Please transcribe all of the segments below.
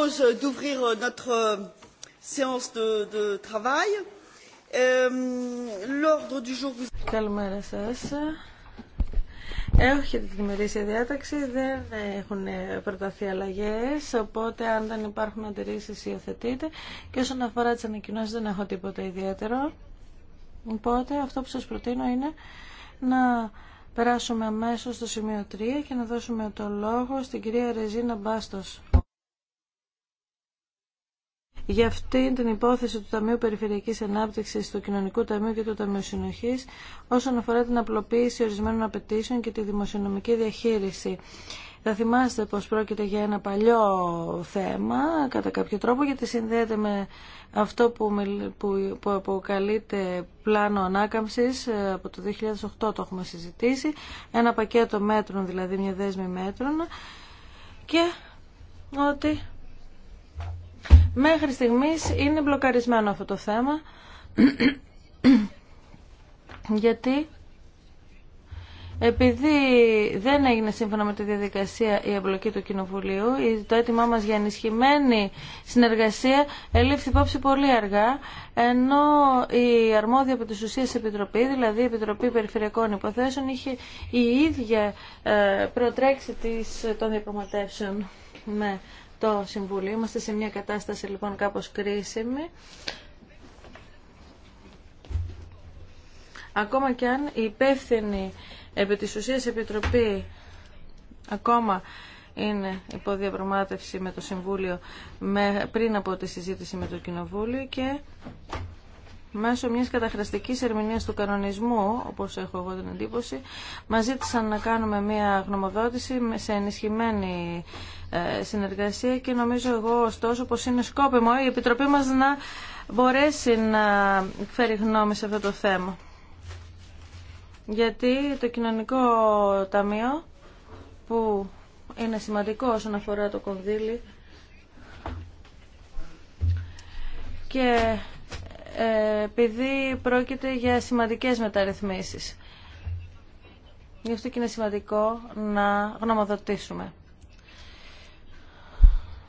propose d'ouvrir notre euh, séance de travail. Euh, l'ordre du jour vous. Καλημέρα σα. Έχετε την ημερήσια διάταξη, δεν έχουν ε, προταθεί αλλαγέ, οπότε αν δεν υπάρχουν αντιρρήσει υιοθετείτε. Και όσον αφορά τι ανακοινώσει, δεν έχω τίποτα ιδιαίτερο. Οπότε αυτό που σα προτείνω είναι να περάσουμε αμέσω στο σημείο 3 και να δώσουμε το λόγο στην κυρία Ρεζίνα Μπάστος. Για αυτή την υπόθεση του Ταμείου Περιφερειακής Ανάπτυξης, του Κοινωνικού Ταμείου και του Ταμείου Συνοχής όσον αφορά την απλοποίηση ορισμένων απαιτήσεων και τη δημοσιονομική διαχείριση. Θα θυμάστε πως πρόκειται για ένα παλιό θέμα κατά κάποιο τρόπο γιατί συνδέεται με αυτό που, που, που αποκαλείται πλάνο ανάκαμψης ε, από το 2008 το έχουμε συζητήσει ένα πακέτο μέτρων δηλαδή μια δέσμη μέτρων και ότι Μέχρι στιγμής είναι μπλοκαρισμένο αυτό το θέμα γιατί επειδή δεν έγινε σύμφωνα με τη διαδικασία η εμπλοκή του Κοινοβουλίου, το αίτημά μας για ενισχυμένη συνεργασία ελήφθη υπόψη πολύ αργά, ενώ η αρμόδια από τις ουσίες Επιτροπή, δηλαδή η Επιτροπή Περιφερειακών Υποθέσεων, είχε η ίδια ε, προτρέξει των διαπραγματεύσεων με το Συμβούλιο. Είμαστε σε μια κατάσταση λοιπόν κάπως κρίσιμη. Ακόμα και αν η υπεύθυνη επί της ουσίας Επιτροπή ακόμα είναι υποδιαπραγμάτευση με το Συμβούλιο με, πριν από τη συζήτηση με το Κοινοβούλιο και μέσω μιας καταχραστικής ερμηνείας του κανονισμού, όπως έχω εγώ την εντύπωση, μας ζήτησαν να κάνουμε μια γνωμοδότηση σε ενισχυμένη ε, συνεργασία και νομίζω εγώ ωστόσο πως είναι σκόπιμο η Επιτροπή μας να μπορέσει να φέρει γνώμη σε αυτό το θέμα. Γιατί το κοινωνικό ταμείο που είναι σημαντικό όσον αφορά το κονδύλι και ε, επειδή πρόκειται για σημαντικές μεταρρυθμίσεις. Γι' αυτό και είναι σημαντικό να γνωμοδοτήσουμε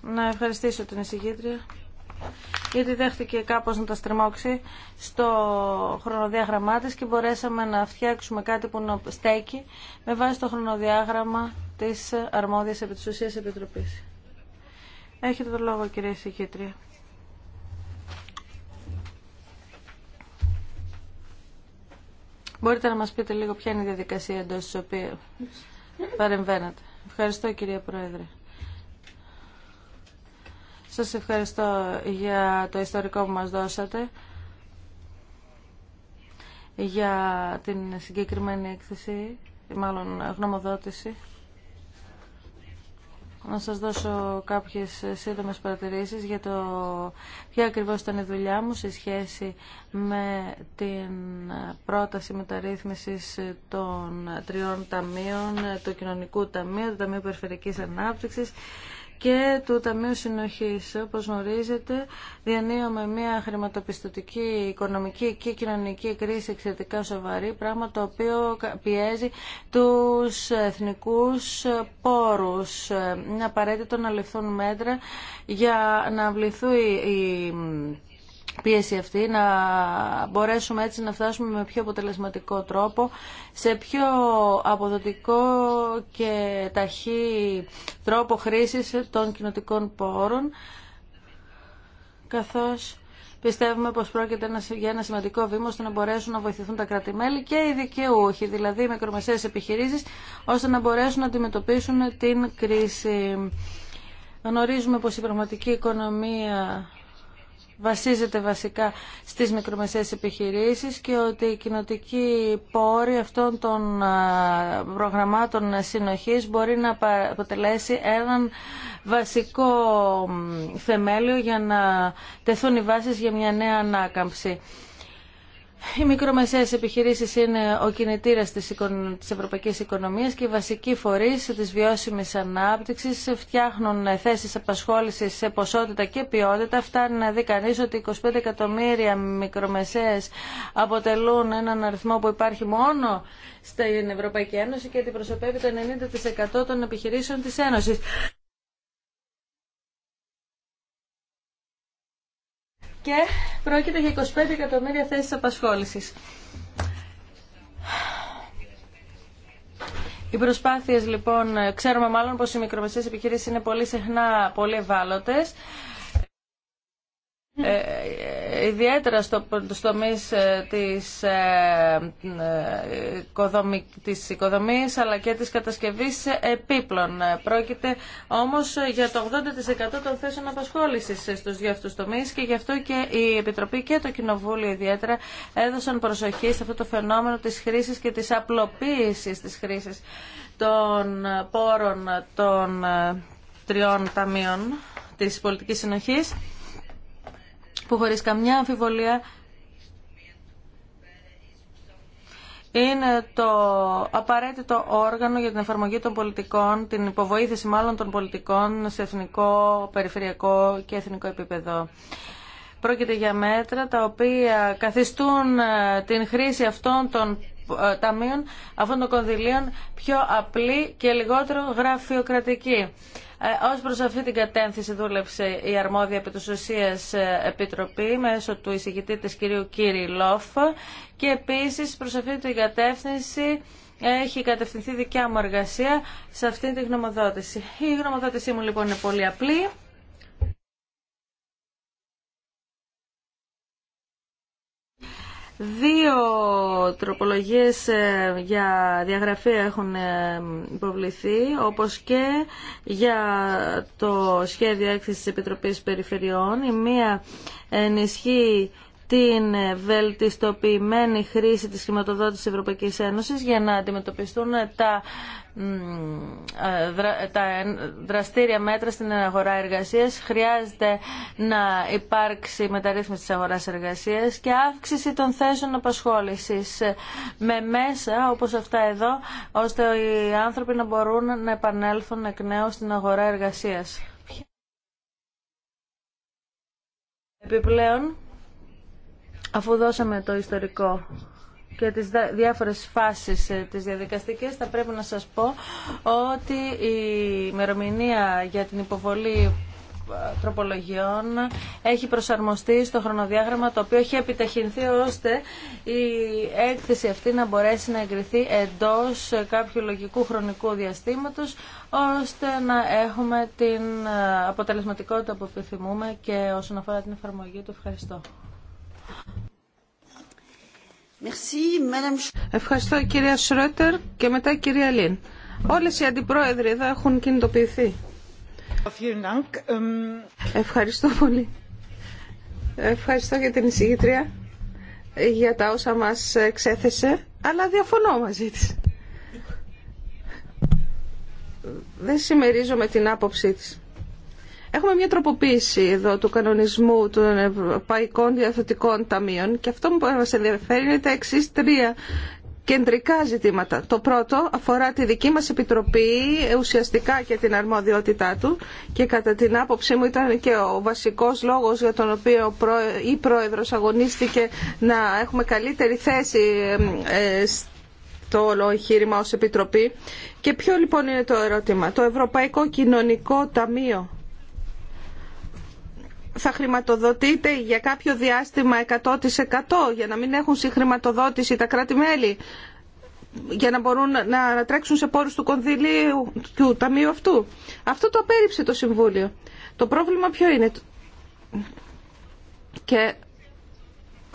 να ευχαριστήσω την εισηγήτρια γιατί δέχτηκε κάπως να τα στριμώξει στο χρονοδιάγραμμά της και μπορέσαμε να φτιάξουμε κάτι που στέκει με βάση το χρονοδιάγραμμα της αρμόδιας επί της ουσίας επιτροπής. Έχετε το λόγο κυρία εισηγήτρια. Μπορείτε να μας πείτε λίγο ποια είναι η διαδικασία εντός της οποίας παρεμβαίνετε. Ευχαριστώ κυρία Πρόεδρε. Σας ευχαριστώ για το ιστορικό που μας δώσατε, για την συγκεκριμένη έκθεση, μάλλον γνωμοδότηση. Να σας δώσω κάποιες σύντομες παρατηρήσεις για το ποια ακριβώς ήταν η δουλειά μου σε σχέση με την πρόταση μεταρρύθμισης των τριών ταμείων, του Κοινωνικού Ταμείου, του Ταμείου Περιφερειακής Ανάπτυξης και του Ταμείου Συνοχής. Όπως γνωρίζετε, διανύουμε μια χρηματοπιστωτική, οικονομική και κοινωνική κρίση εξαιρετικά σοβαρή, πράγμα το οποίο πιέζει τους εθνικούς πόρους. Είναι απαραίτητο να ληφθούν μέτρα για να βληθούν οι πίεση αυτή να μπορέσουμε έτσι να φτάσουμε με πιο αποτελεσματικό τρόπο σε πιο αποδοτικό και ταχύ τρόπο χρήσης των κοινοτικών πόρων καθώς Πιστεύουμε πως πρόκειται για ένα σημαντικό βήμα ώστε να μπορέσουν να βοηθηθούν τα κράτη-μέλη και οι δικαιούχοι, δηλαδή οι μικρομεσαίες επιχειρήσεις, ώστε να μπορέσουν να αντιμετωπίσουν την κρίση. Γνωρίζουμε πως η πραγματική οικονομία βασίζεται βασικά στις μικρομεσαίες επιχειρήσεις και ότι η κοινοτική πόρη αυτών των προγραμμάτων συνοχής μπορεί να αποτελέσει έναν βασικό θεμέλιο για να τεθούν οι βάσεις για μια νέα ανάκαμψη. Οι μικρομεσαίες επιχειρήσεις είναι ο κινητήρας της, οικον... ευρωπαϊκής οικονομίας και οι βασικοί φορείς τη βιώσιμη ανάπτυξης φτιάχνουν θέσεις απασχόλησης σε ποσότητα και ποιότητα. Φτάνει να δει κανεί, ότι 25 εκατομμύρια μικρομεσαίε αποτελούν έναν αριθμό που υπάρχει μόνο στην Ευρωπαϊκή Ένωση και αντιπροσωπεύει το 90% των επιχειρήσεων τη Ένωση. και πρόκειται για 25 εκατομμύρια θέσεις απασχόλησης. Οι προσπάθειες λοιπόν, ξέρουμε μάλλον πως οι μικρομεσαίες επιχειρήσεις είναι πολύ συχνά πολύ ευάλωτες. Ε, ε, ιδιαίτερα στο, στους τομείς ε, της, ε, ε οικοδομή, της οικοδομής αλλά και της κατασκευής επίπλων. Πρόκειται όμως για το 80% των θέσεων απασχόλησης στους δύο αυτούς τομείς και γι' αυτό και η Επιτροπή και το Κοινοβούλιο ιδιαίτερα έδωσαν προσοχή σε αυτό το φαινόμενο της χρήσης και της απλοποίησης της χρήσης των πόρων των τριών ταμείων της πολιτικής συνοχής που χωρίς καμιά αμφιβολία είναι το απαραίτητο όργανο για την εφαρμογή των πολιτικών, την υποβοήθηση μάλλον των πολιτικών σε εθνικό, περιφερειακό και εθνικό επίπεδο. Πρόκειται για μέτρα τα οποία καθιστούν ε, την χρήση αυτών των ε, ταμείων, αυτών των κονδυλίων πιο απλή και λιγότερο γραφειοκρατική. Ε, Ω προ αυτή την κατένθεση, δούλεψε η αρμόδια επί ε, επιτροπή μέσω του εισηγητή τη κυρίου Κύρι Λόφ και επίσης προς αυτή την κατεύθυνση έχει κατευθυνθεί δικιά μου εργασία σε αυτή τη γνωμοδότηση. Η γνωμοδότησή μου λοιπόν είναι πολύ απλή. Δύο τροπολογίες ε, για διαγραφή έχουν ε, υποβληθεί, όπως και για το σχέδιο έκθεσης της Επιτροπής Περιφερειών. Η μία ενισχύει την βελτιστοποιημένη χρήση της χρηματοδότησης της Ευρωπαϊκής Ένωσης για να αντιμετωπιστούν τα, ε, τα δραστήρια μέτρα στην αγορά εργασίας. Χρειάζεται να υπάρξει μεταρρύθμιση της αγοράς εργασίας και αύξηση των θέσεων απασχόλησης με μέσα όπως αυτά εδώ, ώστε οι άνθρωποι να μπορούν να επανέλθουν εκ νέου στην αγορά εργασίας. Επιπλέον, Αφού δώσαμε το ιστορικό και τις διάφορες φάσεις ε, της διαδικαστικής θα πρέπει να σας πω ότι η ημερομηνία για την υποβολή ε, τροπολογιών έχει προσαρμοστεί στο χρονοδιάγραμμα το οποίο έχει επιταχυνθεί ώστε η έκθεση αυτή να μπορέσει να εγκριθεί εντός κάποιου λογικού χρονικού διαστήματος ώστε να έχουμε την ε, αποτελεσματικότητα που επιθυμούμε και όσον αφορά την εφαρμογή του. Ευχαριστώ. Ευχαριστώ κυρία Σρότερ και μετά κυρία Λίν. Όλες οι αντιπρόεδροι εδώ έχουν κινητοποιηθεί. Ευχαριστώ πολύ. Ευχαριστώ για την εισηγήτρια, για τα όσα μας εξέθεσε, αλλά διαφωνώ μαζί της. Δεν με την άποψή της. Έχουμε μια τροποποίηση εδώ του κανονισμού των Ευρωπαϊκών Διαθετικών Ταμείων και αυτό που μας ενδιαφέρει είναι τα εξή τρία κεντρικά ζητήματα. Το πρώτο αφορά τη δική μας Επιτροπή ουσιαστικά και την αρμοδιότητά του και κατά την άποψή μου ήταν και ο βασικός λόγος για τον οποίο η Πρόεδρος αγωνίστηκε να έχουμε καλύτερη θέση ε, το όλο εγχείρημα ως Επιτροπή. Και ποιο λοιπόν είναι το ερώτημα. Το Ευρωπαϊκό Κοινωνικό Ταμείο θα χρηματοδοτείται για κάποιο διάστημα 100% για να μην έχουν συγχρηματοδότηση τα κράτη-μέλη για να μπορούν να τρέξουν σε πόρους του κονδυλίου του ταμείου αυτού. Αυτό το απέρριψε το Συμβούλιο. Το πρόβλημα ποιο είναι. Και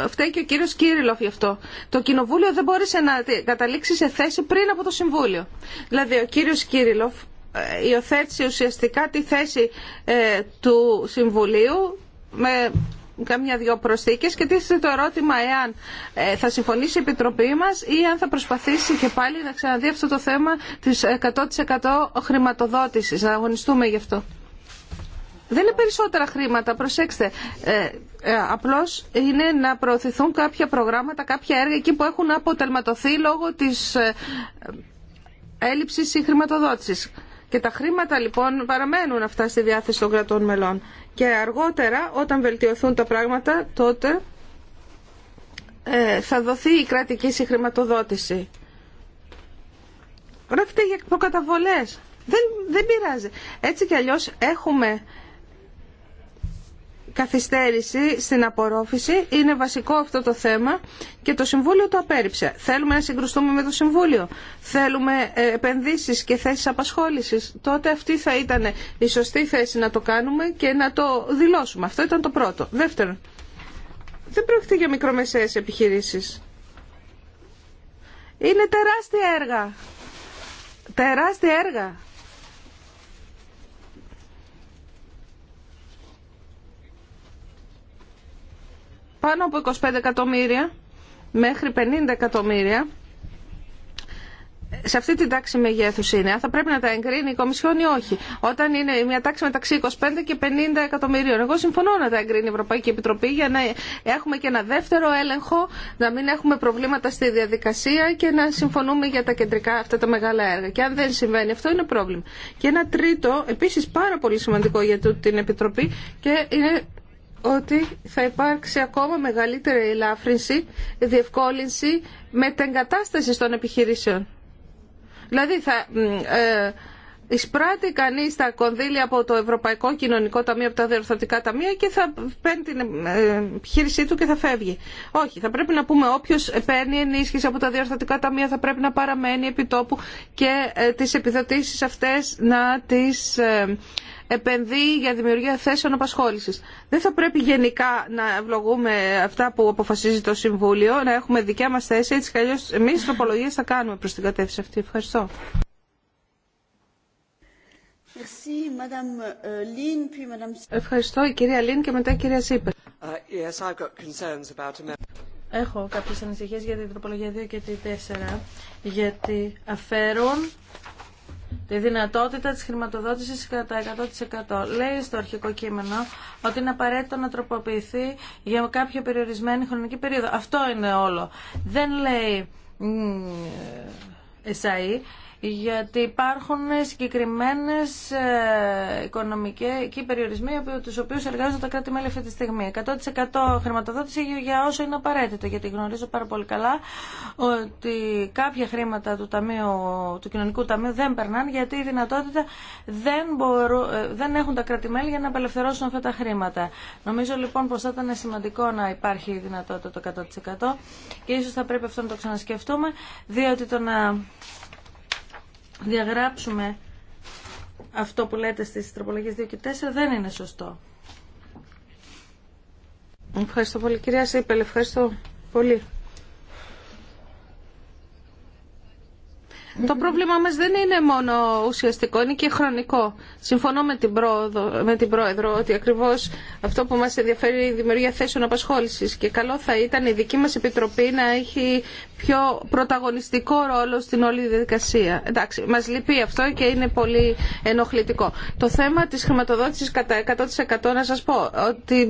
φταίει και ο κύριος Κύριλοφ γι' αυτό. Το Κοινοβούλιο δεν μπόρεσε να καταλήξει σε θέση πριν από το Συμβούλιο. Δηλαδή ο κύριος Κύριλοφ υιοθέτησε ουσιαστικά τη θέση ε, του Συμβουλίου με καμιά δυο προσθήκες και τίθεται το ερώτημα εάν ε, θα συμφωνήσει η Επιτροπή μας ή αν θα προσπαθήσει και πάλι να ξαναδεί αυτό το θέμα της 100% χρηματοδότησης, να αγωνιστούμε γι' αυτό. Δεν είναι περισσότερα χρήματα, προσέξτε. Ε, ε, απλώς είναι να προωθηθούν κάποια προγράμματα, κάποια έργα εκεί που έχουν αποτελματωθεί λόγω της έλλειψης ή χρηματοδότησης. Και τα χρήματα λοιπόν παραμένουν αυτά στη διάθεση των κρατών μελών. Και αργότερα όταν βελτιωθούν τα πράγματα τότε ε, θα δοθεί η κρατική συγχρηματοδότηση. Πρόκειται για προκαταβολές. Δεν, δεν πειράζει. Έτσι κι αλλιώς έχουμε καθυστέρηση στην απορρόφηση. Είναι βασικό αυτό το θέμα και το Συμβούλιο το απέρριψε. Θέλουμε να συγκρουστούμε με το Συμβούλιο. Θέλουμε ε, επενδύσεις και θέσεις απασχόλησης. Τότε αυτή θα ήταν η σωστή θέση να το κάνουμε και να το δηλώσουμε. Αυτό ήταν το πρώτο. Δεύτερον, δεν πρόκειται για μικρομεσαίες επιχειρήσεις. Είναι τεράστια έργα. Τεράστια έργα πάνω από 25 εκατομμύρια μέχρι 50 εκατομμύρια σε αυτή την τάξη μεγέθους είναι. Αν θα πρέπει να τα εγκρίνει η Κομισιόν ή όχι. Όταν είναι μια τάξη μεταξύ 25 και 50 εκατομμυρίων. Εγώ συμφωνώ να τα εγκρίνει η Ευρωπαϊκή Επιτροπή για να έχουμε και ένα δεύτερο έλεγχο, να μην έχουμε προβλήματα στη διαδικασία και να συμφωνούμε για τα κεντρικά αυτά τα μεγάλα έργα. Και αν δεν συμβαίνει αυτό είναι πρόβλημα. Και ένα τρίτο, επίση πάρα πολύ σημαντικό για την Επιτροπή και είναι ότι θα υπάρξει ακόμα μεγαλύτερη ελάφρυνση, διευκόλυνση με την κατάσταση των επιχειρήσεων. Δηλαδή θα ε, εισπράττει κανείς τα κονδύλια από το Ευρωπαϊκό Κοινωνικό Ταμείο, από τα διορθωτικά ταμεία και θα παίρνει την ε, επιχείρησή του και θα φεύγει. Όχι, θα πρέπει να πούμε όποιος παίρνει ενίσχυση από τα διορθωτικά ταμεία θα πρέπει να παραμένει επί τόπου και ε, τις επιδοτήσεις αυτές να τις... Ε, επενδύει για δημιουργία θέσεων απασχόληση. Δεν θα πρέπει γενικά να ευλογούμε αυτά που αποφασίζει το Συμβούλιο, να έχουμε δικιά μα θέση, έτσι κι εμεί εμείς τροπολογίες θα κάνουμε προς την κατεύθυνση αυτή. Ευχαριστώ. Euh, Ευχαριστώ η κυρία Λίν και μετά η κυρία Σίπερ. Uh, Έχω κάποιες ανησυχίες για την τροπολογία 2 και τη 4, γιατί αφαίρουν τη δυνατότητα της χρηματοδότησης κατά 100%. Λέει στο αρχικό κείμενο ότι είναι απαραίτητο να τροποποιηθεί για κάποια περιορισμένη χρονική περίοδο. Αυτό είναι όλο. Δεν λέει εσάι γιατί υπάρχουν συγκεκριμένε ε, και περιορισμοί από τους οποίους εργάζονται τα κράτη-μέλη αυτή τη στιγμή. 100% χρηματοδότηση για όσο είναι απαραίτητο, γιατί γνωρίζω πάρα πολύ καλά ότι κάποια χρήματα του, ταμείου, του κοινωνικού ταμείου δεν περνάνε γιατί η δυνατότητα δεν, ε, δεν έχουν τα κράτη-μέλη για να απελευθερώσουν αυτά τα χρήματα. Νομίζω λοιπόν πω θα ήταν σημαντικό να υπάρχει η δυνατότητα το 100% και ίσω θα πρέπει αυτό να το ξανασκεφτούμε, διότι το να διαγράψουμε αυτό που λέτε στις τροπολογίες 2 και 4 δεν είναι σωστό. Ευχαριστώ πολύ κυρία Σίπελ, ευχαριστώ πολύ. Το πρόβλημά μας δεν είναι μόνο ουσιαστικό, είναι και χρονικό. Συμφωνώ με την, πρόοδο, με Πρόεδρο ότι ακριβώς αυτό που μας ενδιαφέρει είναι η δημιουργία θέσεων απασχόλησης και καλό θα ήταν η δική μας Επιτροπή να έχει πιο πρωταγωνιστικό ρόλο στην όλη διαδικασία. Εντάξει, μας λυπεί αυτό και είναι πολύ ενοχλητικό. Το θέμα της χρηματοδότησης κατά 100% να σας πω ότι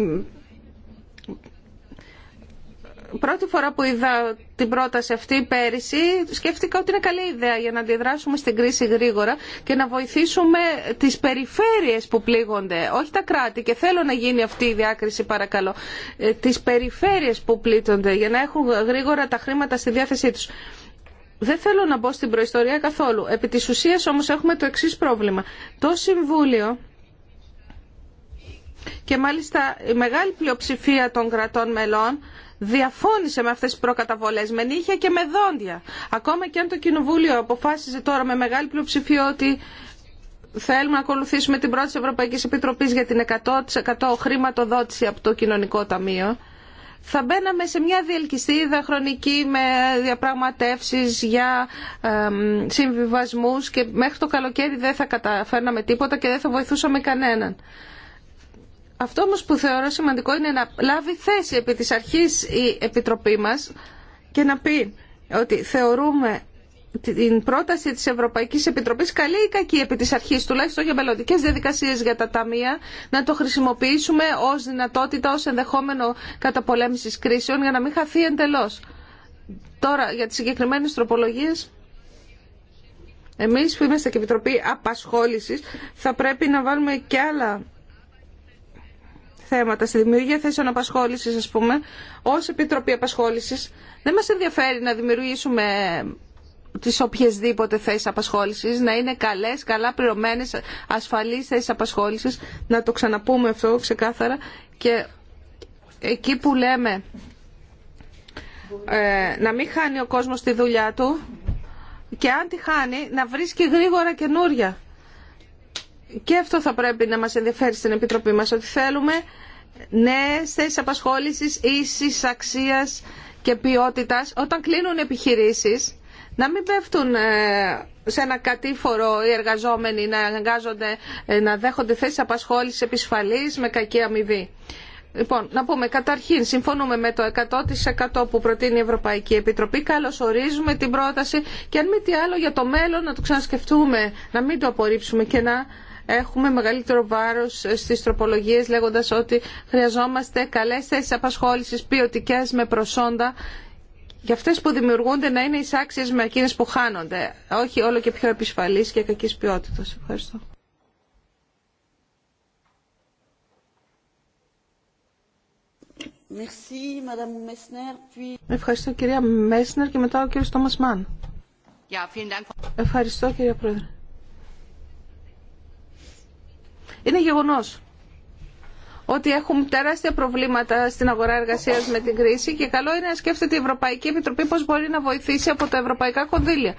πρώτη φορά που είδα την πρόταση αυτή πέρυσι, σκέφτηκα ότι είναι καλή ιδέα για να αντιδράσουμε στην κρίση γρήγορα και να βοηθήσουμε τι περιφέρειες που πλήγονται, όχι τα κράτη. Και θέλω να γίνει αυτή η διάκριση, παρακαλώ. Ε, τι περιφέρειες που πλήττονται, για να έχουν γρήγορα τα χρήματα στη διάθεσή τους. Δεν θέλω να μπω στην προϊστορία καθόλου. Επί τη ουσία όμως έχουμε το εξή πρόβλημα. Το Συμβούλιο και μάλιστα η μεγάλη πλειοψηφία των κρατών μελών διαφώνησε με αυτές τις προκαταβολές με νύχια και με δόντια. Ακόμα και αν το Κοινοβούλιο αποφάσιζε τώρα με μεγάλη πλειοψηφία ότι θέλουμε να ακολουθήσουμε την πρώτη Ευρωπαϊκής Επιτροπής για την 100% χρηματοδότηση από το Κοινωνικό Ταμείο, θα μπαίναμε σε μια διελκυστίδα χρονική με διαπραγματεύσεις για ε, συμβιβασμούς και μέχρι το καλοκαίρι δεν θα καταφέρναμε τίποτα και δεν θα βοηθούσαμε κανέναν. Αυτό όμως που θεωρώ σημαντικό είναι να λάβει θέση επί της αρχής η Επιτροπή μας και να πει ότι θεωρούμε την πρόταση της Ευρωπαϊκής Επιτροπής καλή ή κακή επί της αρχής τουλάχιστον για μελλοντικέ διαδικασίες για τα ταμεία να το χρησιμοποιήσουμε ως δυνατότητα, ως ενδεχόμενο καταπολέμησης κρίσεων για να μην χαθεί εντελώς. Τώρα για τις συγκεκριμένες τροπολογίες εμείς που είμαστε και Επιτροπή Απασχόλησης θα πρέπει να βάλουμε και άλλα θέματα, στη δημιουργία θέσεων απασχόληση, α πούμε, ω Επιτροπή Απασχόληση, δεν μα ενδιαφέρει να δημιουργήσουμε τι οποιασδήποτε θέσει απασχόληση, να είναι καλέ, καλά πληρωμένε, ασφαλεί θέσει απασχόληση, να το ξαναπούμε αυτό ξεκάθαρα. Και εκεί που λέμε ε, να μην χάνει ο κόσμος τη δουλειά του και αν τη χάνει να βρίσκει γρήγορα καινούρια. Και αυτό θα πρέπει να μας ενδιαφέρει στην Επιτροπή μας, ότι θέλουμε νέες θέσεις απασχόλησης ίσης αξίας και ποιότητας όταν κλείνουν επιχειρήσεις να μην πέφτουν ε, σε ένα κατήφορο οι εργαζόμενοι να ε, να δέχονται θέσεις απασχόλησης επισφαλής με κακή αμοιβή. Λοιπόν, να πούμε καταρχήν, συμφωνούμε με το 100% που προτείνει η Ευρωπαϊκή Επιτροπή. Καλώ ορίζουμε την πρόταση και αν μη τι άλλο για το μέλλον να το ξανασκεφτούμε, να μην το απορρίψουμε και να έχουμε μεγαλύτερο βάρος στις τροπολογίες λέγοντας ότι χρειαζόμαστε καλές θέσει απασχόλησης ποιοτικέ με προσόντα για αυτές που δημιουργούνται να είναι εισάξιε με εκείνε που χάνονται, όχι όλο και πιο επισφαλής και κακή ποιότητα. Ευχαριστώ. Ευχαριστώ κυρία Μέσνερ και μετά ο κύριος Τόμας Μάν. Ευχαριστώ κυρία Πρόεδρε. Είναι γεγονό ότι έχουν τεράστια προβλήματα στην αγορά εργασία με την κρίση και καλό είναι να σκέφτεται η Ευρωπαϊκή Επιτροπή πώ μπορεί να βοηθήσει από τα ευρωπαϊκά κονδύλια.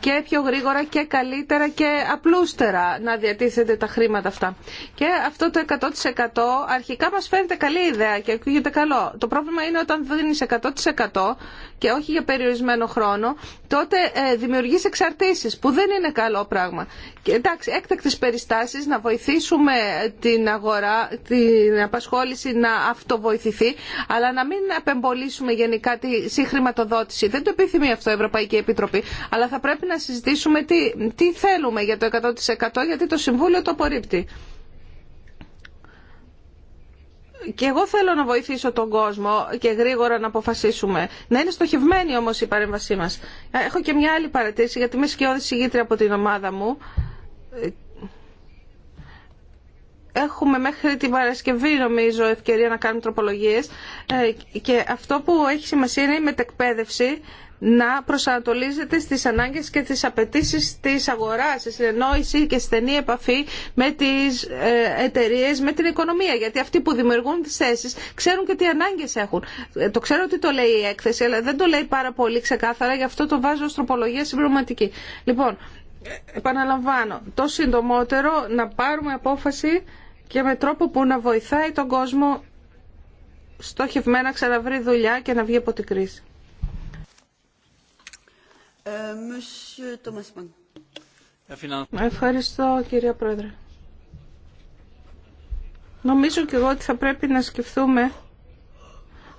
Και πιο γρήγορα και καλύτερα και απλούστερα να διατίθεται τα χρήματα αυτά. Και αυτό το 100% αρχικά μα φαίνεται καλή ιδέα και ακούγεται καλό. Το πρόβλημα είναι όταν δίνει 100% και όχι για περιορισμένο χρόνο, τότε ε, δημιουργεί εξαρτήσει που δεν είναι καλό πράγμα εντάξει, έκτακτες περιστάσεις να βοηθήσουμε την αγορά, την απασχόληση να αυτοβοηθηθεί, αλλά να μην απεμπολίσουμε γενικά τη συγχρηματοδότηση. Δεν το επιθυμεί αυτό η Ευρωπαϊκή Επιτροπή, αλλά θα πρέπει να συζητήσουμε τι, τι θέλουμε για το 100% γιατί το Συμβούλιο το απορρίπτει. Και εγώ θέλω να βοηθήσω τον κόσμο και γρήγορα να αποφασίσουμε. Να είναι στοχευμένη όμως η παρέμβασή μας. Έχω και μια άλλη παρατήρηση γιατί είμαι σκιώδη συγγήτρια από την ομάδα μου. Ε, έχουμε μέχρι την Παρασκευή, νομίζω, ευκαιρία να κάνουμε τροπολογίες ε, και αυτό που έχει σημασία είναι η μετεκπαίδευση να προσανατολίζεται στι ανάγκε και τι απαιτήσει τη αγορά, στη συνεννόηση και στενή επαφή με τις ε, εταιρείε, με την οικονομία. Γιατί αυτοί που δημιουργούν τι θέσει, ξέρουν και τι ανάγκε έχουν. Το ξέρω ότι το λέει η έκθεση, αλλά δεν το λέει πάρα πολύ ξεκάθαρα, γι' αυτό το βάζω ω τροπολογία συμπληρωματική. Λοιπόν, επαναλαμβάνω, το συντομότερο να πάρουμε απόφαση και με τρόπο που να βοηθάει τον κόσμο στοχευμένα ξαναβρει δουλειά και να βγει από την κρίση. Ε, Ευχαριστώ κυρία Πρόεδρε. Νομίζω και εγώ ότι θα πρέπει να σκεφτούμε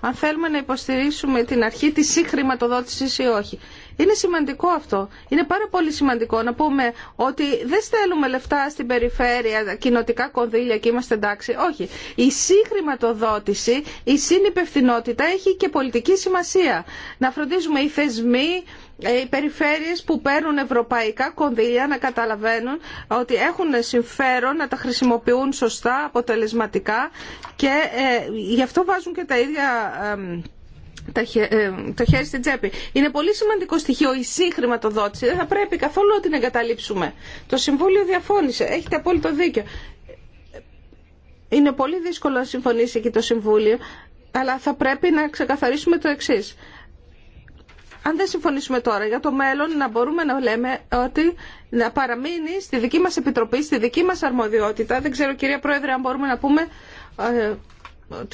αν θέλουμε να υποστηρίσουμε την αρχή της συγχρηματοδότησης ή όχι. Είναι σημαντικό αυτό. Είναι πάρα πολύ σημαντικό να πούμε ότι δεν στέλνουμε λεφτά στην περιφέρεια, κοινοτικά κονδύλια και είμαστε εντάξει. Όχι. Η συγχρηματοδότηση, η συνυπευθυνότητα έχει και πολιτική σημασία. Να φροντίζουμε οι θεσμοί, ε, οι περιφέρειες που παίρνουν ευρωπαϊκά κονδύλια να καταλαβαίνουν ότι έχουν συμφέρον να τα χρησιμοποιούν σωστά, αποτελεσματικά και ε, γι' αυτό βάζουν και τα ίδια ε, το χέρι στην τσέπη. Είναι πολύ σημαντικό στοιχείο η συγχρηματοδότηση. Δεν θα πρέπει καθόλου να την εγκαταλείψουμε. Το Συμβούλιο διαφώνησε. Έχετε απόλυτο δίκιο. Είναι πολύ δύσκολο να συμφωνήσει και το Συμβούλιο, αλλά θα πρέπει να ξεκαθαρίσουμε το εξή. Αν δεν συμφωνήσουμε τώρα για το μέλλον, να μπορούμε να λέμε ότι να παραμείνει στη δική μα επιτροπή, στη δική μα αρμοδιότητα. Δεν ξέρω, κυρία Πρόεδρε, αν μπορούμε να πούμε ε,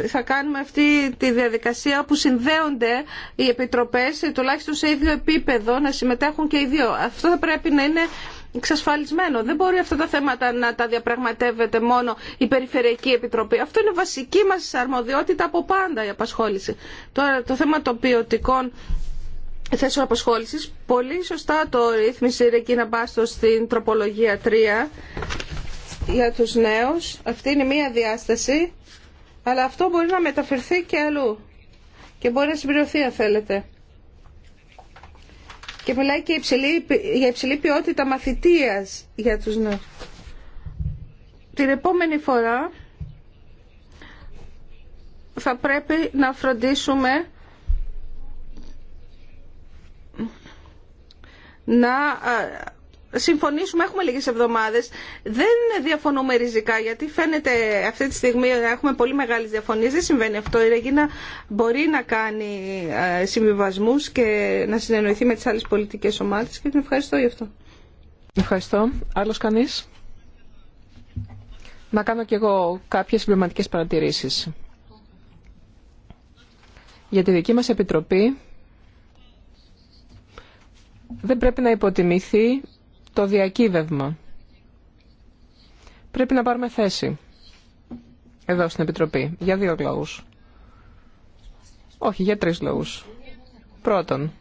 θα κάνουμε αυτή τη διαδικασία όπου συνδέονται οι επιτροπές τουλάχιστον σε ίδιο επίπεδο να συμμετέχουν και οι δύο. Αυτό θα πρέπει να είναι εξασφαλισμένο. Δεν μπορεί αυτά τα θέματα να τα διαπραγματεύεται μόνο η Περιφερειακή Επιτροπή. Αυτό είναι βασική μας αρμοδιότητα από πάντα η απασχόληση. Τώρα το θέμα των ποιοτικών θέσεων απασχόλησης, πολύ σωστά το ρύθμισε η Ρεκίνα Μπάστο στην τροπολογία 3 για τους νέους. Αυτή είναι μία διάσταση αλλά αυτό μπορεί να μεταφερθεί και αλλού. Και μπορεί να συμπληρωθεί αν θέλετε. Και μιλάει και υψηλή, για υψηλή ποιότητα μαθητείας για τους νέους. Την επόμενη φορά θα πρέπει να φροντίσουμε να ε, συμφωνήσουμε, έχουμε λίγε εβδομάδε. Δεν διαφωνούμε ριζικά, γιατί φαίνεται αυτή τη στιγμή έχουμε πολύ μεγάλε διαφωνίε. Δεν συμβαίνει αυτό. Η Ρεγίνα μπορεί να κάνει ε, συμβιβασμού και να συνεννοηθεί με τι άλλε πολιτικέ ομάδε και την ευχαριστώ γι' αυτό. Ευχαριστώ. Άλλος κανείς? Να κάνω κι εγώ κάποιε συμπληρωματικέ παρατηρήσει. Για τη δική μας Επιτροπή δεν πρέπει να υποτιμηθεί το διακύβευμα. Πρέπει να πάρουμε θέση εδώ στην Επιτροπή για δύο λόγους. Όχι, για τρεις λόγους. Πρώτον,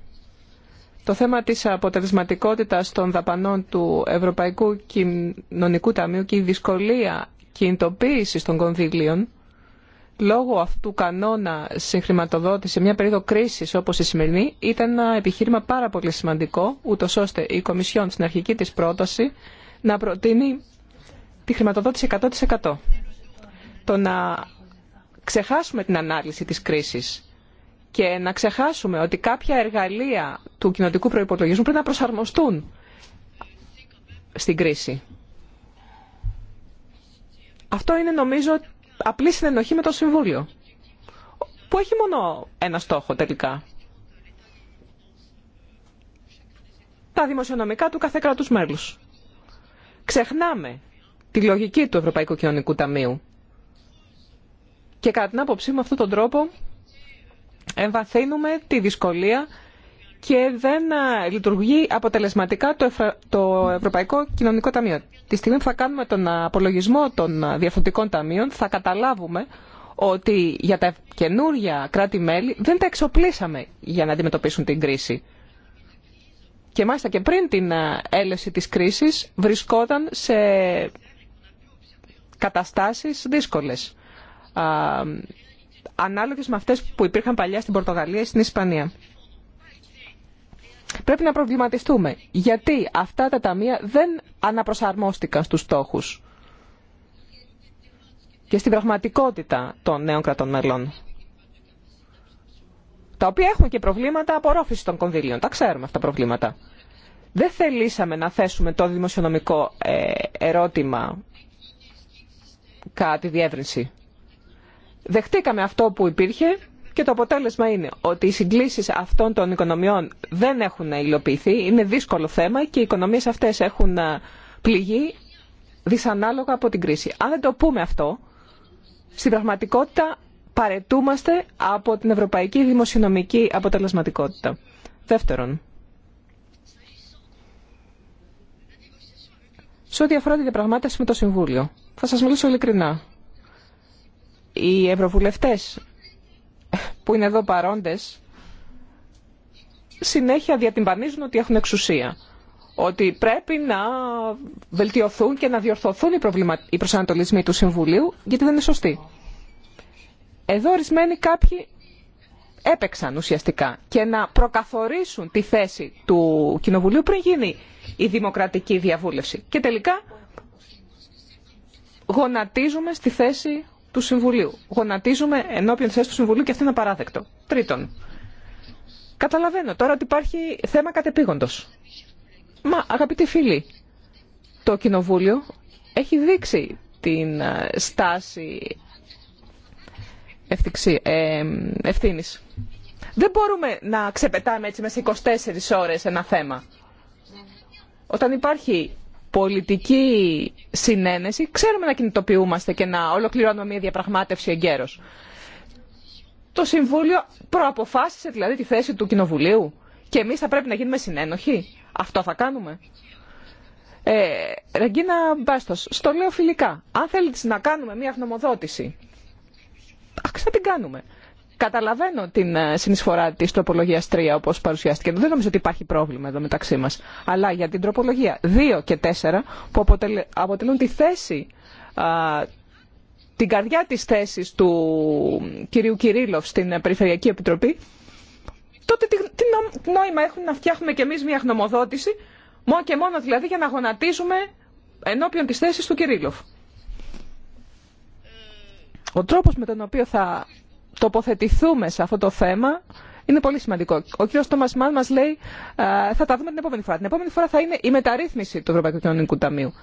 το θέμα της αποτελεσματικότητας των δαπανών του Ευρωπαϊκού Κοινωνικού Ταμείου και η δυσκολία κινητοποίησης των κονδύλιων λόγω αυτού του κανόνα χρηματοδότηση σε μια περίοδο κρίσης όπως η σημερινή ήταν ένα επιχείρημα πάρα πολύ σημαντικό, ούτω ώστε η Κομισιόν στην αρχική της πρόταση να προτείνει τη χρηματοδότηση 100%. Το να ξεχάσουμε την ανάλυση της κρίσης και να ξεχάσουμε ότι κάποια εργαλεία του κοινοτικού προϋπολογισμού πρέπει να προσαρμοστούν στην κρίση. Αυτό είναι νομίζω απλή συνενοχή με το Συμβούλιο, που έχει μόνο ένα στόχο τελικά. Τα δημοσιονομικά του κάθε κράτους μέλους. Ξεχνάμε τη λογική του Ευρωπαϊκού Κοινωνικού Ταμείου. Και κατά την άποψή μου αυτόν τον τρόπο εμβαθύνουμε τη δυσκολία και δεν λειτουργεί αποτελεσματικά το, το Ευρωπαϊκό Κοινωνικό Ταμείο. Τη στιγμή που θα κάνουμε τον απολογισμό των διαφορετικών ταμείων θα καταλάβουμε ότι για τα καινουργια κρατη κράτη-μέλη δεν τα εξοπλίσαμε για να αντιμετωπίσουν την κρίση. Και μάλιστα και πριν την έλευση της κρίσης βρισκόταν σε καταστάσεις δύσκολες. Ανάλογες με αυτές που υπήρχαν παλιά στην Πορτογαλία ή στην Ισπανία πρέπει να προβληματιστούμε. Γιατί αυτά τα ταμεία δεν αναπροσαρμόστηκαν στους στόχους και στην πραγματικότητα των νέων κρατών μελών. Τα οποία έχουν και προβλήματα απορρόφησης των κονδύλιων. Τα ξέρουμε αυτά τα προβλήματα. Δεν θελήσαμε να θέσουμε το δημοσιονομικό ε, ερώτημα κατά τη διεύρυνση. Δεχτήκαμε αυτό που υπήρχε και το αποτέλεσμα είναι ότι οι συγκλήσεις αυτών των οικονομιών δεν έχουν υλοποιηθεί, είναι δύσκολο θέμα και οι οικονομίες αυτές έχουν ε, πληγεί δυσανάλογα από την κρίση. Αν δεν το πούμε αυτό, στην πραγματικότητα παρετούμαστε από την ευρωπαϊκή δημοσιονομική αποτελεσματικότητα. Δεύτερον, σε ό,τι αφορά τη διαπραγμάτευση με το Συμβούλιο, θα σας μιλήσω ειλικρινά. Οι ευρωβουλευτές που είναι εδώ παρόντες συνέχεια διατυμπανίζουν ότι έχουν εξουσία. Ότι πρέπει να βελτιωθούν και να διορθωθούν οι, προβλημα... οι προσανατολισμοί του Συμβουλίου γιατί δεν είναι σωστοί. Εδώ ορισμένοι κάποιοι έπαιξαν ουσιαστικά και να προκαθορίσουν τη θέση του Κοινοβουλίου πριν γίνει η δημοκρατική διαβούλευση. Και τελικά γονατίζουμε στη θέση του Συμβουλίου. Γονατίζουμε ενώπιον τη θέση του Συμβουλίου και αυτό είναι απαράδεκτο. Τρίτον, καταλαβαίνω τώρα ότι υπάρχει θέμα κατεπήγοντο. Μα αγαπητοί φίλοι, το Κοινοβούλιο έχει δείξει την ε, στάση ε, ευθύνης. Δεν μπορούμε να ξεπετάμε έτσι μέσα 24 ώρες ένα θέμα. Όταν υπάρχει πολιτική συνένεση, ξέρουμε να κινητοποιούμαστε και να ολοκληρώνουμε μια διαπραγμάτευση εγκαίρως. Το Συμβούλιο προαποφάσισε δηλαδή τη θέση του Κοινοβουλίου και εμείς θα πρέπει να γίνουμε συνένοχοι. Αυτό θα κάνουμε. Ε, Ρεγκίνα Μπάστος, στο λέω φιλικά. Αν θέλετε να κάνουμε μια γνωμοδότηση, θα την κάνουμε. Καταλαβαίνω την ε, συνεισφορά τη τροπολογία 3 όπω παρουσιάστηκε. Δεν νομίζω ότι υπάρχει πρόβλημα εδώ μεταξύ μα. Αλλά για την τροπολογία 2 και 4 που αποτελούν τη θέση, την καρδιά της θέσης του κυρίου Κυρίλοφ στην ε, Περιφερειακή Επιτροπή, τότε τι νόημα έχουν να φτιάχνουμε κι εμείς μια γνωμοδότηση, μόνο και μόνο δηλαδή για να γονατίζουμε ενώπιον της θέσης του Κυρίλοφ. Ο τρόπος με τον οποίο θα τοποθετηθούμε σε αυτό το θέμα είναι πολύ σημαντικό. Ο κύριος Τόμα Μάν μας λέει θα τα δούμε την επόμενη φορά. Την επόμενη φορά θα είναι η μεταρρύθμιση του Ευρωπαϊκού Κοινωνικού Ταμείου.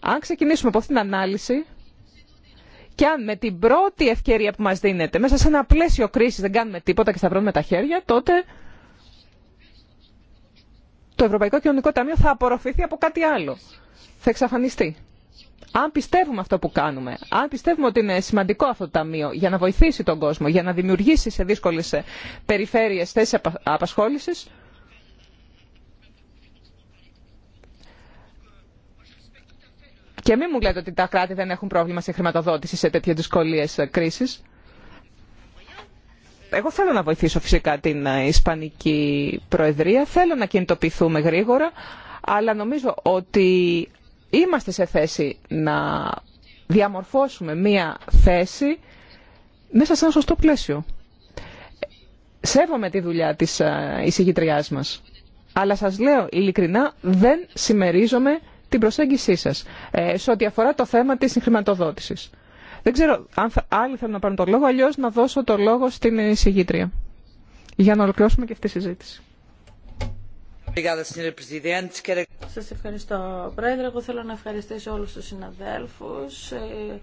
Αν ξεκινήσουμε από αυτήν την ανάλυση και αν με την πρώτη ευκαιρία που μας δίνεται μέσα σε ένα πλαίσιο κρίση δεν κάνουμε τίποτα και σταυρώνουμε τα χέρια, τότε το Ευρωπαϊκό Κοινωνικό Ταμείο θα απορροφηθεί από κάτι άλλο. Θα εξαφανιστεί αν πιστεύουμε αυτό που κάνουμε, αν πιστεύουμε ότι είναι σημαντικό αυτό το ταμείο για να βοηθήσει τον κόσμο, για να δημιουργήσει σε δύσκολες ε, περιφέρειες θέσεις απασχόλησης, Και μην μου λέτε ότι τα κράτη δεν έχουν πρόβλημα σε χρηματοδότηση σε τέτοιες δυσκολίες ε, κρίσης. Εγώ θέλω να βοηθήσω φυσικά την ε, Ισπανική Προεδρία, θέλω να κινητοποιηθούμε γρήγορα, αλλά νομίζω ότι είμαστε σε θέση να διαμορφώσουμε μία θέση μέσα σε ένα σωστό πλαίσιο. Σέβομαι τη δουλειά της ε, εισηγητριάς μας. Αλλά σας λέω ειλικρινά δεν συμμερίζομαι την προσέγγισή σας ε, σε ό,τι αφορά το θέμα της συγχρηματοδότησης. Δεν ξέρω αν άλλοι θέλουν να πάρουν το λόγο, αλλιώς να δώσω το λόγο στην εισηγήτρια για να ολοκληρώσουμε και αυτή τη συζήτηση. Σας ευχαριστώ, Πρόεδρε. Εγώ θέλω να ευχαριστήσω όλους τους συναδέλφους ε,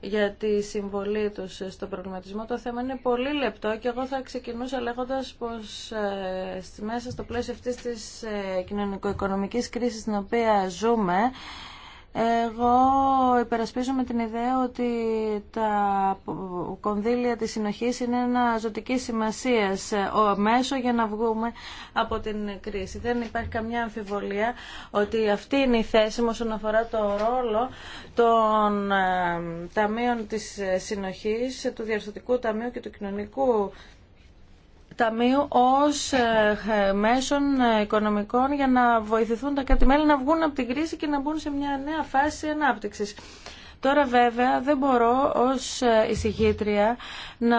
για τη συμβολή τους στον προβληματισμό. Το θέμα είναι πολύ λεπτό και εγώ θα ξεκινούσα λέγοντας πως ε, μέσα στο πλαίσιο αυτής της ε, κοινωνικο-οικονομικής κρίσης στην οποία ζούμε εγώ με την ιδέα ότι τα κονδύλια της συνοχής είναι ένα ζωτική σημασία ε, μέσο για να βγούμε από την κρίση. Δεν υπάρχει καμιά αμφιβολία ότι αυτή είναι η θέση μου όσον αφορά το ρόλο των ε, ταμείων της συνοχής, του Διαρθωτικού Ταμείου και του Κοινωνικού Ταμείου ως ε, μέσων ε, οικονομικών για να βοηθηθούν τα κρατη να βγουν από την κρίση και να μπουν σε μια νέα φάση ανάπτυξης. Τώρα βέβαια δεν μπορώ ως ε, εισηγήτρια να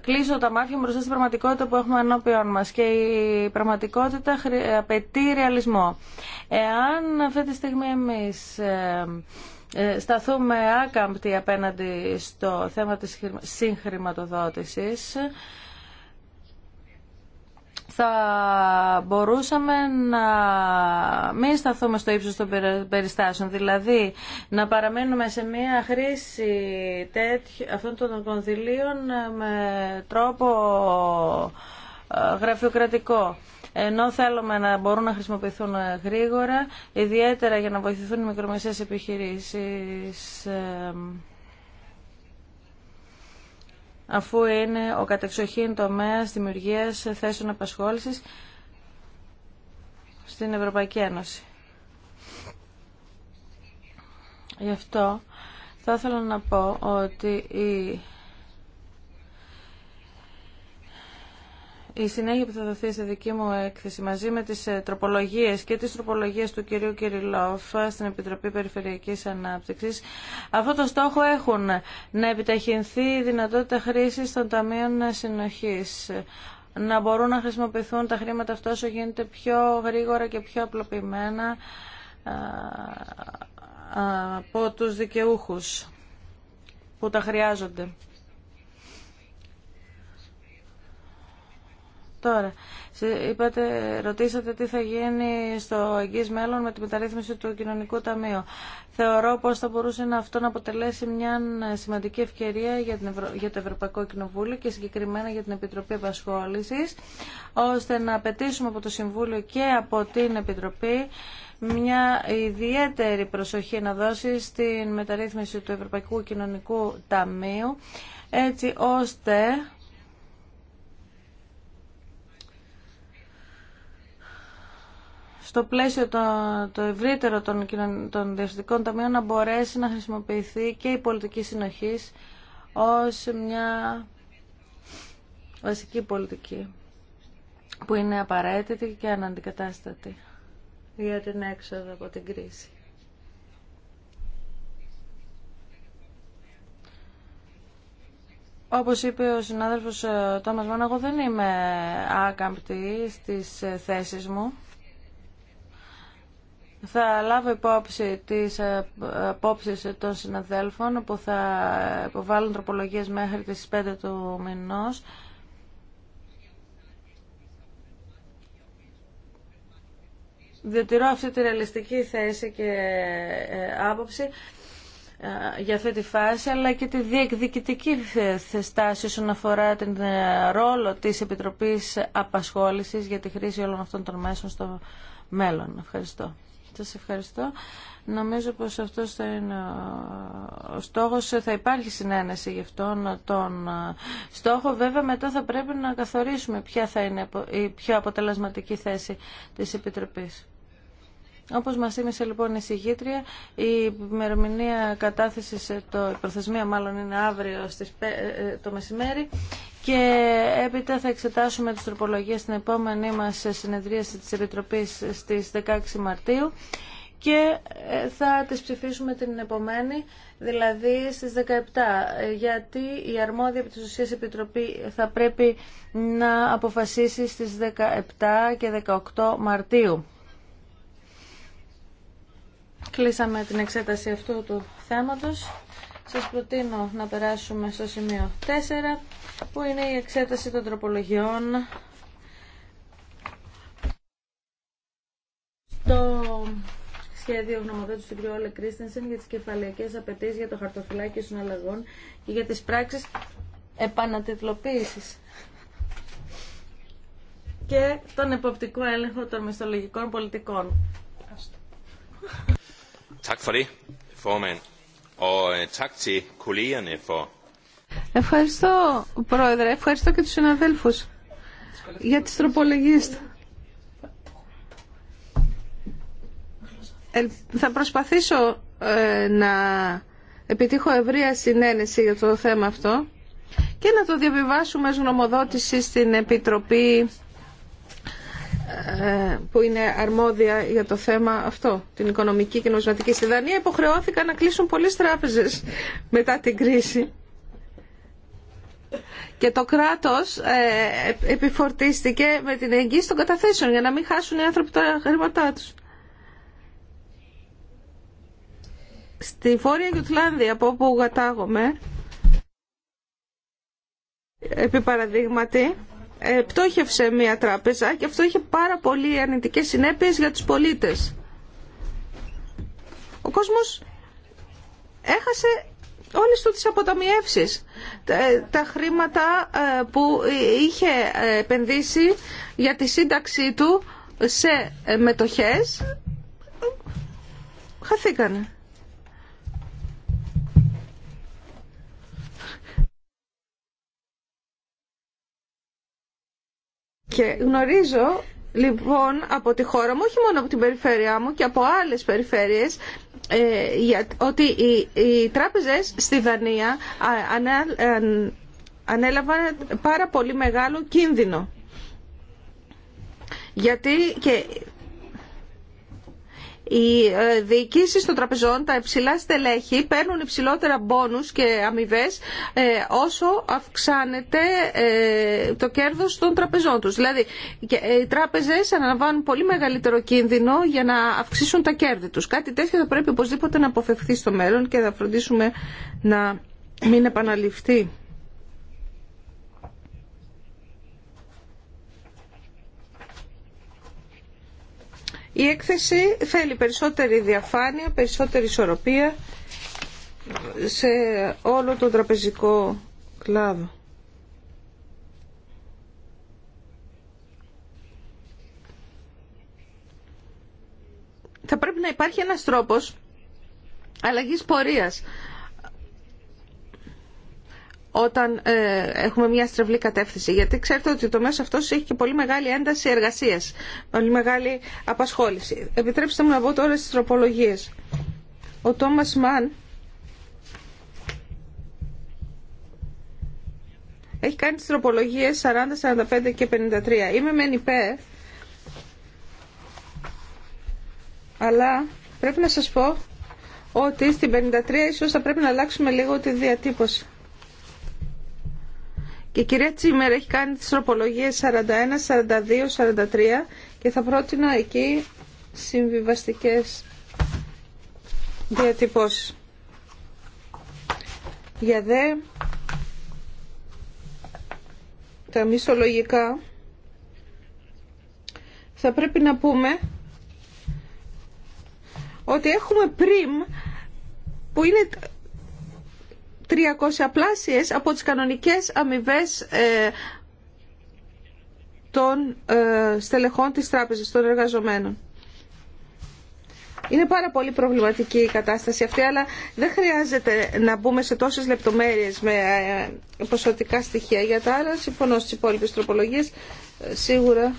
κλείσω τα μάτια μπροστά στην πραγματικότητα που έχουμε ενώπιον μας και η πραγματικότητα απαιτεί ρεαλισμό. Εάν αυτή τη στιγμή εμείς ε, σταθούμε άκαμπτοι απέναντι στο θέμα της συγχρηματοδότησης θα μπορούσαμε να μην σταθούμε στο ύψος των περιστάσεων, δηλαδή να παραμένουμε σε μια χρήση τέτοιου, αυτών των κονδυλίων με τρόπο ε, γραφειοκρατικό ενώ θέλουμε να μπορούν να χρησιμοποιηθούν γρήγορα, ιδιαίτερα για να βοηθηθούν οι μικρομεσαίες επιχειρήσεις αφού είναι ο κατεξοχήν τομέας δημιουργίας θέσεων απασχόλησης στην Ευρωπαϊκή Ένωση. Γι' αυτό θα ήθελα να πω ότι η η συνέχεια που θα δοθεί στη δική μου έκθεση μαζί με τις ε, τροπολογίες και τις τροπολογίες του κυρίου Κυριλόφ στην Επιτροπή Περιφερειακής Ανάπτυξης, αυτό το στόχο έχουν να επιταχυνθεί η δυνατότητα χρήσης των ταμείων συνοχής να μπορούν να χρησιμοποιηθούν τα χρήματα αυτά όσο γίνεται πιο γρήγορα και πιο απλοποιημένα από τους δικαιούχους που τα χρειάζονται. Τώρα, είπατε, ρωτήσατε τι θα γίνει στο εγγύς μέλλον με τη μεταρρύθμιση του Κοινωνικού Ταμείου. Θεωρώ πως θα μπορούσε να αυτό να αποτελέσει μια σημαντική ευκαιρία για, την για το Ευρωπαϊκό Κοινοβούλιο και συγκεκριμένα για την Επιτροπή Επασχόληση, ώστε να απαιτήσουμε από το Συμβούλιο και από την Επιτροπή μια ιδιαίτερη προσοχή να δώσει στην μεταρρύθμιση του Ευρωπαϊκού Κοινωνικού Ταμείου, έτσι ώστε στο πλαίσιο το, το ευρύτερο των, των διευθυντικών ταμείων να μπορέσει να χρησιμοποιηθεί και η πολιτική συνοχής ως μια βασική πολιτική που είναι απαραίτητη και αναντικατάστατη για την έξοδο από την κρίση. Όπως είπε ο συνάδελφος ε, Τόμας Μάνα, εγώ δεν είμαι άκαμπτη στις ε, θέσεις μου. Θα λάβω υπόψη τις ε, απόψεις των συναδέλφων που θα υποβάλουν τροπολογίες μέχρι τις 5 του μηνός. Διατηρώ αυτή τη ρεαλιστική θέση και ε, άποψη ε, για αυτή τη φάση, αλλά και τη διεκδικητική θεστάση όσον αφορά την ρόλο της Επιτροπής Απασχόλησης για τη χρήση όλων αυτών των μέσων στο μέλλον. Ευχαριστώ. Σα ευχαριστώ. Νομίζω πως αυτός θα είναι ο στόχος, θα υπάρχει συνένεση γι' αυτόν τον ε, στόχο. Βέβαια μετά θα πρέπει να καθορίσουμε ποια θα είναι η πιο αποτελεσματική θέση της Επιτροπής. Όπως μας θύμισε λοιπόν η συγγήτρια, η ημερομηνία κατάθεσης, ε, το, η προθεσμία μάλλον είναι αύριο ε, το μεσημέρι και έπειτα θα εξετάσουμε τις τροπολογίες στην επόμενή μας συνεδρίαση της Επιτροπής στις 16 Μαρτίου και ε, θα τις ψηφίσουμε την επομένη, δηλαδή στις 17, γιατί η αρμόδια από τις επιτροπή θα πρέπει να αποφασίσει στις 17 και 18 Μαρτίου. Κλείσαμε την εξέταση αυτού του θέματος σας προτείνω να περάσουμε στο σημείο 4 που είναι η εξέταση των τροπολογιών στο σχέδιο γνωμοδότηση του κ. Όλε Κρίστενσεν για τις κεφαλαιακές απαιτήσεις για το χαρτοφυλάκιο συναλλαγών και για τις πράξεις επανατιτλοποίησης και τον εποπτικό έλεγχο των μισθολογικών πολιτικών. Ευχαριστώ Øh, Ευχαριστώ, Πρόεδρε. Ευχαριστώ και τους συναδέλφους για τις τροπολογίες. Ε, θα προσπαθήσω ε, να επιτύχω ευρεία συνένεση για το θέμα αυτό και να το διαβιβάσουμε ως γνωμοδότηση στην Επιτροπή ε, που είναι αρμόδια για το θέμα αυτό, την οικονομική και νομισματική. Στη Δανία υποχρεώθηκαν να κλείσουν πολλές τράπεζες μετά την κρίση. Και το κράτος ε, επιφορτίστηκε με την εγγύηση των καταθέσεων για να μην χάσουν οι άνθρωποι τα χρήματά τους. Στη Βόρεια Γιουτλάνδη, από όπου κατάγομαι, επί παραδείγματι, ε, πτώχευσε μια τράπεζα και αυτό είχε πάρα πολύ αρνητικές συνέπειες για τους πολίτες. Ο κόσμος έχασε όλες του τις αποταμιεύσεις. Τα ε, χρήματα ε, που είχε επενδύσει για τη σύνταξή του σε μετοχές χαθήκανε. Και γνωρίζω λοιπόν από τη χώρα μου, όχι μόνο από την περιφέρειά μου και από άλλες περιφέρειες, ε, ότι οι, οι τράπεζες στη Δανία ανέλαβαν πάρα πολύ μεγάλο κίνδυνο. Γιατί και οι ε, διοικήσει των τραπεζών, τα υψηλά στελέχη, παίρνουν υψηλότερα μπόνους και αμοιβέ ε, όσο αυξάνεται ε, το κέρδος των τραπεζών του. Δηλαδή, οι τράπεζες αναλαμβάνουν πολύ μεγαλύτερο κίνδυνο για να αυξήσουν τα κέρδη τους. Κάτι τέτοιο θα πρέπει οπωσδήποτε να αποφευχθεί στο μέλλον και θα φροντίσουμε να μην επαναληφθεί. Η έκθεση θέλει περισσότερη διαφάνεια, περισσότερη ισορροπία σε όλο το τραπεζικό κλάδο. Θα πρέπει να υπάρχει ένας τρόπος αλλαγής πορείας όταν ε, έχουμε μια στρεβλή κατεύθυνση. Γιατί ξέρετε ότι το μέσο αυτό έχει και πολύ μεγάλη ένταση εργασία, πολύ μεγάλη απασχόληση. Επιτρέψτε μου να πω τώρα στι τροπολογίε. Ο Τόμα Μαν έχει κάνει τι τροπολογίε 40, 45 και 53. Είμαι μεν υπέρ, αλλά πρέπει να σας πω ότι στην 53 ίσως θα πρέπει να αλλάξουμε λίγο τη διατύπωση. Και η κυρία Τσίμερ έχει κάνει τις τροπολογίες 41, 42, 43 και θα πρότεινα εκεί συμβιβαστικές διατυπώσεις. Για δε τα μισολογικά θα πρέπει να πούμε ότι έχουμε πριμ που είναι 300 πλάσιες από τις κανονικές αμοιβέ ε, των ε, στελεχών της τράπεζας, των εργαζομένων. Είναι πάρα πολύ προβληματική η κατάσταση αυτή, αλλά δεν χρειάζεται να μπούμε σε τόσες λεπτομέρειες με ε, ποσοτικά στοιχεία. Για τα άλλα, συμφωνώ στις υπόλοιπες τροπολογίες, σίγουρα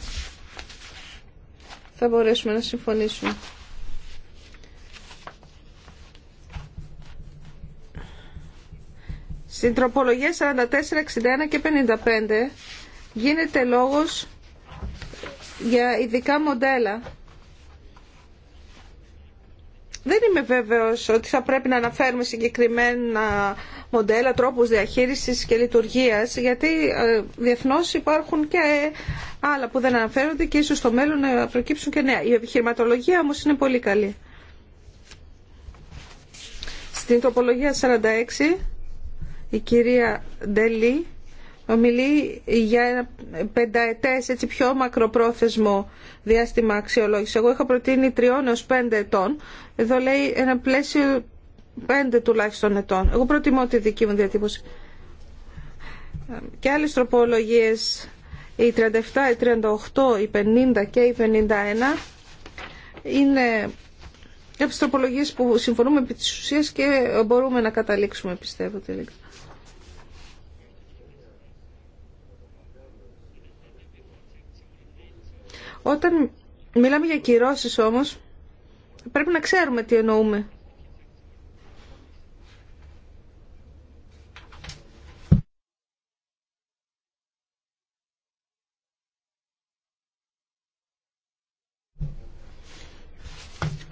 θα μπορέσουμε να συμφωνήσουμε. Στην τροπολογία 44, 61 και 55 γίνεται λόγος για ειδικά μοντέλα. Δεν είμαι βέβαιος ότι θα πρέπει να αναφέρουμε συγκεκριμένα μοντέλα, τρόπους διαχείρισης και λειτουργίας, γιατί ε, διεθνώς υπάρχουν και άλλα που δεν αναφέρονται και ίσως στο μέλλον να προκύψουν και νέα. Η επιχειρηματολογία όμως είναι πολύ καλή. Στην τροπολογία 46 η κυρία Ντελή ομιλεί για ένα πενταετές, έτσι πιο μακροπρόθεσμο διάστημα αξιολόγηση. Εγώ είχα προτείνει τριών έως πέντε ετών. Εδώ λέει ένα πλαίσιο πέντε τουλάχιστον ετών. Εγώ προτιμώ τη δική μου διατύπωση. Και άλλες τροπολογίες, η 37, η 38, η 50 και η 51, είναι κάποιες τροπολογίες που συμφωνούμε επί της ουσίας και μπορούμε να καταλήξουμε, πιστεύω τελικά. Όταν μιλάμε για κυρώσεις όμως, πρέπει να ξέρουμε τι εννοούμε.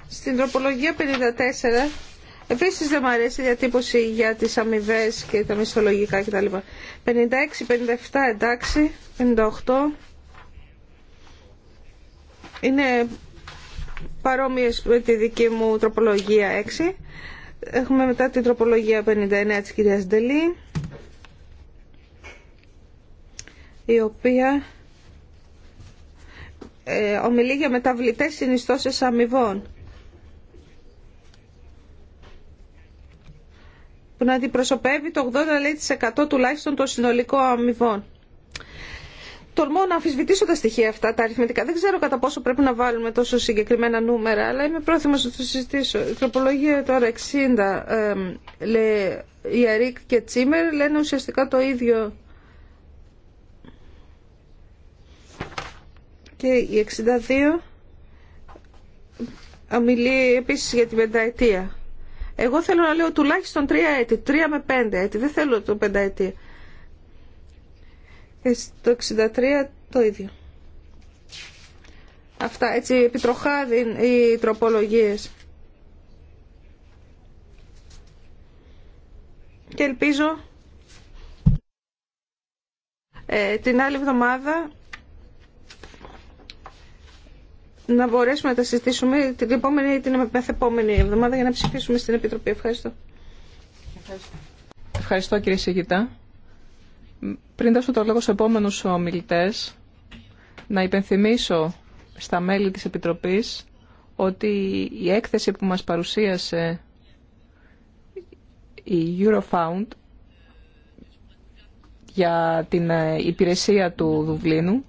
Στην τροπολογία 54, επίσης δεν μου αρέσει η διατύπωση για τις αμοιβέ και τα μισθολογικά κτλ. 56, 57, εντάξει, 58 είναι παρόμοιες με τη δική μου τροπολογία 6. Έχουμε μετά την τροπολογία 59 της κυρίας Ντελή, η οποία ε, ομιλεί για μεταβλητές συνιστώσεις αμοιβών. που να αντιπροσωπεύει το 80% τουλάχιστον των συνολικών αμοιβών τολμώ να αμφισβητήσω τα στοιχεία αυτά, τα αριθμητικά. Δεν ξέρω κατά πόσο πρέπει να βάλουμε τόσο συγκεκριμένα νούμερα, αλλά είμαι πρόθυμος να το συζητήσω. Η τροπολογία τώρα 60, λέει, η Αρίκ και Τσίμερ λένε ουσιαστικά το ίδιο. Και η 62 αμιλεί επίσης για την πενταετία. Εγώ θέλω να λέω τουλάχιστον τρία έτη, τρία με πέντε έτη, δεν θέλω το πενταετία. Ε, το 63 το ίδιο. Αυτά έτσι επιτροχάδι οι τροπολογίες. Και ελπίζω ε, την άλλη εβδομάδα να μπορέσουμε να τα συζητήσουμε την επόμενη ή την μεθεπόμενη εβδομάδα για να ψηφίσουμε στην Επιτροπή. Ευχαριστώ. Ευχαριστώ, Ευχαριστώ κύριε Σιγητά. Πριν δώσω το λόγο σε επόμενου ομιλητέ να υπενθυμίσω στα μέλη της Επιτροπής ότι η έκθεση που μας παρουσίασε η Eurofound για την ε, υπηρεσία του Δουβλίνου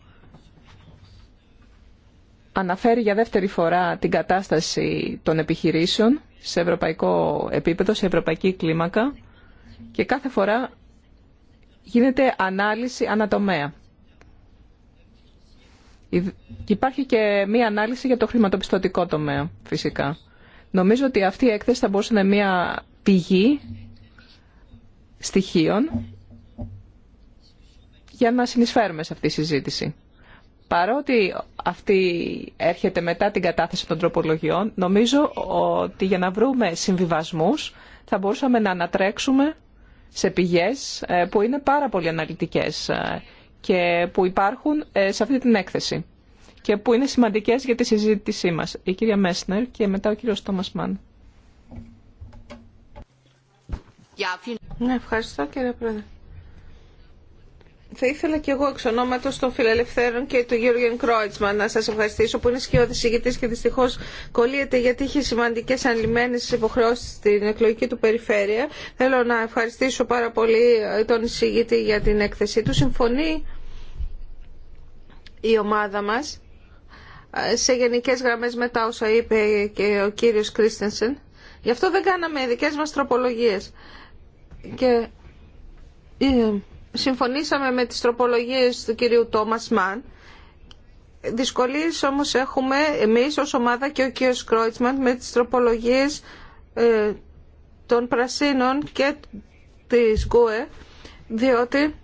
αναφέρει για δεύτερη φορά την κατάσταση των επιχειρήσεων σε ευρωπαϊκό επίπεδο, σε ευρωπαϊκή κλίμακα και κάθε φορά γίνεται ανάλυση ανατομέα. Υπάρχει και μία ανάλυση για το χρηματοπιστωτικό τομέα, φυσικά. Νομίζω ότι αυτή η έκθεση θα μπορούσε να είναι μία πηγή στοιχείων για να συνεισφέρουμε σε αυτή τη συζήτηση. Παρότι αυτή έρχεται μετά την κατάθεση των τροπολογιών, νομίζω ότι για να βρούμε συμβιβασμούς θα μπορούσαμε να ανατρέξουμε σε πηγές ε, που είναι πάρα πολύ αναλυτικές ε, και που υπάρχουν ε, σε αυτή την έκθεση και που είναι σημαντικές για τη συζήτησή μας. Η κυρία Μέσνερ και μετά ο κύριος Τόμας Μάν. Ναι, ευχαριστώ κύριε Πρόεδρε. Θα ήθελα και εγώ εξ ονόματο των Φιλελευθέρων και του Γιώργιου Κρόιτσμα να σα ευχαριστήσω που είναι σκιώδη ηγητή και δυστυχώ κολλείται γιατί είχε σημαντικέ ανηλυμένε υποχρεώσει στην εκλογική του περιφέρεια. Θέλω να ευχαριστήσω πάρα πολύ τον εισηγητή για την έκθεσή του. Συμφωνεί η ομάδα μα σε γενικέ γραμμέ μετά όσα είπε και ο κύριο Κρίστενσεν. Γι' αυτό δεν κάναμε δικέ μα τροπολογίε. Και... Ε, συμφωνήσαμε με τις τροπολογίες του κυρίου Τόμας Μαν. Δυσκολίες όμως έχουμε εμείς ως ομάδα και ο κύριος Κρόιτσμαν με τις τροπολογίες ε, των Πρασίνων και της γοέ διότι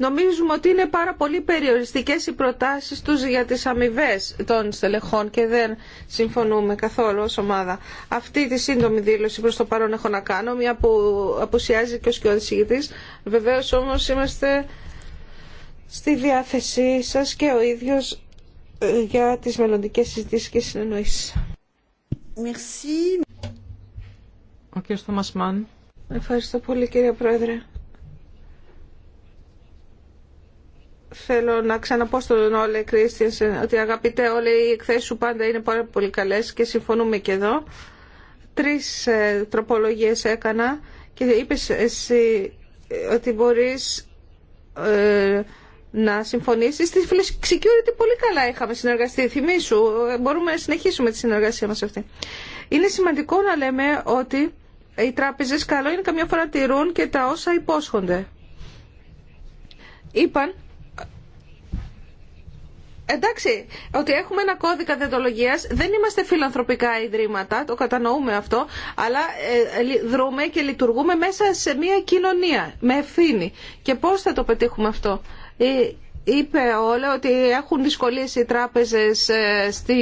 Νομίζουμε ότι είναι πάρα πολύ περιοριστικές οι προτάσεις τους για τις αμοιβέ των στελεχών και δεν συμφωνούμε καθόλου ως ομάδα. Αυτή τη σύντομη δήλωση προς το παρόν έχω να κάνω, μια που απουσιάζει και ο σκιώδης ηγητή. Βεβαίως όμως είμαστε στη διάθεσή σας και ο ίδιος ε, για τις μελλοντικές συζητήσεις και συνεννοήσεις. Ευχαριστώ πολύ κύριε Πρόεδρε. Θέλω να ξαναπώ στον Όλε Κρίστιας ότι αγαπητέ όλοι οι εκθέσεις σου πάντα είναι πάρα πολύ καλές και συμφωνούμε και εδώ. Τρεις ε, τροπολογίες έκανα και είπες εσύ ότι μπορείς ε, να συμφωνήσει. Στη ότι πολύ καλά είχαμε συνεργαστεί. Θυμήσου, ε, μπορούμε να συνεχίσουμε τη συνεργασία μας αυτή. Είναι σημαντικό να λέμε ότι οι τράπεζες καλό είναι καμιά φορά τηρούν και τα όσα υπόσχονται. Είπαν εντάξει, ότι έχουμε ένα κώδικα δεντολογία, δεν είμαστε φιλανθρωπικά ιδρύματα, το κατανοούμε αυτό, αλλά ε, δρούμε και λειτουργούμε μέσα σε μια κοινωνία με ευθύνη. Και πώ θα το πετύχουμε αυτό. Ε, είπε όλα ότι έχουν δυσκολίε οι τράπεζες ε, στη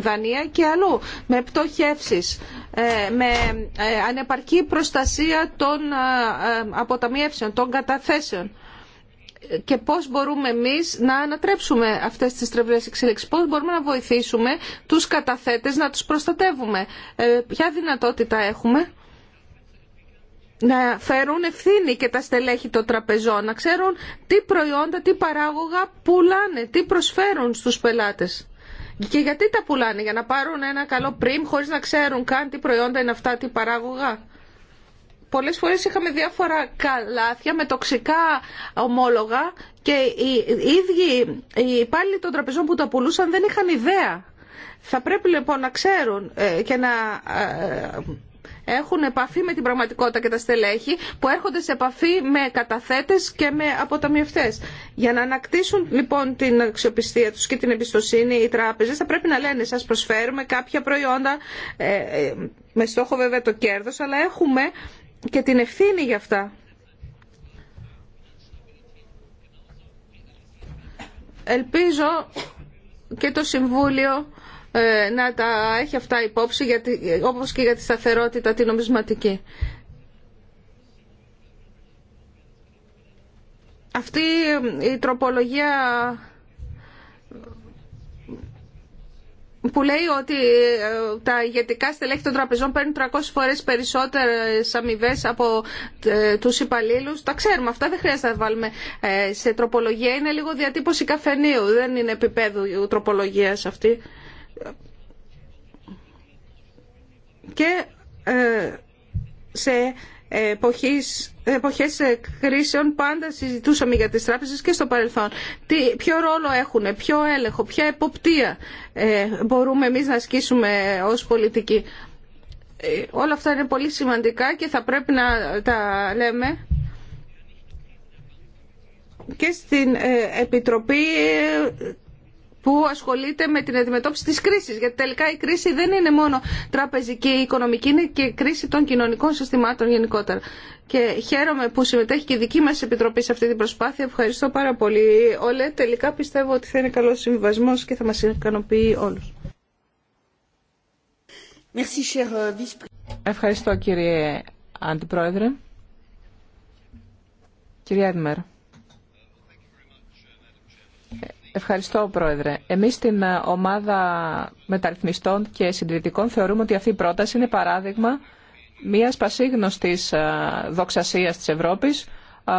Δανία και αλλού, με πτωχεύσεις, με ανεπαρκή προστασία των αποταμιεύσεων, των καταθέσεων και πώ μπορούμε εμεί να ανατρέψουμε αυτές τις τρευλέ εξέλιξεις, πώς μπορούμε να βοηθήσουμε τους καταθέτες να τους προστατεύουμε. Ε, ποια δυνατότητα έχουμε να φέρουν ευθύνη και τα στελέχη των τραπεζών, να ξέρουν τι προϊόντα, τι παράγωγα πουλάνε, τι προσφέρουν στους πελάτες. Και γιατί τα πουλάνε, για να πάρουν ένα καλό πριμ χωρίς να ξέρουν καν τι προϊόντα είναι αυτά, τι παράγωγα. Πολλέ φορές είχαμε διάφορα καλάθια με τοξικά ομόλογα και οι ίδιοι οι υπάλληλοι των τραπεζών που τα πουλούσαν δεν είχαν ιδέα. Θα πρέπει λοιπόν να ξέρουν ε, και να ε, έχουν επαφή με την πραγματικότητα και τα στελέχη που έρχονται σε επαφή με καταθέτες και με αποταμιευτές. Για να ανακτήσουν λοιπόν την αξιοπιστία τους και την εμπιστοσύνη οι τράπεζες θα πρέπει να λένε σας προσφέρουμε κάποια προϊόντα ε, με στόχο βέβαια το κέρδος αλλά έχουμε και την ευθύνη για αυτά. Ελπίζω και το Συμβούλιο ε, να τα έχει αυτά υπόψη, γιατί, όπως και για τη σταθερότητα τη νομισματική. Αυτή η τροπολογία που λέει ότι ε, τα ηγετικά στελέχη των τραπεζών παίρνουν 300 φορές περισσότερες αμοιβέ από ε, τους υπαλλήλους. Τα ξέρουμε αυτά, δεν χρειάζεται να βάλουμε ε, σε τροπολογία. Είναι λίγο διατύπωση καφενείου, δεν είναι επίπεδου τροπολογίας αυτή. Και σε εποχής, εποχές ε, κρίσεων πάντα συζητούσαμε για τις τράπεζες και στο παρελθόν. Τι, ποιο ρόλο έχουν, ποιο έλεγχο, ποια εποπτεία ε, μπορούμε εμείς να ασκήσουμε ως πολιτικοί. Ε, όλα αυτά είναι πολύ σημαντικά και θα πρέπει να τα λέμε και στην Επιτροπή που ασχολείται με την αντιμετώπιση της κρίσης. Γιατί τελικά η κρίση δεν είναι μόνο τραπεζική ή οικονομική, είναι και κρίση των κοινωνικών συστημάτων γενικότερα. Και χαίρομαι που συμμετέχει και η δική μας Επιτροπή σε αυτή την προσπάθεια. Ευχαριστώ πάρα πολύ. Όλε, τελικά πιστεύω ότι θα είναι καλός συμβιβασμό και θα μας ικανοποιεί όλους. Euh, Ευχαριστώ κύριε Αντιπρόεδρε. Κυρία Έντμερ. Ευχαριστώ, Πρόεδρε. Εμεί στην ε, ομάδα μεταρρυθμιστών και συντηρητικών θεωρούμε ότι αυτή η πρόταση είναι παράδειγμα μια πασίγνωστη ε, δοξασία τη Ευρώπη ε,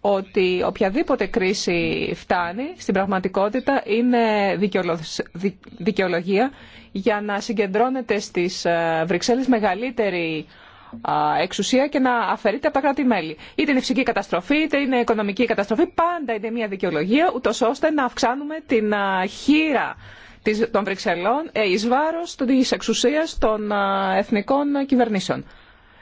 ότι οποιαδήποτε κρίση φτάνει στην πραγματικότητα είναι δικαιολογία για να συγκεντρώνεται στις Βρυξέλλες μεγαλύτερη εξουσία και να αφαιρείται από τα κράτη-μέλη. Είτε είναι φυσική καταστροφή, είτε είναι οικονομική καταστροφή, πάντα είναι μια δικαιολογία, ούτω ώστε να αυξάνουμε την χείρα των Βρυξελών ε, εις βάρος της εξουσίας των εθνικών κυβερνήσεων.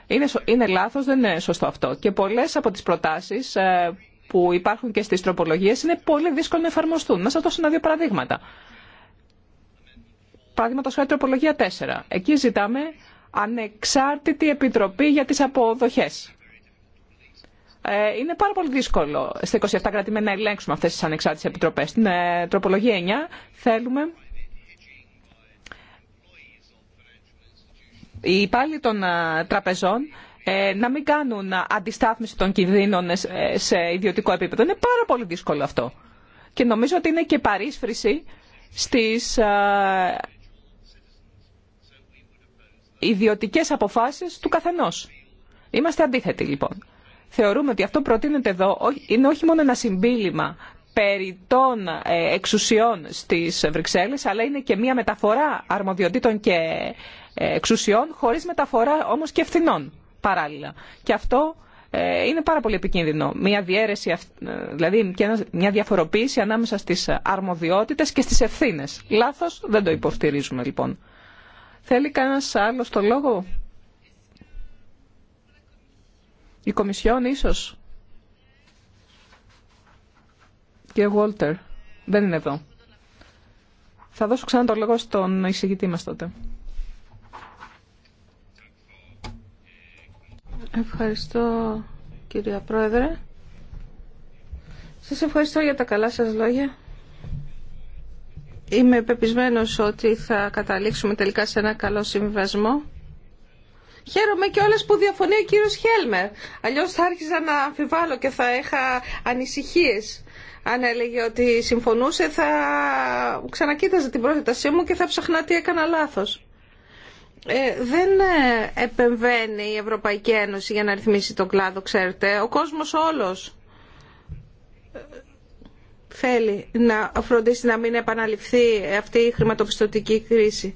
Είναι, είναι λάθος, δεν είναι σωστό αυτό. Και πολλέ από τι προτάσει ε, που υπάρχουν και στι τροπολογίε είναι πολύ δύσκολο να εφαρμοστούν. Να σα δώσω ένα-δύο παραδείγματα. Παραδείγματο χάρη τροπολογία 4. Εκεί ζητάμε ανεξάρτητη επιτροπή για τις αποδοχές. Ε, είναι πάρα πολύ δύσκολο στα 27 κρατημένα να ελέγξουμε αυτές τις ανεξάρτητες επιτροπές. Στην ε, τροπολογία 9 θέλουμε οι υπάλληλοι των ε, τραπεζών να μην κάνουν αντιστάθμιση των κινδύνων σε ιδιωτικό επίπεδο. Είναι πάρα πολύ δύσκολο αυτό. Και νομίζω ότι είναι και παρίσφρηση στις ιδιωτικέ αποφάσεις του καθενό. Είμαστε αντίθετοι λοιπόν. Θεωρούμε ότι αυτό προτείνεται εδώ είναι όχι μόνο ένα συμπίλημα περί των ε, εξουσιών στις Βρυξέλλες, αλλά είναι και μια μεταφορά αρμοδιοτήτων και ε, εξουσιών, χωρίς μεταφορά όμως και ευθυνών παράλληλα. Και αυτό ε, είναι πάρα πολύ επικίνδυνο. Μια διαίρεση, δηλαδή μια διαφοροποίηση ανάμεσα στις αρμοδιότητες και στις ευθύνες. Λάθος δεν το υποστηρίζουμε λοιπόν. Θέλει κανένα άλλο το λόγο. Η Κομισιόν ίσως. Κύριε Βόλτερ, δεν είναι εδώ. Θα δώσω ξανά το λόγο στον εισηγητή μας τότε. Ευχαριστώ κυρία Πρόεδρε. Σας ευχαριστώ για τα καλά σας λόγια. Είμαι πεπισμένος ότι θα καταλήξουμε τελικά σε ένα καλό συμβιβασμό. Χαίρομαι και όλες που διαφωνεί ο κύριος Χέλμερ. Αλλιώς θα άρχιζα να αμφιβάλλω και θα είχα ανησυχίες. Αν έλεγε ότι συμφωνούσε θα ξανακοίταζα την πρότασή μου και θα ψαχνά τι έκανα λάθος. Ε, δεν ε, επεμβαίνει η Ευρωπαϊκή Ένωση για να ρυθμίσει τον κλάδο, ξέρετε. Ο κόσμος όλος θέλει να φροντίσει να μην επαναληφθεί αυτή η χρηματοπιστωτική κρίση.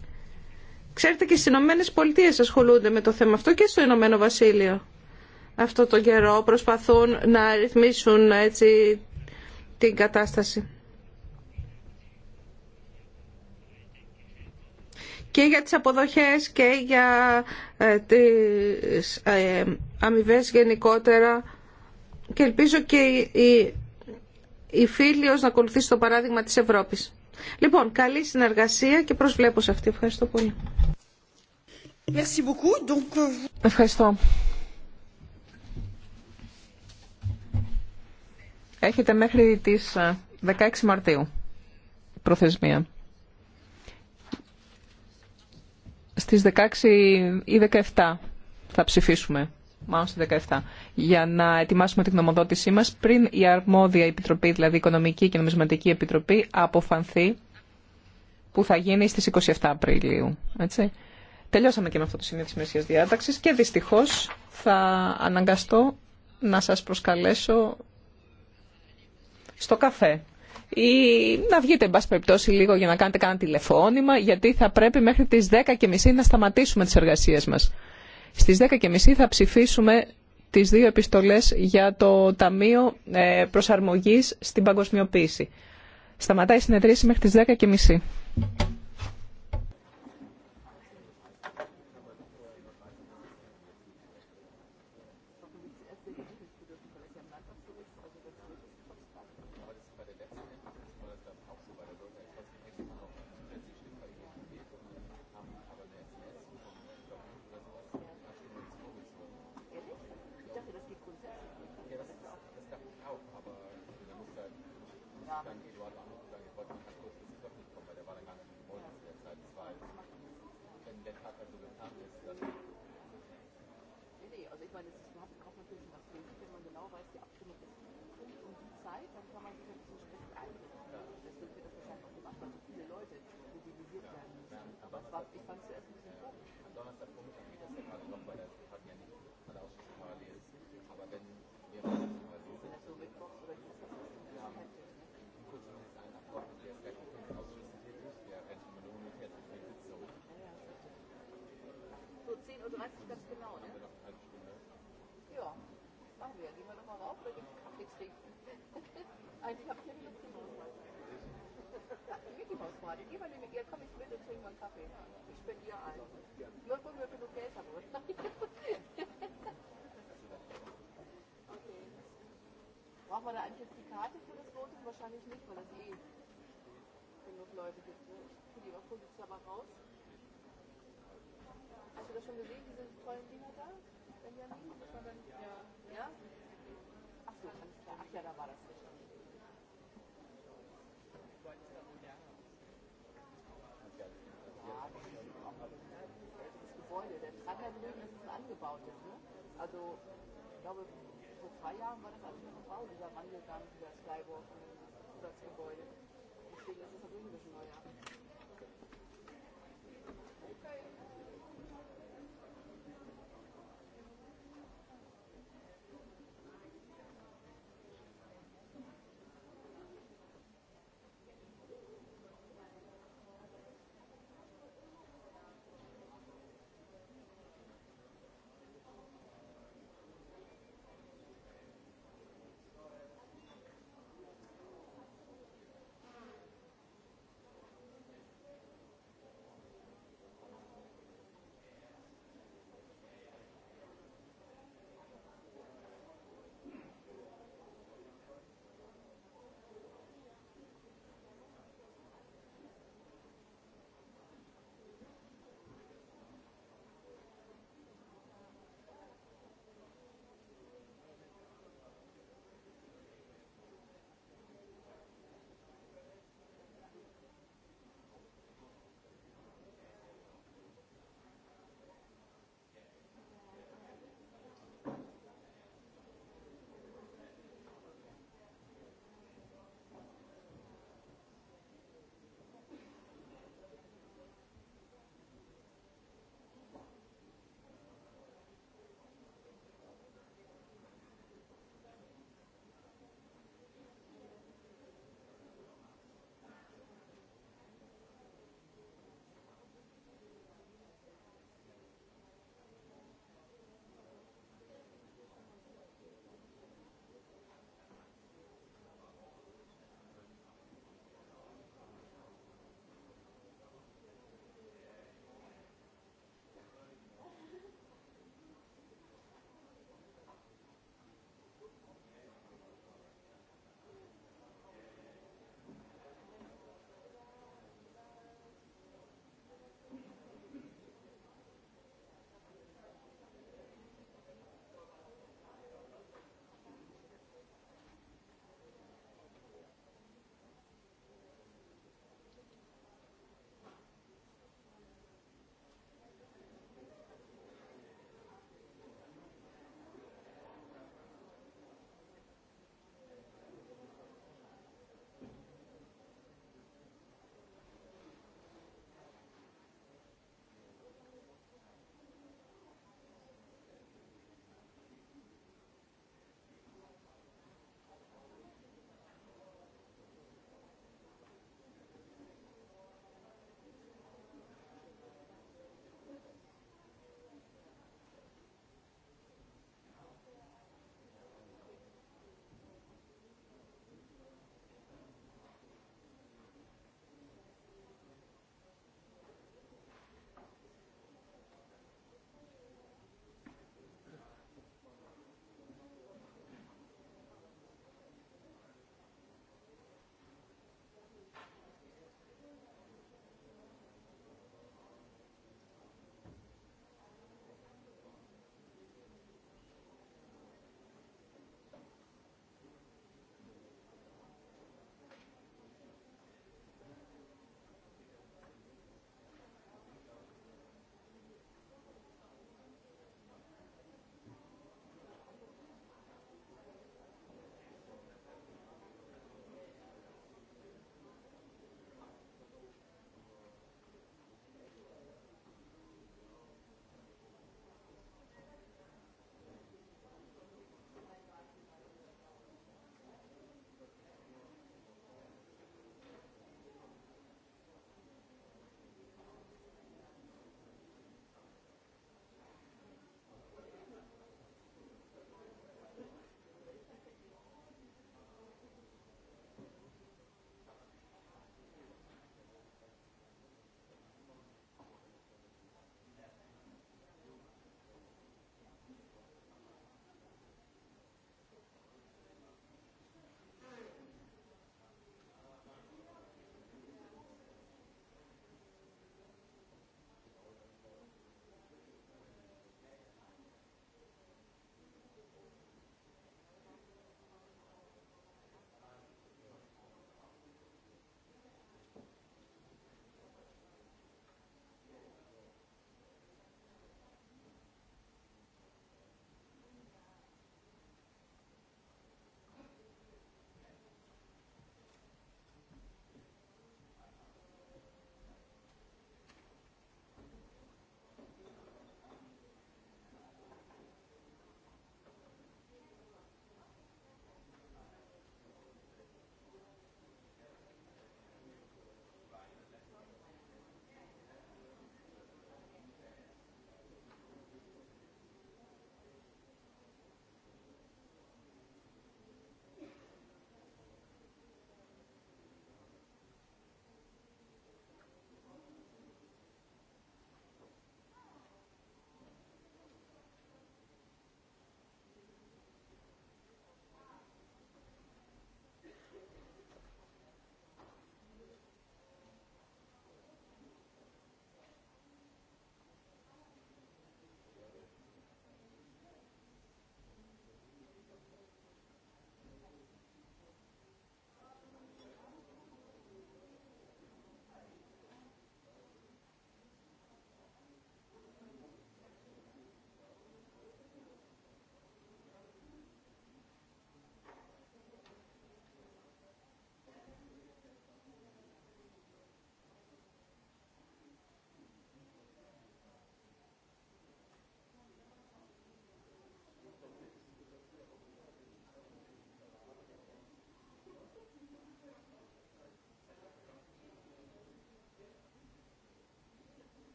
Ξέρετε και στι Ηνωμένε Πολιτείε ασχολούνται με το θέμα αυτό και στο Ηνωμένο Βασίλειο. Αυτό τον καιρό προσπαθούν να ρυθμίσουν έτσι την κατάσταση. και για τις αποδοχές και για ε, τις ε, αμοιβέ γενικότερα και ελπίζω και οι η ω να ακολουθήσει το παράδειγμα της Ευρώπης. Λοιπόν, καλή συνεργασία και προσβλέπω σε αυτή. Ευχαριστώ πολύ. Euh, Ευχαριστώ. Έχετε μέχρι τις 16 ε, Μαρτίου προθεσμία. Στις 16 ή 17 θα ψηφίσουμε μάλλον στις 17, για να ετοιμάσουμε την γνωμοδότησή μας πριν η αρμόδια επιτροπή, δηλαδή η Οικονομική και Νομισματική Επιτροπή, αποφανθεί που θα γίνει στις 27 Απριλίου. Έτσι. Τελειώσαμε και με αυτό το σημείο της μεσίας διάταξης και δυστυχώς θα αναγκαστώ να σας προσκαλέσω στο καφέ ή να βγείτε, εν πάση περιπτώσει, λίγο για να κάνετε κανένα τηλεφώνημα, γιατί θα πρέπει μέχρι τις 10.30 να σταματήσουμε τις εργασίες μας. Στις 10.30 θα ψηφίσουμε τις δύο επιστολές για το Ταμείο ε, Προσαρμογής στην Παγκοσμιοποίηση. Σταματάει η συνεδρίαση μέχρι τις 10.30. wahrscheinlich nicht, weil das eh genug Leute gibt. Ne? Ich die mal vorsichtig aber raus. Hast du das schon gesehen, diese tollen Dinger da? Benjamin? Ja. ja? Ach so, alles klar. Ach ja, da war das nicht. Gebäude. Der Tracker das ist ein angebautes. Ne? Also, ich glaube, vor zwei Jahren war das alles noch ein Bau, dieser Wandel dann, dieser Skywalk Hauptsatzgebäude. Deswegen ist es ein bisschen neuer. Okay.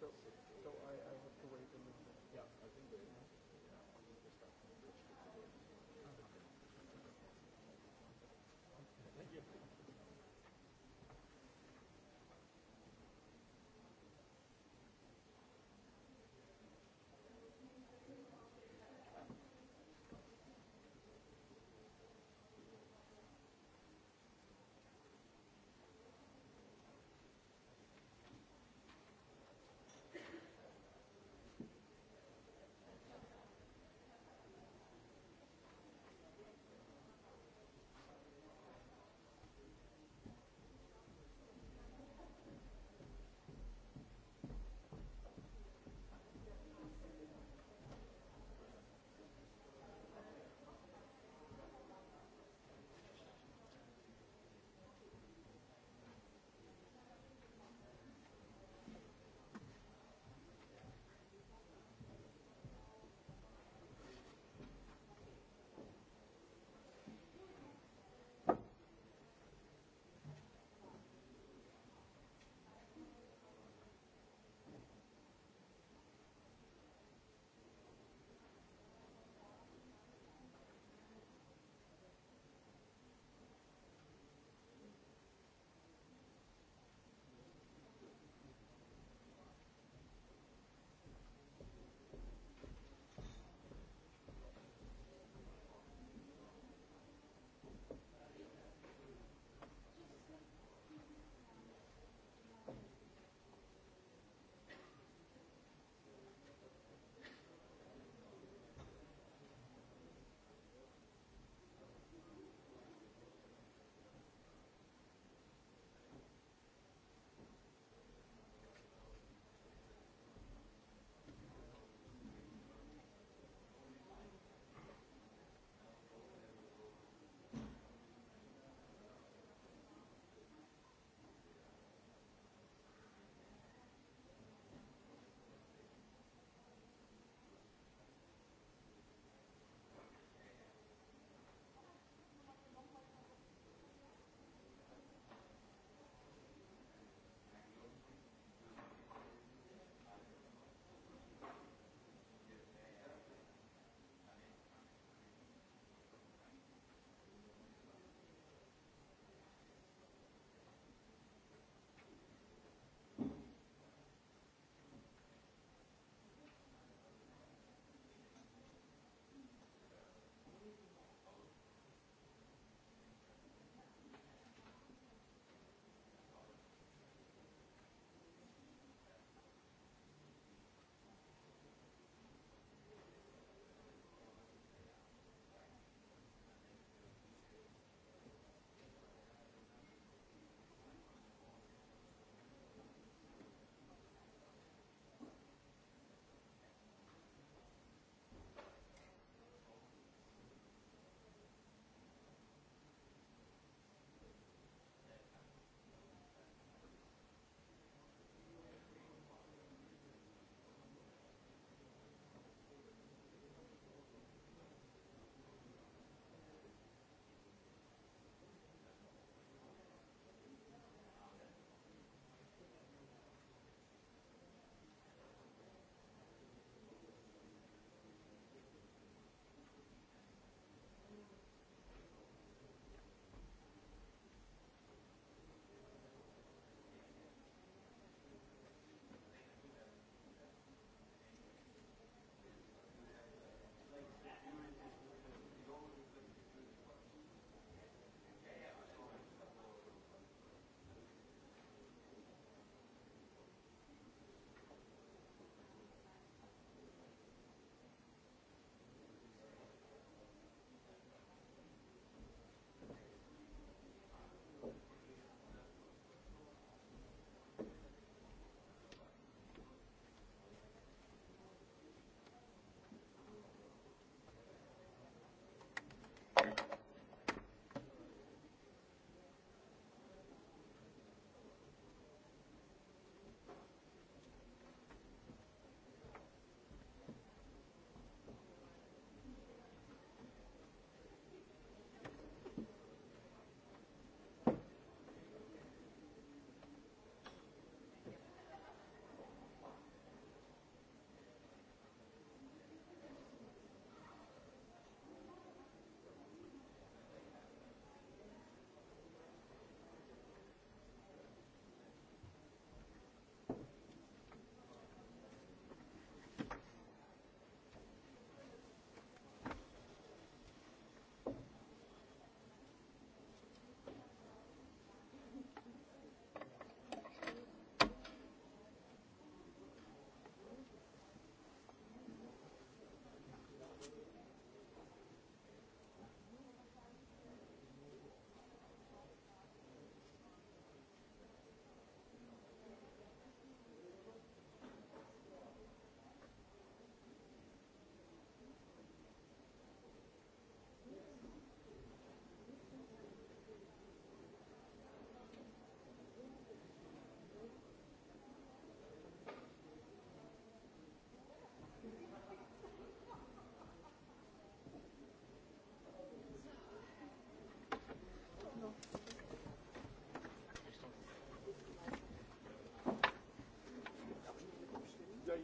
so so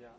Ja,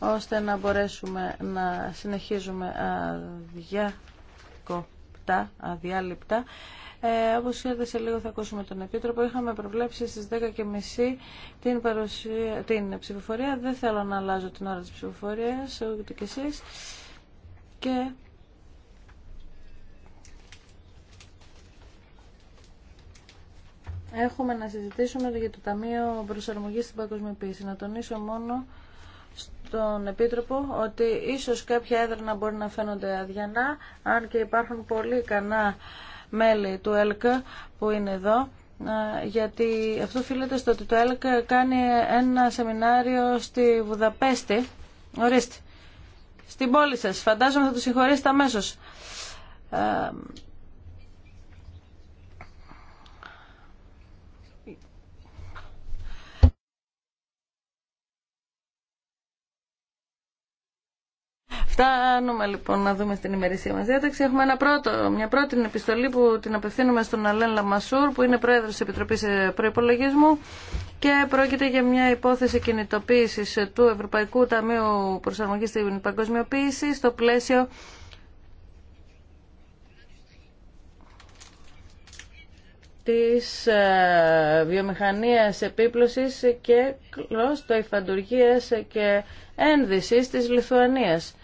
ώστε να μπορέσουμε να συνεχίζουμε αδιακοπτά, αδιάλειπτα. Ε, Όπω ξέρετε, σε λίγο θα ακούσουμε τον Επίτροπο. Είχαμε προβλέψει στι 10.30 την, παρουσία, την ψηφοφορία. Δεν θέλω να αλλάζω την ώρα τη ψηφοφορία, ούτε κι εσεί. Και έχουμε να συζητήσουμε για το Ταμείο Προσαρμογής στην Παγκοσμιοποίηση. Να τονίσω μόνο τον Επίτροπο ότι ίσως κάποια έδρανα μπορεί να φαίνονται αδιανά, αν και υπάρχουν πολύ ικανά μέλη του ΕΛΚΑ που είναι εδώ γιατί αυτό οφείλεται στο ότι το ΕΛΚ κάνει ένα σεμινάριο στη Βουδαπέστη. Ορίστε. Στην πόλη σας. Φαντάζομαι θα το συγχωρήσετε αμέσως. Φτάνουμε λοιπόν να δούμε στην ημερησία μας διάταξη. Έχουμε ένα πρώτο, μια πρώτη επιστολή που την απευθύνουμε στον Αλέν Λαμασούρ που είναι πρόεδρος της Επιτροπής ε, Προϋπολογισμού και πρόκειται για μια υπόθεση κινητοποίησης του Ευρωπαϊκού Ταμείου Προσαρμογής στην Παγκοσμιοποίηση στο πλαίσιο της ε, βιομηχανίας επίπλωσης και υφαντουργίας και ένδυσης της Λιθουανίας.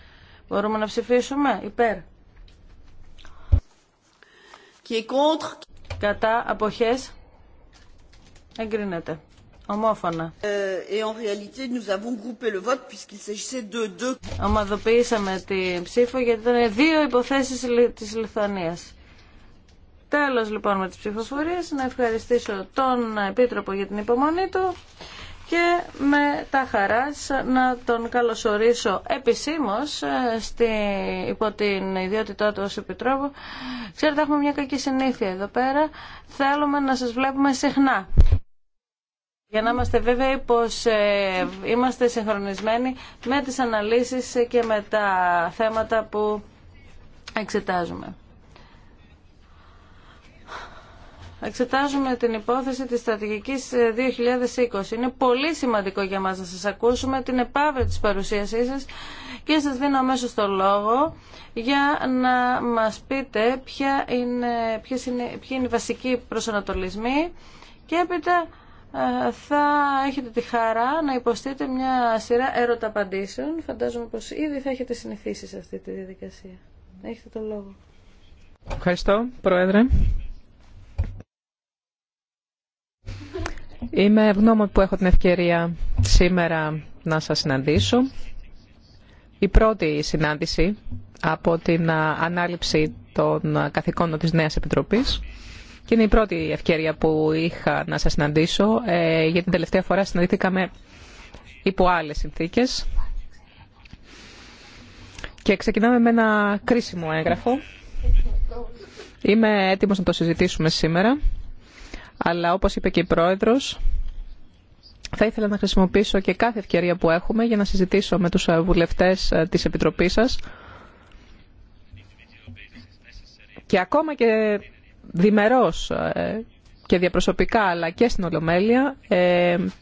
Μπορούμε να ψηφίσουμε υπέρ. Και contre. Κατά αποχές εγκρίνεται. Ομόφωνα. Ομαδοποιήσαμε την ψήφο γιατί ήταν δύο υποθέσεις της Λιθουανίας. Τέλος λοιπόν με τις ψηφοφορίες. Να ευχαριστήσω τον Επίτροπο για την υπομονή του και με τα χαράς να τον καλωσορίσω επισήμως ε, στη, υπό την ιδιότητά του ως Επιτρόπου. Ξέρετε, έχουμε μια κακή συνήθεια εδώ πέρα. Θέλουμε να σας βλέπουμε συχνά. Για να είμαστε βέβαιοι πως ε, είμαστε συγχρονισμένοι με τις αναλύσεις και με τα θέματα που εξετάζουμε. εξετάζουμε την υπόθεση της στρατηγικής 2020. Ε, είναι πολύ σημαντικό για μας να σας ακούσουμε την επάβρη της παρουσίασής σας και σας δίνω αμέσως το λόγο για να μας πείτε ποια είναι, είναι, ποιοι είναι οι βασικοί προσανατολισμοί και έπειτα ε, θα έχετε τη χαρά να υποστείτε μια σειρά έρωτα απαντήσεων. Φαντάζομαι πως ήδη θα έχετε συνηθίσει σε αυτή τη διαδικασία. Έχετε το λόγο. Ευχαριστώ, Πρόεδρε. Είμαι ευγνώμων που έχω την ευκαιρία σήμερα να σας συναντήσω. Η πρώτη συνάντηση από την ανάληψη των καθηκόντων της Νέας Επιτροπής και είναι η πρώτη ευκαιρία που είχα να σας συναντήσω ε, γιατί την τελευταία φορά συναντήθηκαμε υπό άλλες συνθήκες και ξεκινάμε με ένα κρίσιμο έγγραφο. Είμαι έτοιμος να το συζητήσουμε σήμερα. Αλλά όπως είπε και η Πρόεδρος, θα ήθελα να χρησιμοποιήσω και κάθε ευκαιρία που έχουμε για να συζητήσω με τους ε, βουλευτές ε, της Επιτροπής σας και ακόμα και διμερός ε, και διαπροσωπικά αλλά και στην Ολομέλεια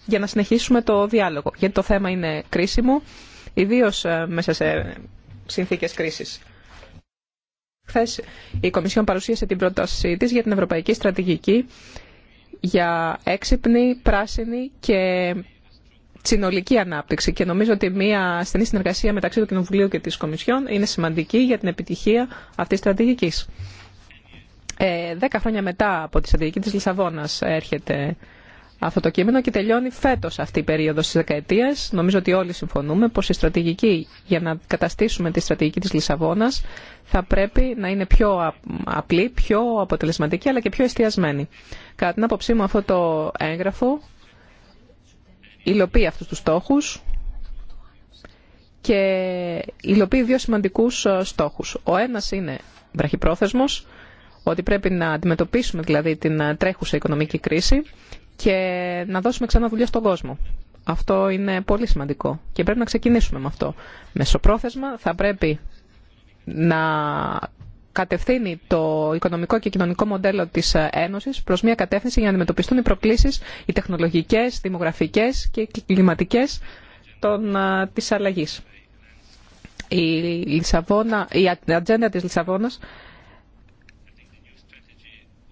για να συνεχίσουμε το διάλογο. Γιατί το θέμα είναι κρίσιμο, ιδίως μέσα σε συνθήκες κρίσης. Χθε η Κομισιόν παρουσίασε την πρότασή της για την Ευρωπαϊκή Στρατηγική για έξυπνη, πράσινη και συνολική ανάπτυξη. Και νομίζω ότι μια στενή συνεργασία μεταξύ του Κοινοβουλίου και της Κομισιόν είναι σημαντική για την επιτυχία αυτής της στρατηγικής. Ε, δέκα χρόνια μετά από τη στρατηγική της Λισαβόνας έρχεται αυτό το κείμενο και τελειώνει φέτο αυτή η περίοδο της δεκαετία. Νομίζω ότι όλοι συμφωνούμε πω η στρατηγική για να καταστήσουμε τη στρατηγική τη Λισαβόνα θα πρέπει να είναι πιο απλή, πιο αποτελεσματική αλλά και πιο εστιασμένη. Κατά την άποψή μου αυτό το έγγραφο υλοποιεί αυτού του στόχου και υλοποιεί δύο σημαντικού ε, στόχου. Ο ένα είναι βραχυπρόθεσμος, ότι πρέπει να αντιμετωπίσουμε δηλαδή την ε, τρέχουσα οικονομική κρίση και να δώσουμε ξανά δουλειά στον κόσμο. Αυτό είναι πολύ σημαντικό και πρέπει να ξεκινήσουμε με αυτό. Μεσοπρόθεσμα θα πρέπει να κατευθύνει το οικονομικό και κοινωνικό μοντέλο της Ένωσης προς μια κατεύθυνση για να αντιμετωπιστούν οι προκλήσεις, οι τεχνολογικές, δημογραφικές και κλιματικές των, της αλλαγής. Η, Λισαβόνα, η ατζέντα της Λισαβόνας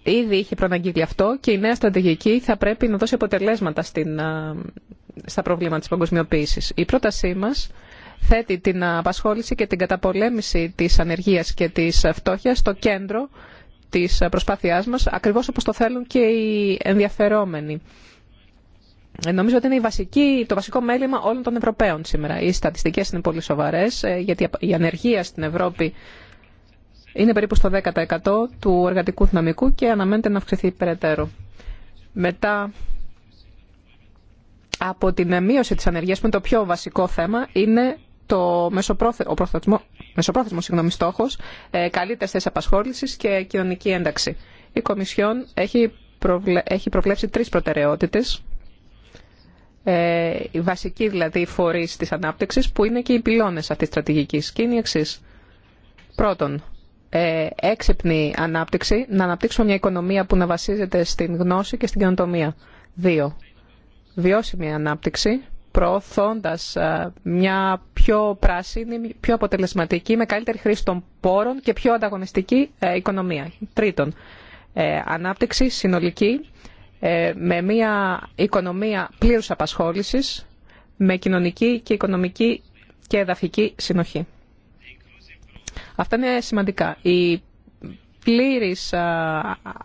Ήδη είχε προναγγείλει αυτό και η νέα στρατηγική θα πρέπει να δώσει αποτελέσματα στην, στα προβλήματα της παγκοσμιοποίησης. Η πρότασή μας θέτει την απασχόληση και την καταπολέμηση της ανεργίας και της φτώχειας στο κέντρο της προσπάθειάς μας, ακριβώς όπως το θέλουν και οι ενδιαφερόμενοι. Ε, νομίζω ότι είναι η το βασικό μέλημα όλων των Ευρωπαίων σήμερα. Οι στατιστικές είναι πολύ σοβαρές, ε, γιατί η ανεργία στην Ευρώπη είναι περίπου στο 10% του εργατικού δυναμικού και αναμένεται να αυξηθεί περαιτέρω. Μετά από την μείωση της ανεργίας, που είναι το πιο βασικό θέμα, είναι το μεσοπρόθεσμο ο μεσοπρόθεσμος συγγνώμη, στόχος, ε, καλύτερες θέσεις απασχόλησης και κοινωνική ένταξη. Η Κομισιόν έχει, προβλε... έχει προβλέψει τρεις προτεραιότητες, ε, οι δηλαδή φορείς της ανάπτυξης, που είναι και οι πυλώνες αυτής της στρατηγικής. Και είναι Πρώτον, ε, έξυπνη ανάπτυξη, να αναπτύξουμε μια οικονομία που να βασίζεται στην γνώση και στην καινοτομία. Δύο. Βιώσιμη ανάπτυξη, προωθώντα ε, μια πιο πράσινη, πιο αποτελεσματική, με καλύτερη χρήση των πόρων και πιο ανταγωνιστική ε, οικονομία. Τρίτον, ανάπτυξη συνολική, με μια οικονομία πλήρους απασχόλησης, με κοινωνική και οικονομική και εδαφική συνοχή. Αυτά είναι σημαντικά. Η πλήρης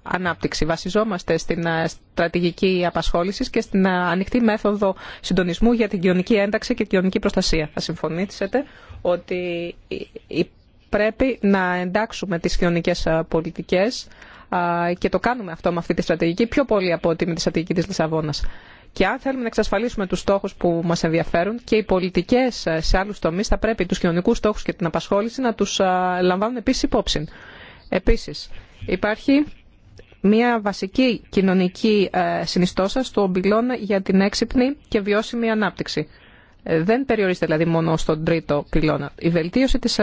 ανάπτυξη. Βασιζόμαστε στην στρατηγική απασχόληση και στην ανοιχτή μέθοδο συντονισμού για την κοινωνική ένταξη και την κοινωνική προστασία. Θα συμφωνήσετε ότι πρέπει να εντάξουμε τις κοινωνικές πολιτικές και το κάνουμε αυτό με αυτή τη στρατηγική πιο πολύ από ότι με τη στρατηγική της Λισαβόνας. Και αν θέλουμε να εξασφαλίσουμε τους στόχους που μας ενδιαφέρουν και οι πολιτικές ε, σε άλλους τομείς θα πρέπει τους κοινωνικούς στόχους και την απασχόληση να τους ε, λαμβάνουν επίσης υπόψη. Επίσης, υπάρχει μια βασική κοινωνική ε, συνιστόσα στον πυλώνα για την έξυπνη και βιώσιμη ανάπτυξη. Δεν περιορίζεται δηλαδή μόνο στον τρίτο πυλώνα. Η βελτίωση της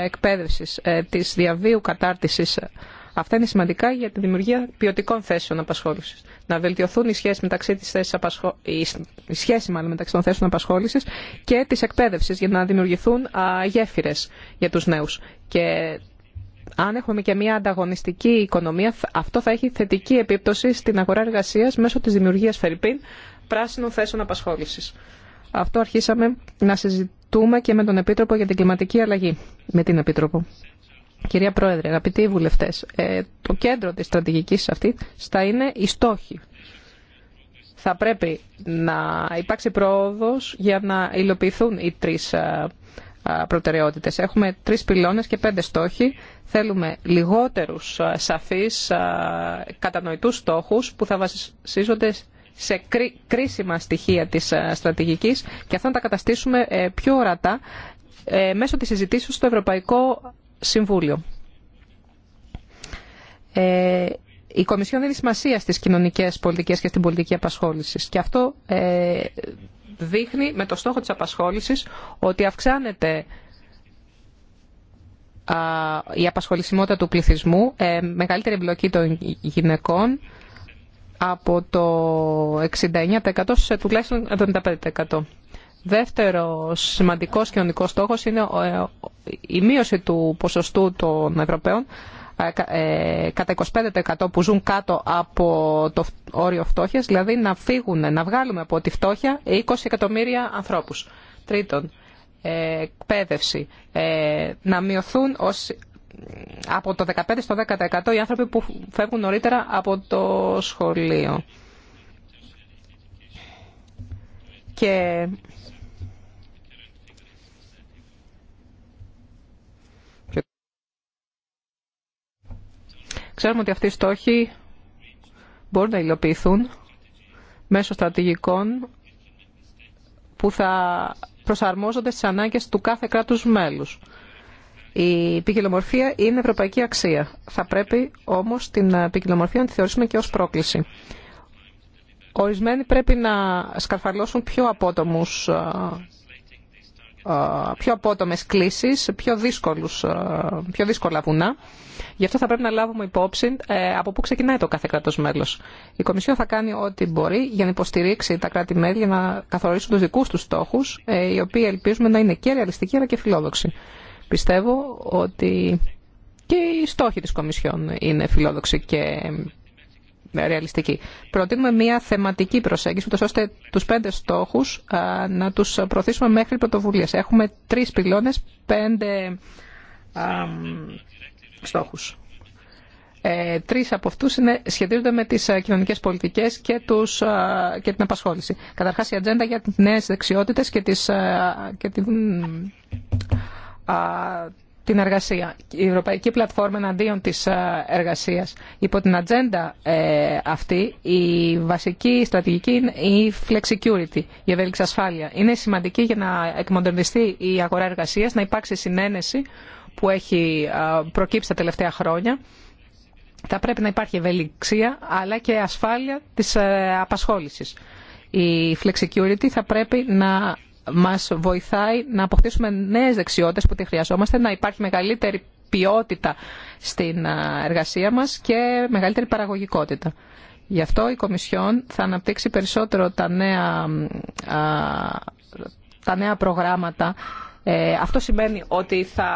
εκπαίδευσης, της διαβίου κατάρτισης Αυτά είναι σημαντικά για τη δημιουργία ποιοτικών θέσεων απασχόληση. Να βελτιωθούν οι σχέσει μεταξύ τη θέση, απασχόληση, η σχέση μάλλον μεταξύ των θέσεων απασχόληση και τη εκπαίδευση για να δημιουργηθούν γέφυρε για του νέου. Και αν έχουμε και μια ανταγωνιστική οικονομία, αυτό θα έχει θετική επίπτωση στην αγορά εργασία μέσω τη δημιουργία φερρυπίν πράσινων θέσεων απασχόληση. Αυτό αρχίσαμε να συζητούμε και με τον Επίτροπο για την Κλιματική Αλλαγή. Με την Επίτροπο. Κυρία Πρόεδρε, αγαπητοί βουλευτές, ε, το κέντρο της στρατηγικής αυτή θα είναι οι στόχοι. Θα πρέπει να υπάρξει πρόοδος για να υλοποιηθούν οι τρεις ε, ε, προτεραιότητες. Έχουμε τρεις πυλώνες και πέντε στόχοι. Θέλουμε λιγότερους σαφείς κατανοητούς στόχους που θα βασίζονται σε κρίσιμα στοιχεία της στρατηγικής και αυτά να τα καταστήσουμε πιο ορατά μέσω της συζητήσεως στο Ευρωπαϊκό Συμβούλιο. Ε, η Κομισιόν δίνει σημασία στις κοινωνικές πολιτικές και στην πολιτική απασχόλησης. Και αυτό ε, δείχνει με το στόχο της απασχόλησης ότι αυξάνεται η απασχολησιμότητα του πληθυσμού, ε, μεγαλύτερη εμπλοκή των γυναικών από το 69% σε τουλάχιστον 75%. Δεύτερο σημαντικό κοινωνικό στόχο είναι ε, η μείωση του ποσοστού των Ευρωπαίων ε, ε, κατά 25% που ζουν κάτω από το όριο φτώχεια, δηλαδή να φύγουν, να βγάλουμε από τη φτώχεια 20 εκατομμύρια ανθρώπου. Τρίτον, εκπαίδευση, να μειωθούν ως από το 15% στο 10% οι άνθρωποι που φεύγουν νωρίτερα από το σχολείο. Και Ξέρουμε ότι αυτοί οι στόχοι μπορούν να υλοποιηθούν μέσω στρατηγικών που θα προσαρμόζονται στις ανάγκες του κάθε κράτους μέλους. Η ποικιλομορφία είναι ευρωπαϊκή αξία. Θα πρέπει όμως την ποικιλομορφία να τη θεωρήσουμε και ως πρόκληση. Ορισμένοι πρέπει να σκαρφαλώσουν πιο απότομους ε, πιο απότομες κλήσεις, πιο, ε, πιο δύσκολα βουνά. Γι' αυτό θα πρέπει να λάβουμε υπόψη ε, από πού ξεκινάει το κάθε κράτος μέλος. Η Κομισιόν θα κάνει ό,τι μπορεί για να υποστηρίξει τα κράτη-μέλη για να καθορίσουν τους δικούς τους στόχους, οι οποίοι ελπίζουμε να είναι και ρεαλιστικοί αλλά και φιλόδοξοι. Πιστεύω ότι και οι στόχοι της Κομισιόν είναι φιλόδοξοι και ρεαλιστική. Προτείνουμε μια θεματική προσέγγιση, ώστε τους πέντε στόχους να τους προωθήσουμε μέχρι πρωτοβουλίες. Έχουμε τρεις πυλώνες, πέντε στόχους. Ε, τρεις από αυτούς είναι, σχετίζονται με τις κοινωνικές πολιτικές και, τους, και την απασχόληση. Καταρχάς η ατζέντα για τις νέες δεξιότητες και, τις, και την την εργασία. Η Ευρωπαϊκή Πλατφόρμα εναντίον της ε, εργασίας. Υπό την ατζέντα ε, αυτή η βασική στρατηγική είναι η flexicurity, η ευέλικτη ασφάλεια. Είναι σημαντική για να εκμοντερνιστεί η αγορά εργασίας, να υπάρξει συνένεση που έχει ε, προκύψει τα τελευταία χρόνια. Θα πρέπει να υπάρχει ευελιξία αλλά και ασφάλεια της απασχόλησης. Η flexicurity θα πρέπει να μας βοηθάει να αποκτήσουμε νέες δεξιότητες που τη χρειαζόμαστε, να υπάρχει μεγαλύτερη ποιότητα στην εργασία μας και μεγαλύτερη παραγωγικότητα. Γι' αυτό η Κομισιόν θα αναπτύξει περισσότερο τα νέα, τα νέα προγράμματα. Ε, αυτό σημαίνει ότι θα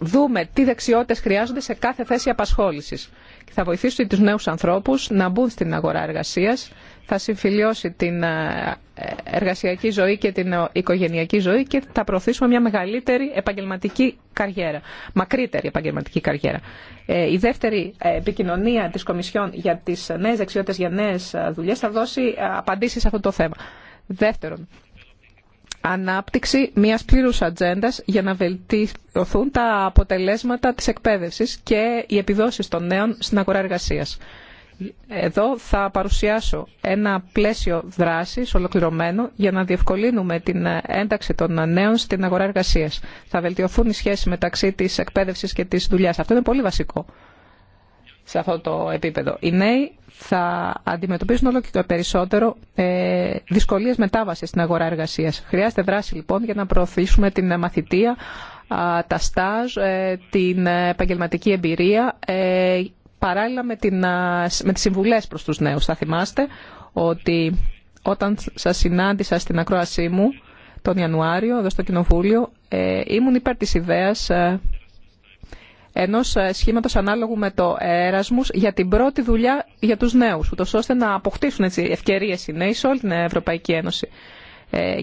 δούμε τι δεξιότητες χρειάζονται σε κάθε θέση απασχόλησης. θα βοηθήσουμε τους νέους ανθρώπους να μπουν στην αγορά εργασίας θα συμφιλιώσει την ε, εργασιακή ζωή και την ε, οικογενειακή ζωή και θα προωθήσουμε μια μεγαλύτερη επαγγελματική καριέρα, μακρύτερη επαγγελματική καριέρα. Ε, η δεύτερη επικοινωνία της Κομισιόν για τις νέες δεξιότητες για νέες δουλειές θα δώσει απαντήσει σε αυτό το θέμα. Δεύτερον, ανάπτυξη μιας πλήρους ατζέντα για να βελτιωθούν τα αποτελέσματα της εκπαίδευσης και οι επιδόσεις των νέων στην αγορά εργασία. Εδώ θα παρουσιάσω ένα πλαίσιο δράσης ολοκληρωμένο για να διευκολύνουμε την ένταξη των νέων στην αγορά εργασίας. Θα βελτιωθούν οι σχέσεις μεταξύ της εκπαίδευσης και της δουλειάς. Αυτό είναι πολύ βασικό σε αυτό το επίπεδο. Οι νέοι θα αντιμετωπίσουν όλο και το περισσότερο ε, δυσκολίες μετάβασης στην αγορά εργασίας. Χρειάζεται δράση λοιπόν για να προωθήσουμε την μαθητεία, τα στάζ, ε, την επαγγελματική εμπειρία ε, παράλληλα με, την, με τις συμβουλές προς τους νέους. Θα θυμάστε ότι όταν σας συνάντησα στην ακρόασή μου τον Ιανουάριο εδώ στο Κοινοβούλιο ε, ήμουν υπέρ της ιδέας ε, ενός ε, σχήματος ανάλογου με το Erasmus για την πρώτη δουλειά για τους νέους, ούτως ώστε να αποκτήσουν έτσι, ευκαιρίες οι νέοι σε όλη την Ευρωπαϊκή Ένωση.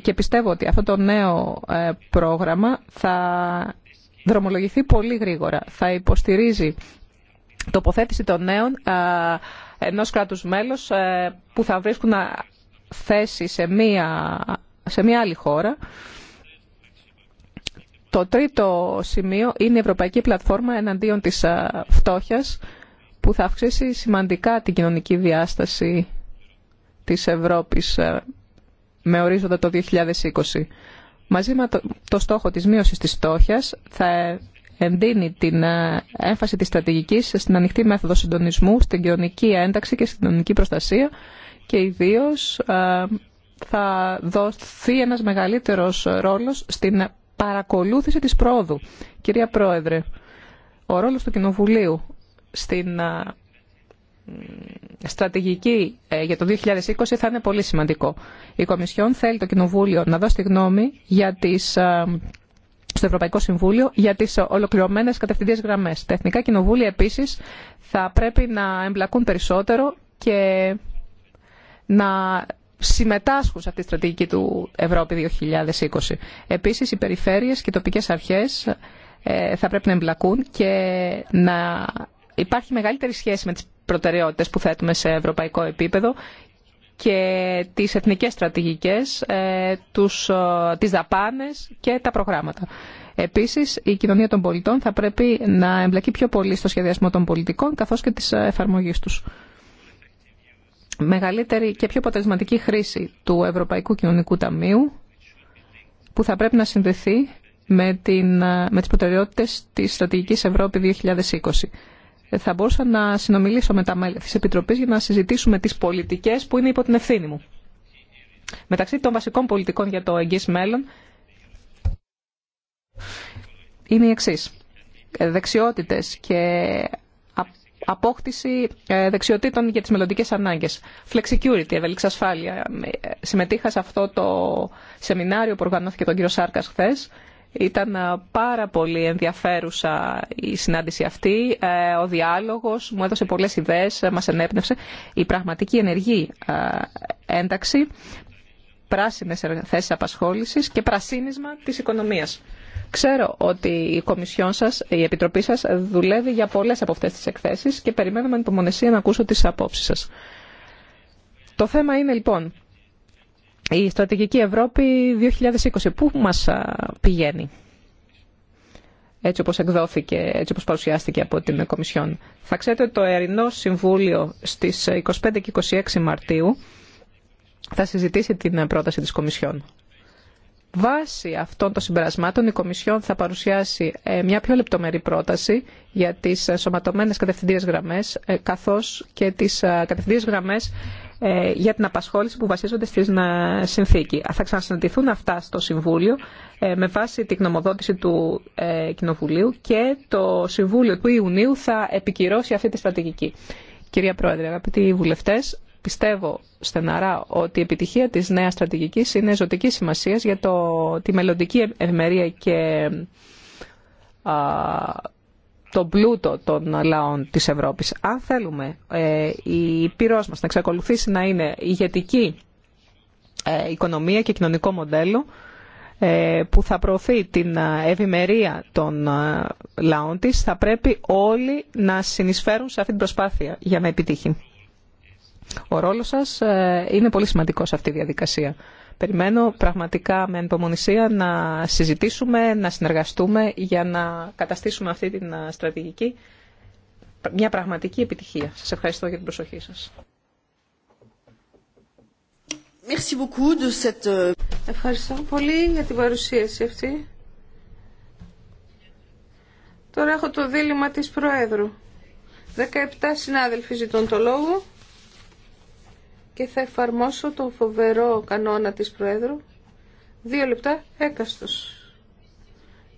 και πιστεύω ότι αυτό το νέο πρόγραμμα θα δρομολογηθεί πολύ γρήγορα. Θα υποστηρίζει τοποθέτηση των νέων ε, ενός κράτους μέλος ε, που θα βρίσκουν θέση σε μία, σε μία άλλη χώρα. Το τρίτο σημείο είναι η Ευρωπαϊκή Πλατφόρμα εναντίον της ε, φτώχειας που θα αυξήσει σημαντικά την κοινωνική διάσταση της Ευρώπης με ορίζοντα το 2020. Μαζί με το στόχο της μείωσης της φτώχειας θα εντείνει την ε, έμφαση της στρατηγικής στην ανοιχτή μέθοδο συντονισμού, στην κοινωνική ένταξη και στην κοινωνική προστασία και ιδίω ε, θα δοθεί ένας μεγαλύτερος ρόλος στην παρακολούθηση της πρόοδου. Κυρία Πρόεδρε, ο ρόλος του Κοινοβουλίου στην ε, στρατηγική για το 2020 θα είναι πολύ σημαντικό. Η Κομισιόν θέλει το Κοινοβούλιο να δώσει τη γνώμη για τις στο Ευρωπαϊκό Συμβούλιο για τι ολοκληρωμένε κατευθυντές γραμμές. Τα Εθνικά Κοινοβούλια επίσης θα πρέπει να εμπλακούν περισσότερο και να συμμετάσχουν σε αυτή τη στρατηγική του Ευρώπη 2020. Επίσης, οι περιφέρειες και οι τοπικέ αρχές ε, θα πρέπει να εμπλακούν και να υπάρχει μεγαλύτερη σχέση με τις προτεραιότητε που θέτουμε σε ευρωπαϊκό επίπεδο και τις εθνικές στρατηγικές, ε, τους, ε, τις δαπάνες και τα προγράμματα. Επίσης, η κοινωνία των πολιτών θα πρέπει να εμπλακεί πιο πολύ στο σχεδιασμό των πολιτικών καθώς και της εφαρμογής τους. Μεγαλύτερη και πιο αποτελεσματική χρήση του Ευρωπαϊκού Κοινωνικού Ταμείου που θα πρέπει να συνδεθεί με, την, ε, με τις προτεραιότητες της Στρατηγικής Ευρώπη 2020 θα μπορούσα να συνομιλήσω με τα μέλη της Επιτροπής για να συζητήσουμε τις πολιτικές που είναι υπό την ευθύνη μου. Μεταξύ των βασικών πολιτικών για το εγγύς μέλλον είναι η εξή. Δεξιότητες και απόκτηση ε, δεξιοτήτων για τις μελλοντικέ ανάγκες. Flexicurity, ευελίξη ασφάλεια. Ε, συμμετείχα σε αυτό το σεμινάριο που οργανώθηκε τον κύριο Σάρκας χθες ήταν ε, πάρα πολύ ενδιαφέρουσα η συνάντηση αυτή, ε, ο διάλογος, μου έδωσε πολλές ιδέες, ε, μας ενέπνευσε. Η πραγματική ενεργή ένταξη, πράσινες θέσεις απασχόλησης και πρασίνισμα της οικονομίας. Ξέρω ότι η Κομισιόν σας, η Επιτροπή σας δουλεύει για πολλές από αυτές τις εκθέσεις και περιμένουμε με υπομονεσία να ακούσω τις απόψεις σας. Το θέμα είναι λοιπόν η στρατηγική Ευρώπη 2020. Πού μας πηγαίνει έτσι όπως εκδόθηκε, έτσι όπως παρουσιάστηκε από την Κομισιόν. Θα ξέρετε ότι το ερεινό Συμβούλιο στις 25 και 26 Μαρτίου θα συζητήσει την πρόταση της Κομισιόν. Βάσει αυτών των συμπερασμάτων, η Κομισιόν θα παρουσιάσει ε, μια πιο λεπτομερή πρόταση για τις ε, σωματωμένες κατευθυντήριες γραμμές, ε, καθώς και τις κατευθυντήριες γραμμές ε, για την απασχόληση που βασίζονται στη συνθήκη. Θα ξανασυναντηθούν αυτά στο Συμβούλιο ε, με βάση τη γνωμοδότηση του ε, Κοινοβουλίου και το Συμβούλιο του Ιουνίου θα επικυρώσει αυτή τη στρατηγική. Κυρία Πρόεδρε, αγαπητοί βουλευτές, πιστεύω στεναρά ότι η επιτυχία της νέας στρατηγικής είναι ζωτική σημασία για τη μελλοντική ευημερία και το πλούτο των λαών της Ευρώπης. Αν θέλουμε ε, η πυρός μας να εξακολουθήσει να είναι ηγετική ε, οικονομία και κοινωνικό μοντέλο ε, που θα προωθεί την ευημερία των λαών της, θα πρέπει όλοι να συνεισφέρουν σε αυτή την προσπάθεια για να επιτύχει. Ο ρόλος σας είναι πολύ σημαντικός σε αυτή τη διαδικασία. Περιμένω πραγματικά με ανυπομονησία να συζητήσουμε, να συνεργαστούμε για να καταστήσουμε αυτή την ε, στρατηγική μια πραγματική επιτυχία. Σας ευχαριστώ για την προσοχή σας. Ε, ευχαριστώ πολύ για την παρουσίαση αυτή. Τώρα έχω το δίλημα της Προέδρου. 17 συνάδελφοι ζητούν το λόγο και θα εφαρμόσω το φοβερό κανόνα της Προέδρου. Δύο λεπτά έκαστος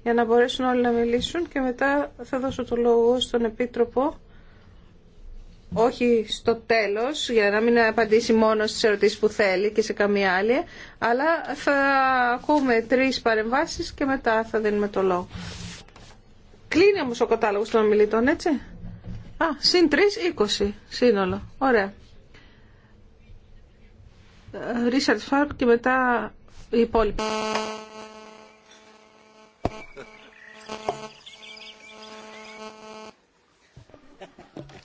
για να μπορέσουν όλοι να μιλήσουν και μετά θα δώσω το λόγο στον Επίτροπο όχι στο τέλος για να μην απαντήσει μόνο στις ερωτήσεις που θέλει και σε καμία άλλη αλλά θα ακούμε τρεις παρεμβάσεις και μετά θα δίνουμε το λόγο Κλείνει όμως ο κατάλογος των ομιλητών έτσι Α, συν τρεις, είκοσι σύνολο, ωραία Ρίσαρτ Φάρπ και μετά οι υπόλοιποι.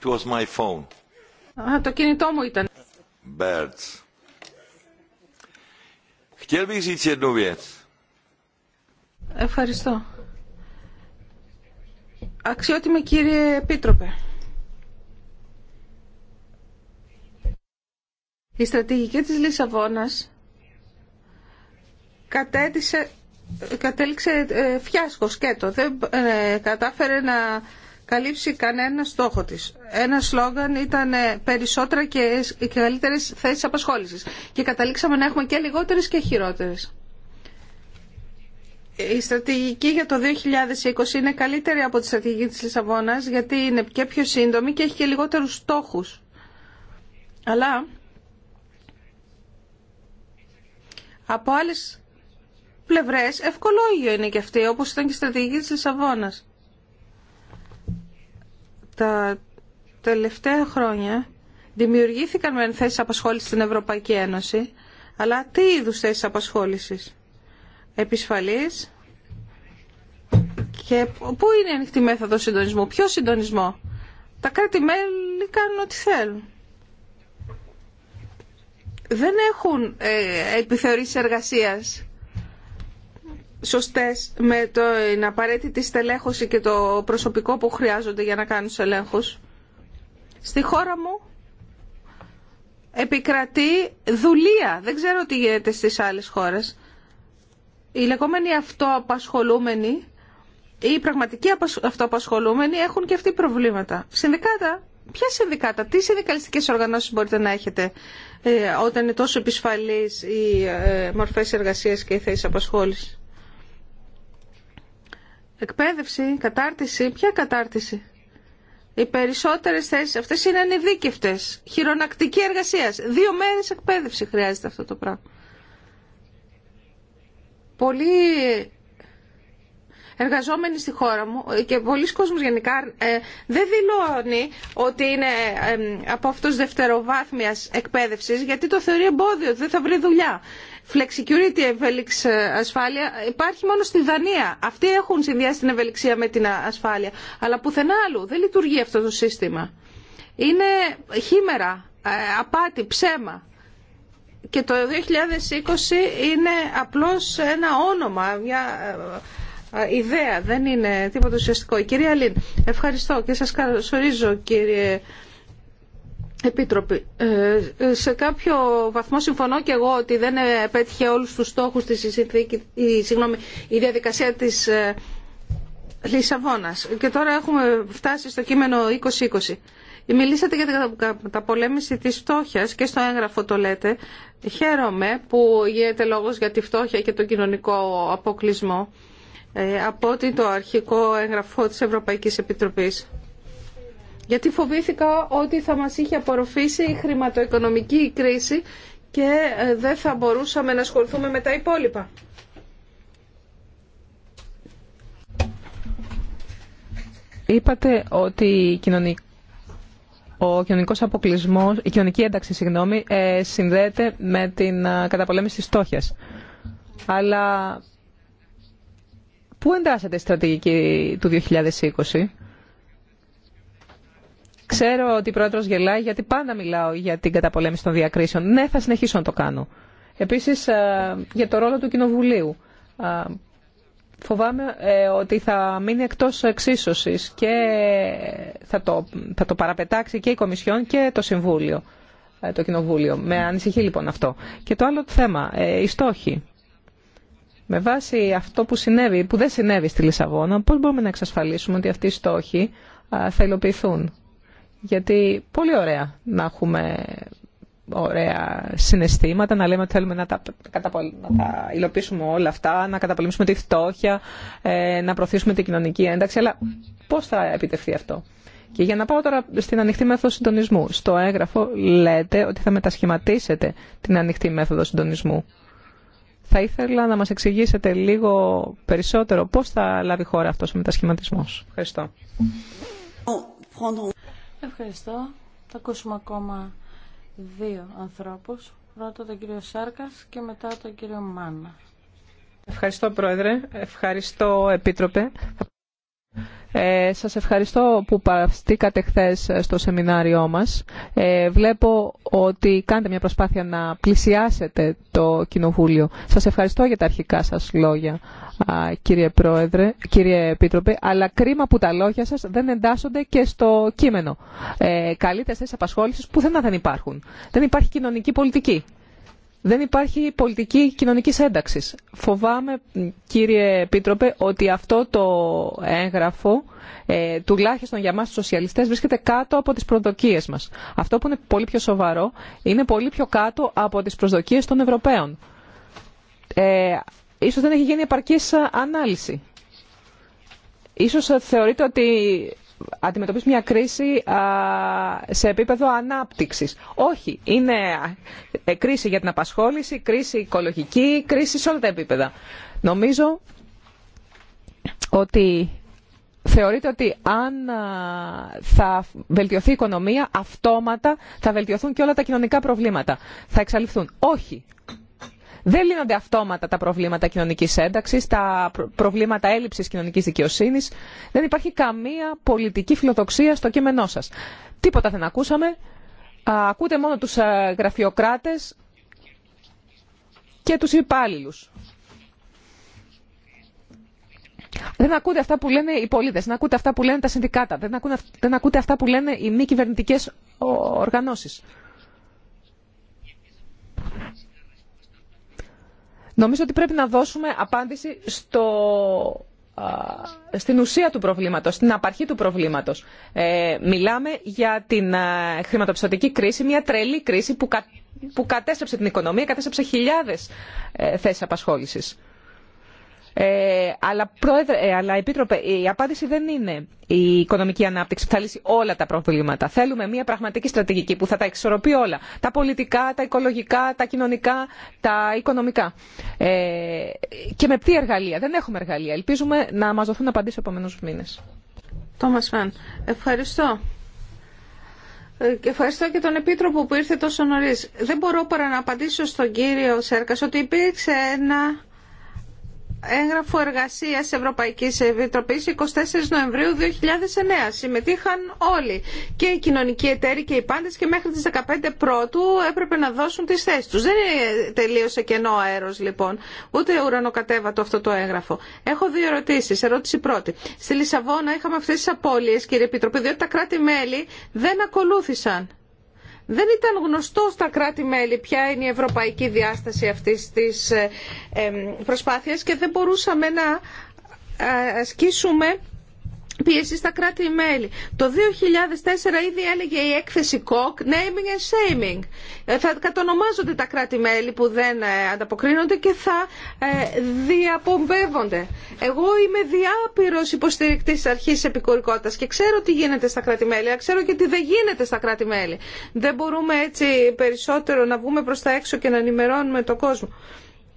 It was my phone. Α, το κινητό μου ήταν. Birds. Ευχαριστώ. Αξιότιμη κύριε Επίτροπε. Η στρατηγική της Λισαβόνας κατέληξε ε, φιάσκο σκέτο. Δεν ε, κατάφερε να καλύψει κανένα στόχο της. Ένα σλόγγαν ήταν ε, περισσότερα και καλύτερες θέσεις απασχόλησης. Και καταλήξαμε να έχουμε και λιγότερες και χειρότερες. Η στρατηγική για το 2020 είναι καλύτερη από τη στρατηγική της Λισαβόνας γιατί είναι και πιο σύντομη και έχει και λιγότερους στόχους. Αλλά από άλλε πλευρές ευκολόγιο είναι και αυτή, όπως ήταν και η στρατηγική τη Λισαβόνα. Τα τελευταία χρόνια δημιουργήθηκαν με θέσεις απασχόλησης στην Ευρωπαϊκή Ένωση, αλλά τι είδου θέσει απασχόλησης. επισφαλή. και πού είναι η ανοιχτή μέθοδο συντονισμού, ποιο συντονισμό. Τα κράτη-μέλη κάνουν ό,τι θέλουν δεν έχουν ε, επιθεωρήσεις εργασίας σωστές με την απαραίτητη στελέχωση και το προσωπικό που χρειάζονται για να κάνουν ελέγχους. Στη χώρα μου επικρατεί δουλεία. Δεν ξέρω τι γίνεται στις άλλες χώρες. Οι λεγόμενοι αυτοαπασχολούμενοι ή οι πραγματικοί αυτοαπασχολούμενοι έχουν και αυτοί προβλήματα. Συνδικάτα, ποια συνδικάτα, τι συνδικαλιστικές οργανώσεις μπορείτε να έχετε ε, όταν είναι τόσο επισφαλείς οι ε, μορφές εργασίας και οι θέσεις απασχόλησης. Εκπαίδευση, κατάρτιση, ποια κατάρτιση. Οι περισσότερες θέσεις αυτές είναι ανειδίκευτες, χειρονακτική εργασία. Δύο μέρες εκπαίδευση χρειάζεται αυτό το πράγμα. Πολύ εργαζόμενοι στη χώρα μου ε, και πολλοί κόσμοι γενικά ε, δεν δηλώνει ότι είναι ε, από αυτούς δευτεροβάθμιας εκπαίδευσης γιατί το θεωρεί εμπόδιο ότι δεν θα βρει δουλειά. Flexicurity, ευελιξ ασφάλεια, υπάρχει μόνο στη Δανία. Αυτοί έχουν συνδυάσει την ευελιξία με την ασφάλεια. Αλλά πουθενά άλλου δεν λειτουργεί αυτό το σύστημα. Είναι χήμερα, απάτη, ψέμα. Και το 2020 είναι απλώς ένα όνομα, μια ιδέα, δεν είναι τίποτα ουσιαστικό. Η κυρία Λίν, ευχαριστώ και σας καλωσορίζω κύριε Επίτροπη. Ε, σε κάποιο βαθμό συμφωνώ και εγώ ότι δεν επέτυχε όλους τους στόχους της η, συγγνώμη, διαδικασία της ε, Λισαβόνας. Και τώρα έχουμε φτάσει στο κείμενο 2020. Μιλήσατε για την καταπολέμηση της φτώχειας και στο έγγραφο το λέτε. Χαίρομαι που γίνεται λόγος για τη φτώχεια και τον κοινωνικό αποκλεισμό. Ε, από ότι το αρχικό έγγραφό της Ευρωπαϊκής Επιτροπής. Γιατί φοβήθηκα ότι θα μας είχε απορροφήσει η χρηματοοικονομική κρίση και ε, δεν θα μπορούσαμε να ασχοληθούμε με τα υπόλοιπα. Είπατε ότι ο κοινωνικός αποκλεισμός, η κοινωνική ένταξη συγγνώμη, ε, συνδέεται με την καταπολέμηση στόχιας. Αλλά Πού εντάσσεται η στρατηγική του 2020. Ξέρω ότι η πρόεδρος γελάει γιατί πάντα μιλάω για την καταπολέμηση των διακρίσεων. Ναι, θα συνεχίσω να το κάνω. Επίσης, ε, για το ρόλο του Κοινοβουλίου. Ε, φοβάμαι ε, ότι θα μείνει εκτός εξίσωσης και θα το, θα το παραπετάξει και η Κομισιόν και το Συμβούλιο, το Κοινοβούλιο. Με ανησυχεί λοιπόν αυτό. Και το άλλο θέμα, οι στόχοι. Με βάση αυτό που συνέβη, που δεν συνέβη στη Λισαβόνα, πώς μπορούμε να εξασφαλίσουμε ότι αυτοί οι στόχοι θα υλοποιηθούν. Γιατί πολύ ωραία να έχουμε ωραία συναισθήματα, να λέμε ότι θέλουμε να τα, να υλοποιήσουμε όλα αυτά, να καταπολεμήσουμε τη φτώχεια, ε, να προωθήσουμε την κοινωνική ένταξη, αλλά πώς θα επιτευχθεί αυτό. Και για να πάω τώρα στην ανοιχτή μέθοδο συντονισμού. Στο έγγραφο λέτε ότι θα μετασχηματίσετε την ανοιχτή μέθοδο συντονισμού. Θα ήθελα να μας εξηγήσετε λίγο περισσότερο πώς θα λάβει χώρα αυτός ο μετασχηματισμός. Ευχαριστώ. Ευχαριστώ. Θα ακούσουμε ακόμα δύο ανθρώπους. Πρώτα τον κύριο Σάρκας και μετά τον κύριο Μάνα. Ευχαριστώ Πρόεδρε. Ευχαριστώ Επίτροπε. Ε, σας ευχαριστώ που παραστήκατε χθε ε, στο σεμινάριό μας. Ε, βλέπω ότι κάνετε μια προσπάθεια να πλησιάσετε το Κοινοβούλιο. Σας ευχαριστώ για τα αρχικά σας λόγια, κύριε Πρόεδρε, κύριε Επίτροπε, αλλά κρίμα που τα λόγια σας δεν εντάσσονται και στο κείμενο. Ε, Καλύτερες απασχόλησης πουθενά δεν υπάρχουν. Δεν υπάρχει κοινωνική πολιτική δεν υπάρχει πολιτική κοινωνική ένταξη. Φοβάμαι, κύριε πίτροπε, ότι αυτό το έγγραφο, ε, τουλάχιστον για μας τους σοσιαλιστές, βρίσκεται κάτω από τις προσδοκίες μας. Αυτό που είναι πολύ πιο σοβαρό, είναι πολύ πιο κάτω από τις προσδοκίε των Ευρωπαίων. Ε, ίσως δεν έχει γίνει επαρκής ανάλυση. Ίσως θεωρείτε ότι Αντιμετωπίσει μια κρίση σε επίπεδο ανάπτυξης. Όχι, είναι ε, κρίση για την απασχόληση, κρίση οικολογική, κρίση σε όλα τα επίπεδα. Νομίζω ότι θεωρείται ότι αν θα βελτιωθεί η οικονομία, αυτόματα θα βελτιωθούν και όλα τα κοινωνικά προβλήματα. Θα εξαλειφθούν. Όχι. Δεν λύνονται αυτόματα τα προβλήματα κοινωνική ένταξη, τα προβλήματα έλλειψη κοινωνική δικαιοσύνη. Δεν υπάρχει καμία πολιτική φιλοδοξία στο κείμενό σα. Τίποτα δεν ακούσαμε. Ακούτε μόνο του ε, γραφειοκράτε και τους υπάλληλου. Δεν ακούτε αυτά που λένε οι πολίτες, δεν ακούτε αυτά που λένε τα συνδικάτα, δεν ακούτε αυτά που λένε οι μη κυβερνητικέ οργανώσεις. Νομίζω ότι πρέπει να δώσουμε απάντηση στο, στην ουσία του προβλήματος, στην απαρχή του προβλήματος. Ε, μιλάμε για την χρηματοπιστωτική κρίση, μια τρελή κρίση που, κα, που κατέστρεψε την οικονομία, κατέστρεψε χιλιάδες ε, θέσεις απασχόλησης. Ε, αλλά, πρόεδρε, ε, αλλά Επίτροπε, η απάντηση δεν είναι η οικονομική ανάπτυξη που θα λύσει όλα τα προβλήματα. Θέλουμε μια πραγματική στρατηγική που θα τα εξορροπεί όλα. Τα πολιτικά, τα οικολογικά, τα κοινωνικά, τα οικονομικά. Ε, και με τι εργαλεία. Δεν έχουμε εργαλεία. Ελπίζουμε να μα δοθούν απαντήσει επόμενου μήνε. Τόμας Φαν, ευχαριστώ. Ε, και ευχαριστώ και τον Επίτροπο που ήρθε τόσο νωρί. Δεν μπορώ παρά να απαντήσω στον κύριο Σέρκα ότι υπήρξε ένα έγγραφο εργασίας Ευρωπαϊκής Επιτροπής 24 Νοεμβρίου 2009. Συμμετείχαν όλοι και οι κοινωνικοί εταίροι και οι πάντες και μέχρι τι 15 πρώτου έπρεπε να δώσουν τις θέσεις τους. Δεν τελείωσε κενό αέρος λοιπόν, ούτε ουρανοκατέβατο αυτό το έγγραφο. Έχω δύο ερωτήσεις. Ερώτηση πρώτη. Στη Λισαβόνα είχαμε αυτέ τι απώλειε, κύριε Επιτροπή, διότι τα κράτη-μέλη δεν ακολούθησαν δεν ήταν γνωστό στα κράτη-μέλη ποια είναι η ευρωπαϊκή διάσταση αυτής της ε, ε, προσπάθειας και δεν μπορούσαμε να ε, ασκήσουμε πίεση στα κράτη-μέλη. Το 2004 ήδη έλεγε η έκθεση ΚΟΚ naming and shaming. Ε, θα κατονομάζονται τα κράτη-μέλη που δεν ε, ανταποκρίνονται και θα ε, διαπομπεύονται. Εγώ είμαι διάπειρο υποστηρικτή αρχή αρχής και ξέρω τι γίνεται στα κράτη-μέλη, ξέρω και τι δεν γίνεται στα κράτη-μέλη. Δεν μπορούμε έτσι περισσότερο να βγούμε προ τα έξω και να ενημερώνουμε τον κόσμο.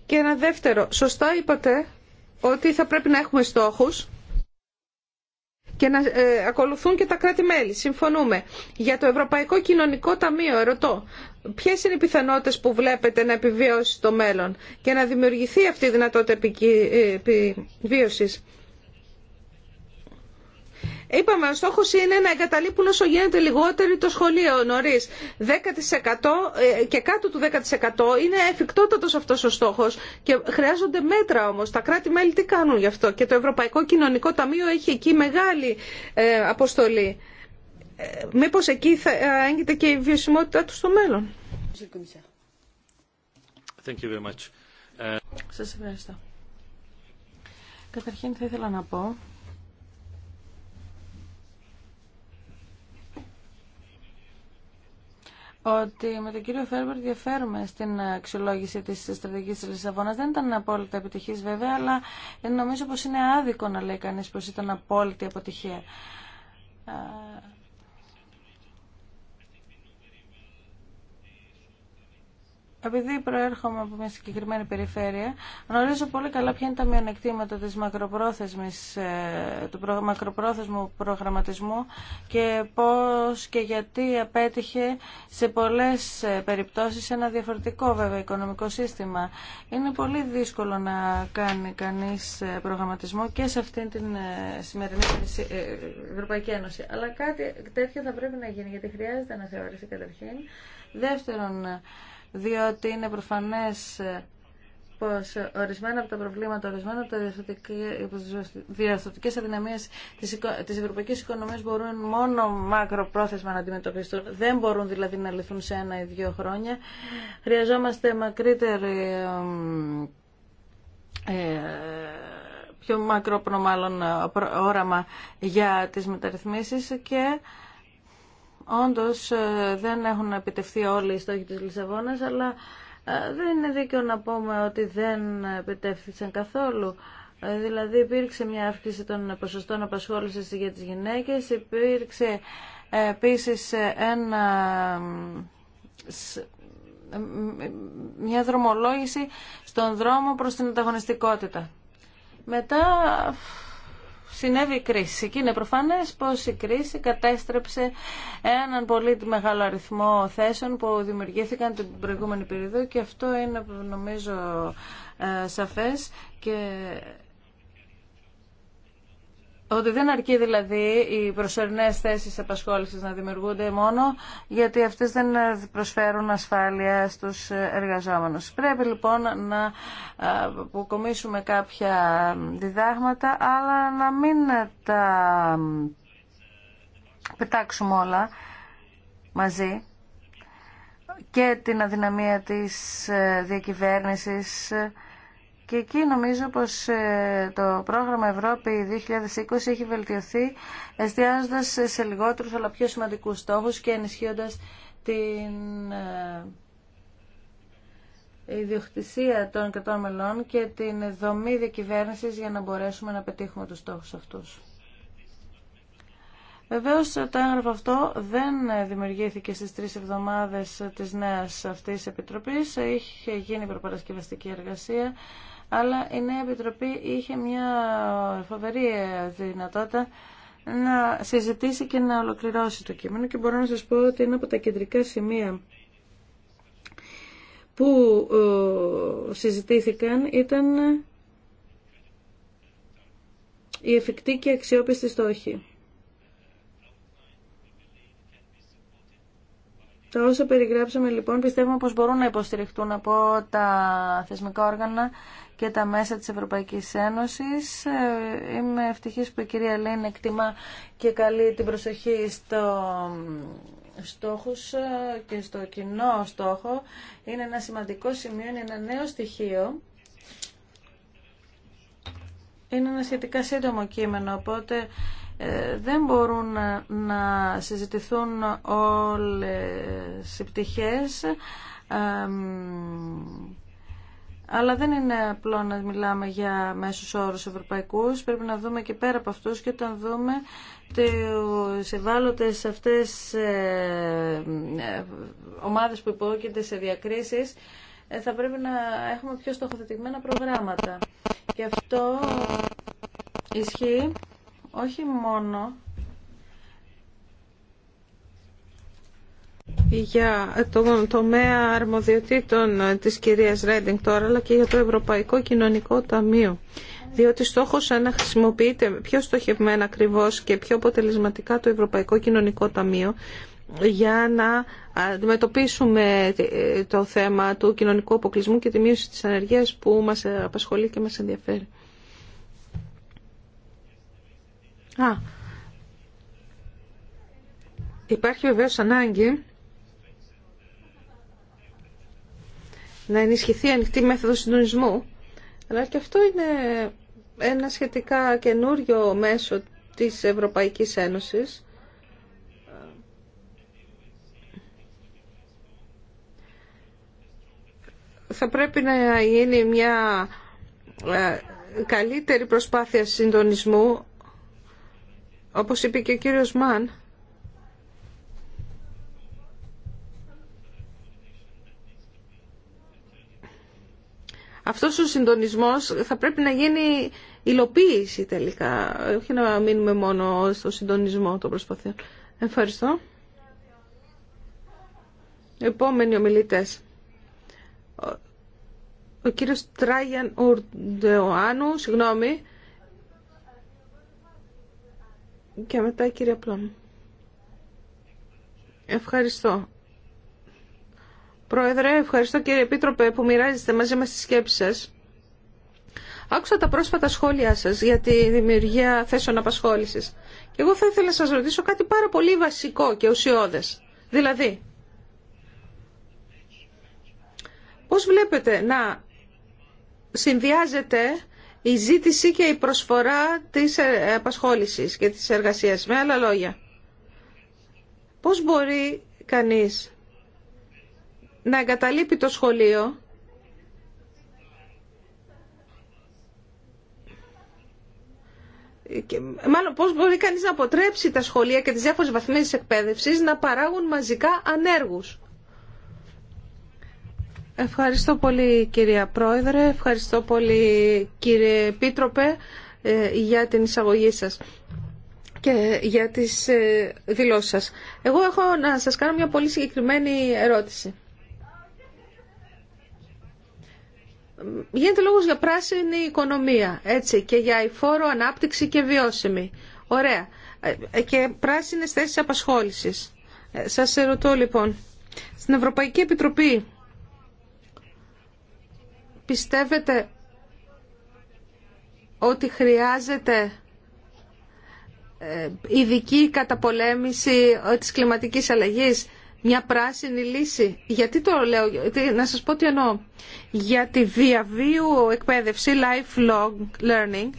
Και ένα δεύτερο, σωστά είπατε ότι θα πρέπει να έχουμε στόχους και να ε, ακολουθούν και τα κράτη-μέλη. Συμφωνούμε. Για το Ευρωπαϊκό Κοινωνικό Ταμείο, ερωτώ, ποιε είναι οι πιθανότητε που βλέπετε να επιβιώσει το μέλλον και να δημιουργηθεί αυτή η δυνατότητα ε, επιβίωση. Είπαμε, ο στόχο είναι να εγκαταλείπουν όσο γίνεται λιγότερο το σχολείο νωρί. 10% ε, και κάτω του 10% είναι εφικτότατο αυτό ο στόχο. Και χρειάζονται μέτρα όμω. Τα κράτη-μέλη τι κάνουν γι' αυτό. Και το Ευρωπαϊκό Κοινωνικό Ταμείο έχει εκεί μεγάλη ε, αποστολή. Ε, Μήπω εκεί θα έγκυται και η βιωσιμότητά του στο μέλλον. Thank you Σας ευχαριστώ. Καταρχήν θα ήθελα να πω ότι με τον κύριο Φέρμπερ διαφέρουμε στην αξιολόγηση της στρατηγικής της Λισαβόνας. Δεν ήταν απόλυτα επιτυχής βέβαια, αλλά νομίζω πως είναι άδικο να λέει κανείς πως ήταν απόλυτη αποτυχία. Επειδή προέρχομαι από μια συγκεκριμένη περιφέρεια, γνωρίζω πολύ καλά ποια είναι τα μειονεκτήματα της μακροπρόθεσμης, ε, του μακροπρόθεσμου προγραμματισμού και πώς και γιατί απέτυχε σε πολλές ε, περιπτώσεις ένα διαφορετικό βέβαια οικονομικό σύστημα. Είναι πολύ δύσκολο να κάνει κανείς ε, προγραμματισμό και σε αυτήν την σημερινή Ευρωπαϊκή Ένωση. Αλλά κάτι τέτοιο θα πρέπει να γίνει γιατί χρειάζεται να θεωρηθεί καταρχήν. Δεύτερον, διότι είναι προφανές ε, πως ορισμένα από τα προβλήματα, ορισμένα από τα διαστατικές αδυναμίες της ευρωπαϊκής οικονομίας μπορούν μόνο μακροπρόθεσμα να αντιμετωπιστούν. Δεν μπορούν δηλαδή να λυθούν σε ένα ή δύο χρόνια. Χρειαζόμαστε μακρύτερη ε, πιο μακρόπνο μάλλον ε, όραμα για τις μεταρρυθμίσεις και Όντως ε, δεν έχουν επιτευχθεί όλοι οι στόχοι της Λισαβόνας, αλλά ε, δεν είναι δίκαιο να πούμε ότι δεν επιτεύχθησαν καθόλου. Ε, δηλαδή υπήρξε μια αύξηση των ποσοστών απασχόλησης για τις γυναίκες, υπήρξε επίσης ένα, μια δρομολόγηση στον δρόμο προς την ανταγωνιστικότητα. Μετά συνέβη η κρίση. Και είναι προφανές πως η κρίση κατέστρεψε έναν πολύ μεγάλο αριθμό θέσεων που δημιουργήθηκαν την προηγούμενη περίοδο και αυτό είναι νομίζω ε, σαφές και ότι δεν αρκεί δηλαδή οι προσωρινέ θέσεις απασχόληση να δημιουργούνται μόνο γιατί αυτέ δεν προσφέρουν ασφάλεια στους εργαζόμενους. Πρέπει λοιπόν να αποκομίσουμε κάποια διδάγματα αλλά να μην τα πετάξουμε όλα μαζί και την αδυναμία της διακυβέρνησης και εκεί νομίζω πως ε, το πρόγραμμα Ευρώπη 2020 έχει βελτιωθεί εστιάζοντας σε λιγότερους αλλά πιο σημαντικούς στόχους και ενισχύοντας την ε, ιδιοκτησία των κρατών μελών και την δομή διακυβέρνησης για να μπορέσουμε να πετύχουμε τους στόχους αυτούς. Βεβαίως το έγγραφο αυτό δεν δημιουργήθηκε στις τρεις εβδομάδες της νέας αυτής επιτροπής. Είχε γίνει προπαρασκευαστική εργασία αλλά η νέα Επιτροπή είχε μια φοβερή δυνατότητα να συζητήσει και να ολοκληρώσει το κείμενο και μπορώ να σας πω ότι είναι από τα κεντρικά σημεία που ε, συζητήθηκαν ήταν η εφικτή και αξιόπιστη στόχη. Τα όσα περιγράψαμε λοιπόν πιστεύουμε πως μπορούν να υποστηριχτούν από τα θεσμικά όργανα και τα μέσα της Ευρωπαϊκής Ένωσης. Ε, είμαι ευτυχής που η κυρία Λέιν εκτιμά και καλεί την προσοχή στο στόχους ε, και στο κοινό στόχο. Είναι ένα σημαντικό σημείο, είναι ένα νέο στοιχείο. Είναι ένα σχετικά σύντομο κείμενο, οπότε ε, δεν μπορούν να συζητηθούν όλες οι πτυχές αλλά δεν είναι απλό να μιλάμε για μέσους όρους ευρωπαϊκούς. Πρέπει να δούμε και πέρα από αυτούς και όταν δούμε τις ευάλωτες αυτές ε, ε, ομάδες που υπόκεινται σε διακρίσεις θα πρέπει να έχουμε πιο στοχοθετημένα προγράμματα. Και αυτό ισχύει όχι μόνο για το τομέα αρμοδιοτήτων της κυρίας Ρέντινγκ τώρα, αλλά και για το Ευρωπαϊκό Κοινωνικό Ταμείο. Διότι στόχος να χρησιμοποιείται πιο στοχευμένα ακριβώ και πιο αποτελεσματικά το Ευρωπαϊκό Κοινωνικό Ταμείο για να αντιμετωπίσουμε το θέμα του κοινωνικού αποκλεισμού και τη μείωση της ανεργίας που μας απασχολεί και μας ενδιαφέρει. Α, υπάρχει βεβαίως ανάγκη να ενισχυθεί η ανοιχτή μέθοδος συντονισμού, αλλά και αυτό είναι ένα σχετικά καινούριο μέσο της Ευρωπαϊκής Ένωσης. Θα πρέπει να γίνει μια ε, καλύτερη προσπάθεια συντονισμού όπως είπε και ο κύριος Μαν, αυτός ο συντονισμός θα πρέπει να γίνει υλοποίηση τελικά, όχι να μείνουμε μόνο στο συντονισμό των προσπαθειών. Ευχαριστώ. Επόμενοι ομιλητές. Ο κύριος Τράγιαν Ουρντεοάνου, συγγνώμη, και μετά η κυρία Πλάμ. Ευχαριστώ. Πρόεδρε, ευχαριστώ κύριε Επίτροπε που μοιράζεστε μαζί μας τις σκέψεις σας. Άκουσα τα πρόσφατα σχόλιά σας για τη δημιουργία θέσεων απασχόλησης. Και εγώ θα ήθελα να σας ρωτήσω κάτι πάρα πολύ βασικό και ουσιώδες. Δηλαδή, πώς βλέπετε να συνδυάζεται η ζήτηση και η προσφορά της ε, απασχόλησης και της εργασίας. Με άλλα λόγια, πώς μπορεί κανείς να εγκαταλείπει το σχολείο Και, μάλλον πώς μπορεί κανείς να αποτρέψει τα σχολεία και τις διάφορες βαθμίδες εκπαίδευσης να παράγουν μαζικά ανέργους. Ευχαριστώ πολύ κυρία Πρόεδρε, ευχαριστώ πολύ κύριε Πίτροπε ε, για την εισαγωγή σας και για τις ε, δηλώσεις σας. Εγώ έχω να σας κάνω μια πολύ συγκεκριμένη ερώτηση. Γίνεται λόγος για πράσινη οικονομία, έτσι, και για υφόρο ανάπτυξη και βιώσιμη. Ωραία. Ε, και πράσινες θέσεις απασχόλησης. Σας ερωτώ λοιπόν, στην Ευρωπαϊκή Επιτροπή Πιστεύετε ότι χρειάζεται ε, ειδική καταπολέμηση ε, της κλιματικής αλλαγής, μια πράσινη λύση. Γιατί το λέω, να σας πω τι εννοώ. Για τη διαβίου εκπαίδευση, lifelong learning,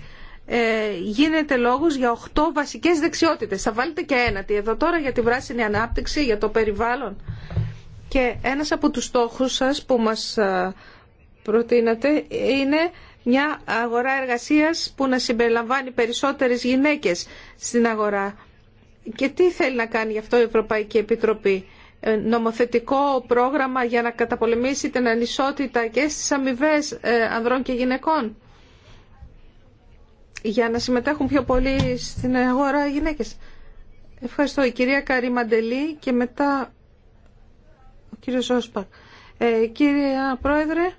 ε, γίνεται λόγος για 8 βασικές δεξιότητες. Θα βάλετε και ένα, τι εδώ τώρα για τη πράσινη ανάπτυξη, για το περιβάλλον. Και ένας από τους στόχους σας που μας προτείνατε είναι μια αγορά εργασίας που να συμπεριλαμβάνει περισσότερες γυναίκες στην αγορά. Και τι θέλει να κάνει γι' αυτό η Ευρωπαϊκή Επιτροπή. Ε, νομοθετικό πρόγραμμα για να καταπολεμήσει την ανισότητα και στις αμοιβέ ε, ανδρών και γυναικών. Για να συμμετέχουν πιο πολύ στην αγορά οι γυναίκες. Ευχαριστώ. Η κυρία Καρή Μαντελή και μετά ο κύριος Ε, κύριε Πρόεδρε,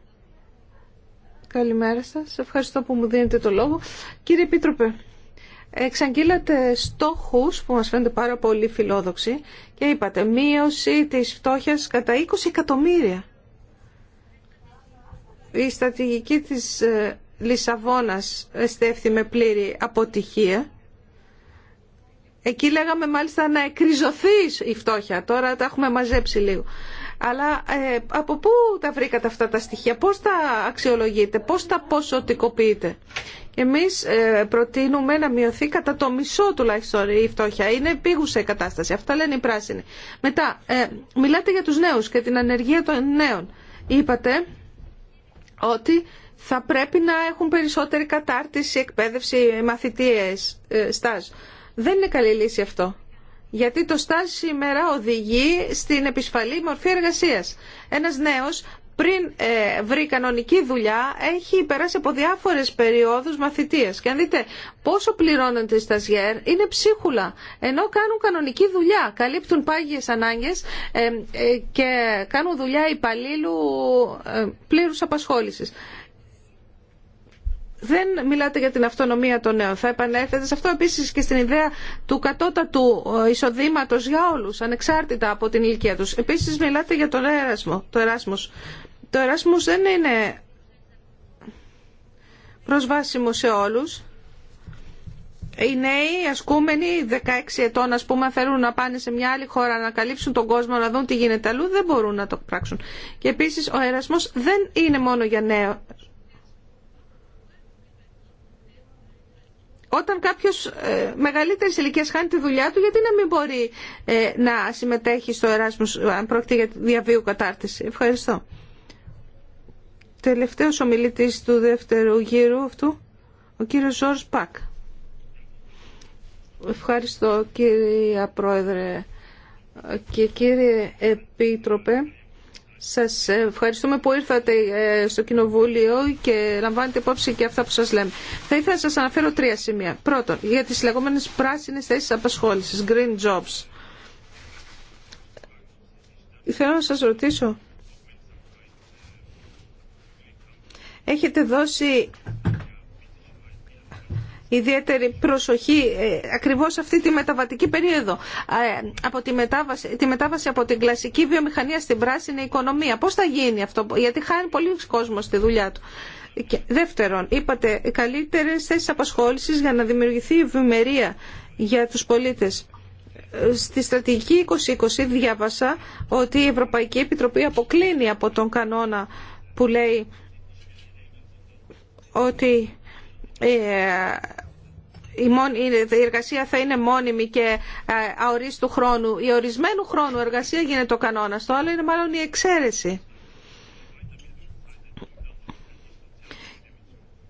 Καλημέρα σας. Ευχαριστώ που μου δίνετε το λόγο. Κύριε Επίτροπε, εξαγγείλατε στόχου που μα φαίνονται πάρα πολύ φιλόδοξοι και είπατε μείωση της φτώχεια κατά 20 εκατομμύρια. Η στρατηγική της ε, Λισαβόνας εστέφθη με πλήρη αποτυχία. Εκεί λέγαμε μάλιστα να εκριζωθεί η φτώχεια. Τώρα τα έχουμε μαζέψει λίγο. Αλλά ε, από πού τα βρήκατε αυτά τα στοιχεία, πώς τα αξιολογείτε, πώς τα ποσοτικοποιείτε. Εμείς ε, προτείνουμε να μειωθεί κατά το μισό τουλάχιστον η φτώχεια. Είναι επίγουσα η κατάσταση. Αυτά λένε οι πράσινοι. Μετά, ε, μιλάτε για τους νέους και την ανεργία των νέων. Είπατε ότι θα πρέπει να έχουν περισσότερη κατάρτιση, εκπαίδευση, μαθητείες, στάζ. Δεν είναι καλή λύση αυτό. Γιατί το στάζι σήμερα οδηγεί στην επισφαλή μορφή εργασίας. Ένας νέος πριν ε, βρει κανονική δουλειά έχει περάσει από διάφορες περιόδους μαθητείας. Και αν δείτε πόσο πληρώνονται οι σταζιέρ είναι ψίχουλα. Ενώ κάνουν κανονική δουλειά, καλύπτουν πάγιες ανάγκες ε, ε, και κάνουν δουλειά υπαλλήλου πλήρους απασχόλησης δεν μιλάτε για την αυτονομία των νέων. Θα επανέλθετε σε αυτό επίσης και στην ιδέα του κατώτατου ε, εισοδήματο για όλου, ανεξάρτητα από την ηλικία του. Επίση, μιλάτε για τον έρασμο, το Εράσμο. Το Εράσμος δεν είναι προσβάσιμο σε όλου. Οι νέοι ασκούμενοι 16 ετών, α πούμε, θέλουν να πάνε σε μια άλλη χώρα να καλύψουν τον κόσμο, να δουν τι γίνεται αλλού, δεν μπορούν να το πράξουν. Και επίση ο έρασμό δεν είναι μόνο για νέο. όταν κάποιο ε, μεγαλύτερης ηλικίας χάνει τη δουλειά του, γιατί να μην μπορεί ε, να συμμετέχει στο Εράσμος, αν πρόκειται για διαβίου κατάρτιση. Ευχαριστώ. Τελευταίος ομιλητής του δεύτερου γύρου αυτού, ο κύριος Ζόρς Πακ. Ευχαριστώ κύριε Πρόεδρε και κύριε Επίτροπε. Σας ευχαριστούμε που ήρθατε ε, στο Κοινοβούλιο και λαμβάνετε υπόψη και αυτά που σας λέμε. Θα ήθελα να σας αναφέρω τρία σημεία. Πρώτον, για τις λεγόμενες πράσινες θέσεις απασχόλησης, green jobs. Θέλω να σας ρωτήσω. Έχετε δώσει ιδιαίτερη προσοχή ε, ακριβώς αυτή τη μεταβατική περίοδο ε, από τη μετάβαση, τη μετάβαση από την κλασική βιομηχανία στην πράσινη οικονομία. Πώς θα γίνει αυτό, γιατί χάνει πολύ κόσμο στη δουλειά του. Και δεύτερον, είπατε καλύτερες θέσεις απασχόλησης για να δημιουργηθεί ευημερία για τους πολίτες. Στη στρατηγική 2020 διάβασα ότι η Ευρωπαϊκή Επιτροπή αποκλίνει από τον κανόνα που λέει ότι ε, η εργασία θα είναι μόνιμη και ε, αορίστου χρόνου ή ορισμένου χρόνου εργασία γίνεται ο κανόνας. Το άλλο είναι μάλλον η εξαίρεση.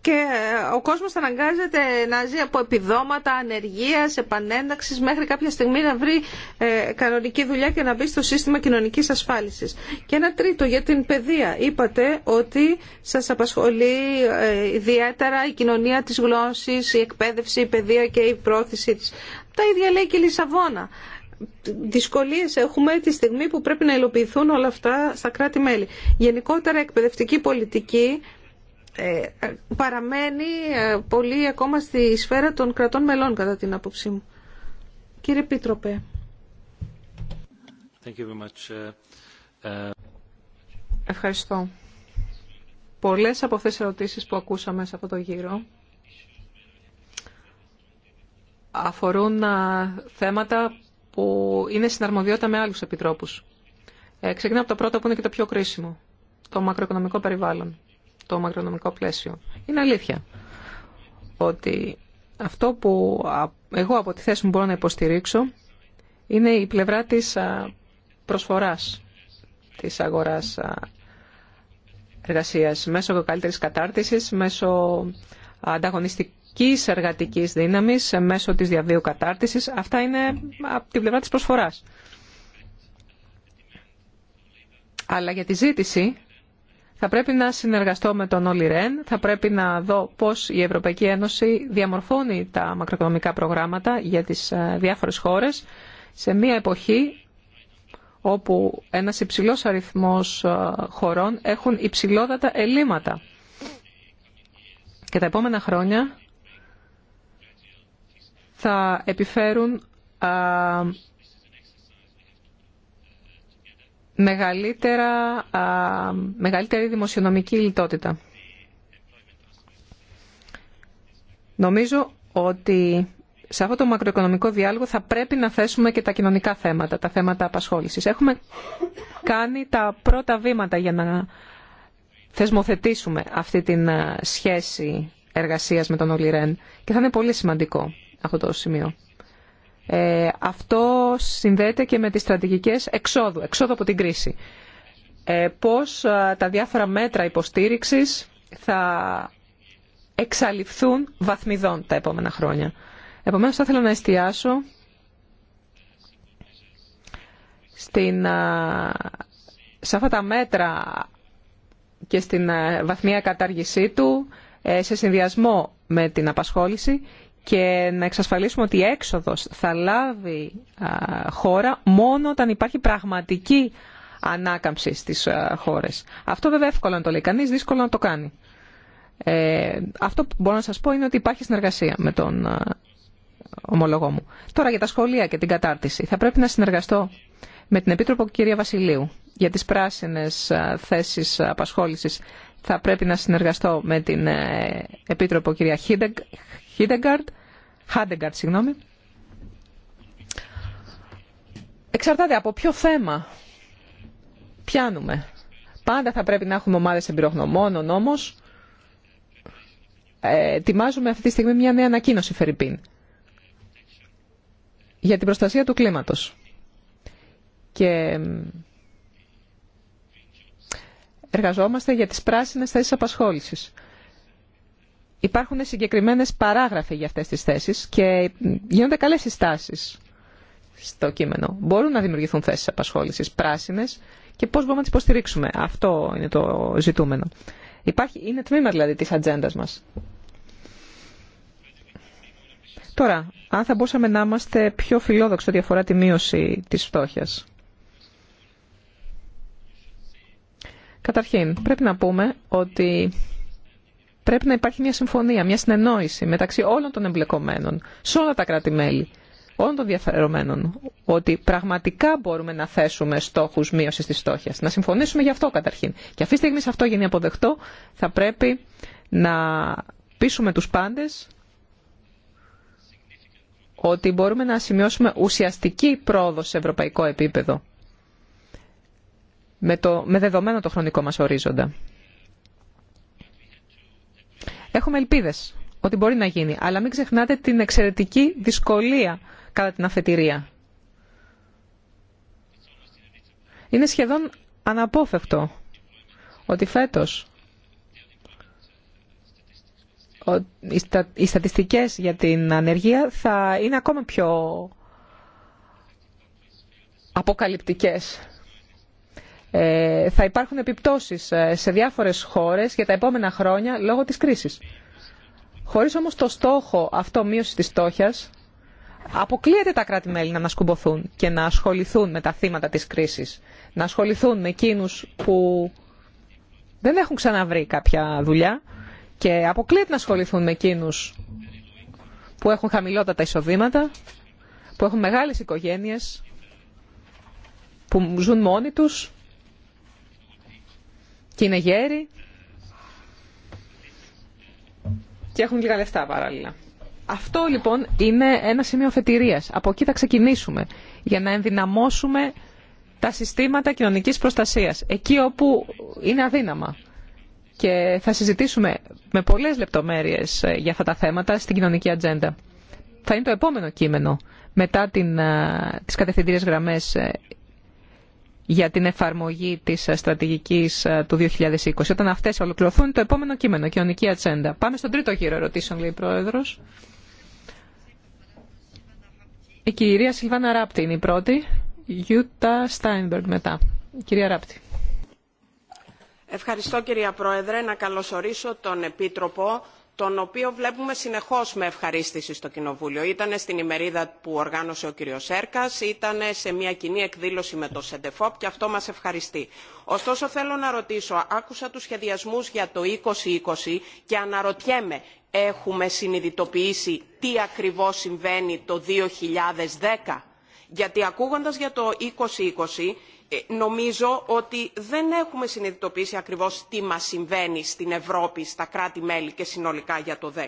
και ε, ο κόσμος αναγκάζεται να ζει από επιδόματα, ανεργίας, επανένταξης μέχρι κάποια στιγμή να βρει ε, κανονική δουλειά και να μπει στο σύστημα κοινωνικής ασφάλισης. Και ένα τρίτο για την παιδεία. Είπατε ότι σας απασχολεί ε, ιδιαίτερα η κοινωνία της γλώσσης, η εκπαίδευση, η παιδεία και η πρόθεσή της. Τα ίδια λέει και η Λισαβόνα Δυσκολίε έχουμε τη στιγμή που πρέπει να υλοποιηθούν όλα αυτά στα κράτη-μέλη. Γενικότερα εκπαιδευτική πολιτική ε, παραμένει ε, πολύ ακόμα στη σφαίρα των κρατών μελών κατά την άποψή μου. Κύριε Πίτροπε. Thank you very much. Ε, Ευχαριστώ. Πολλές από αυτές τις ερωτήσεις που ακούσαμε σε αυτό το γύρο αφορούν θέματα που είναι συναρμοδιότητα με άλλους επιτρόπους. ξεκινάω από το πρώτο που είναι και το πιο κρίσιμο, το μακροοικονομικό περιβάλλον το μακρονομικό πλαίσιο. Είναι αλήθεια ότι αυτό που εγώ από τη θέση μου μπορώ να υποστηρίξω είναι η πλευρά της προσφοράς της αγοράς εργασίας μέσω καλύτερης κατάρτισης, μέσω ανταγωνιστικής εργατικής δύναμης, μέσω της διαβίου κατάρτισης. Αυτά είναι από την πλευρά της προσφοράς. Αλλά για τη ζήτηση θα πρέπει να συνεργαστώ με τον Όλυ Ρεν, θα πρέπει να δω πώς η Ευρωπαϊκή Ένωση διαμορφώνει τα μακροοικονομικά προγράμματα για τις ε, διάφορες χώρες σε μια εποχή όπου ένας υψηλός αριθμός ε, χωρών έχουν υψηλότατα ελλείμματα. Και τα επόμενα χρόνια θα επιφέρουν ε, μεγαλύτερα, μεγαλύτερη δημοσιονομική λιτότητα. Νομίζω ότι σε αυτό το μακροοικονομικό διάλογο θα πρέπει να θέσουμε και τα κοινωνικά θέματα, τα θέματα απασχόλησης. Έχουμε κάνει τα πρώτα βήματα για να θεσμοθετήσουμε αυτή την ε, σχέση εργασίας με τον Ολυρέν και θα είναι πολύ σημαντικό αυτό το σημείο. Ε, αυτό συνδέεται και με τις στρατηγικές εξόδου, εξόδου από την κρίση. Ε, πώς ε, τα διάφορα μέτρα υποστήριξης θα εξαλειφθούν βαθμιδών τα επόμενα χρόνια. Επομένως θα ήθελα να εστιάσω στην, ε, σε αυτά τα μέτρα και στην βαθμία κατάργησή του, σε συνδυασμό με την απασχόληση και να εξασφαλίσουμε ότι η έξοδος θα λάβει χώρα μόνο όταν υπάρχει πραγματική ανάκαμψη στις χώρες. Αυτό βέβαια εύκολο να το λέει κανείς, δύσκολο να το κάνει. Ε, αυτό που μπορώ να σας πω είναι ότι υπάρχει συνεργασία με τον ομολογό μου. Τώρα για τα σχολεία και την κατάρτιση. Θα πρέπει να συνεργαστώ με την Επίτροπο κυρία Βασιλείου για τις πράσινες θέσεις απασχόλησης. Θα πρέπει να συνεργαστώ με την ε, Επίτροπο κυρία Χίδεγκαρτ, Χάντεγκαρτ, συγγνώμη. Εξαρτάται από ποιο θέμα πιάνουμε. Πάντα θα πρέπει να έχουμε ομάδες εμπειρογνωμόνων όμως. Ε, ετοιμάζουμε αυτή τη στιγμή μια νέα ανακοίνωση, Φερρυπίν, για την προστασία του κλίματος. Και εργαζόμαστε για τις πράσινες θέσεις απασχόλησης υπάρχουν συγκεκριμένες παράγραφοι για αυτές τις θέσεις και γίνονται καλές συστάσεις στο κείμενο. Μπορούν να δημιουργηθούν θέσεις απασχόλησης πράσινες και πώς μπορούμε να τις υποστηρίξουμε. Αυτό είναι το ζητούμενο. Υπάρχει, είναι τμήμα δηλαδή της ατζέντα μας. Τώρα, αν θα μπορούσαμε να είμαστε πιο φιλόδοξοι ό,τι αφορά τη μείωση της φτώχειας. Καταρχήν, πρέπει να πούμε ότι πρέπει να υπάρχει μια συμφωνία, μια συνεννόηση μεταξύ όλων των εμπλεκομένων, σε όλα τα κράτη-μέλη, όλων των διαφερομένων, ότι πραγματικά μπορούμε να θέσουμε στόχους μείωσης της στόχιας. Να συμφωνήσουμε γι' αυτό καταρχήν. Και αυτή τη στιγμή σε αυτό γίνει αποδεκτό, θα πρέπει να πείσουμε τους πάντες ότι μπορούμε να σημειώσουμε ουσιαστική πρόοδο σε ευρωπαϊκό επίπεδο με, το, με δεδομένο το χρονικό μας ορίζοντα. Έχουμε ελπίδες ότι μπορεί να γίνει, αλλά μην ξεχνάτε την εξαιρετική δυσκολία κατά την αφετηρία. Είναι σχεδόν αναπόφευκτο ότι φέτος οι στατιστικές για την ανεργία θα είναι ακόμα πιο αποκαλυπτικές. Ε, θα υπάρχουν επιπτώσεις ε, σε διάφορες χώρες για τα επόμενα χρόνια λόγω της κρίσης. Χωρίς όμως το στόχο αυτό μείωση της στόχιας, αποκλείεται τα κράτη-μέλη να ανασκουμποθούν και να ασχοληθούν με τα θύματα της κρίσης. Να ασχοληθούν με εκείνους που δεν έχουν ξαναβρει κάποια δουλειά και αποκλείεται να ασχοληθούν με εκείνους που έχουν χαμηλότατα εισοδήματα, που έχουν μεγάλες οικογένειες, που ζουν μόνοι τους και είναι γέροι και έχουν λίγα λεφτά παράλληλα. Αυτό λοιπόν είναι ένα σημείο φετηρίας. Από εκεί θα ξεκινήσουμε για να ενδυναμώσουμε τα συστήματα κοινωνικής προστασίας, εκεί όπου είναι αδύναμα. Και θα συζητήσουμε με πολλές λεπτομέρειες ε, για αυτά τα θέματα στην κοινωνική ατζέντα. Θα είναι το επόμενο κείμενο μετά την, ε, τις κατευθυντήριες ε, για την εφαρμογή της ε, στρατηγικής ε, του 2020. Όταν αυτές ολοκληρωθούν, το επόμενο κείμενο, κοινωνική ατσέντα. Πάμε στον τρίτο γύρο ερωτήσεων, λέει η Πρόεδρος. Η κυρία Σιλβάνα Ράπτη είναι η πρώτη, Γιούτα Στάινμπεργκ μετά. Η κυρία Ράπτη. Ευχαριστώ κυρία Πρόεδρε. Να καλωσορίσω τον Επίτροπο τον οποίο βλέπουμε συνεχώς με ευχαρίστηση στο Κοινοβούλιο. Ήταν στην ημερίδα που οργάνωσε ο κύριος Σέρκα, ήταν σε μια κοινή εκδήλωση με το ΣΕΝΤΕΦΟΠ και αυτό μας ευχαριστεί. Ωστόσο θέλω να ρωτήσω, άκουσα τους σχεδιασμούς για το 2020 και αναρωτιέμαι, έχουμε συνειδητοποιήσει τι ακριβώς συμβαίνει το 2010 γιατί ακούγοντας για το 2020 ε, νομίζω ότι δεν έχουμε συνειδητοποιήσει ακριβώς τι μας συμβαίνει στην Ευρώπη, στα κράτη-μέλη και συνολικά για το 10.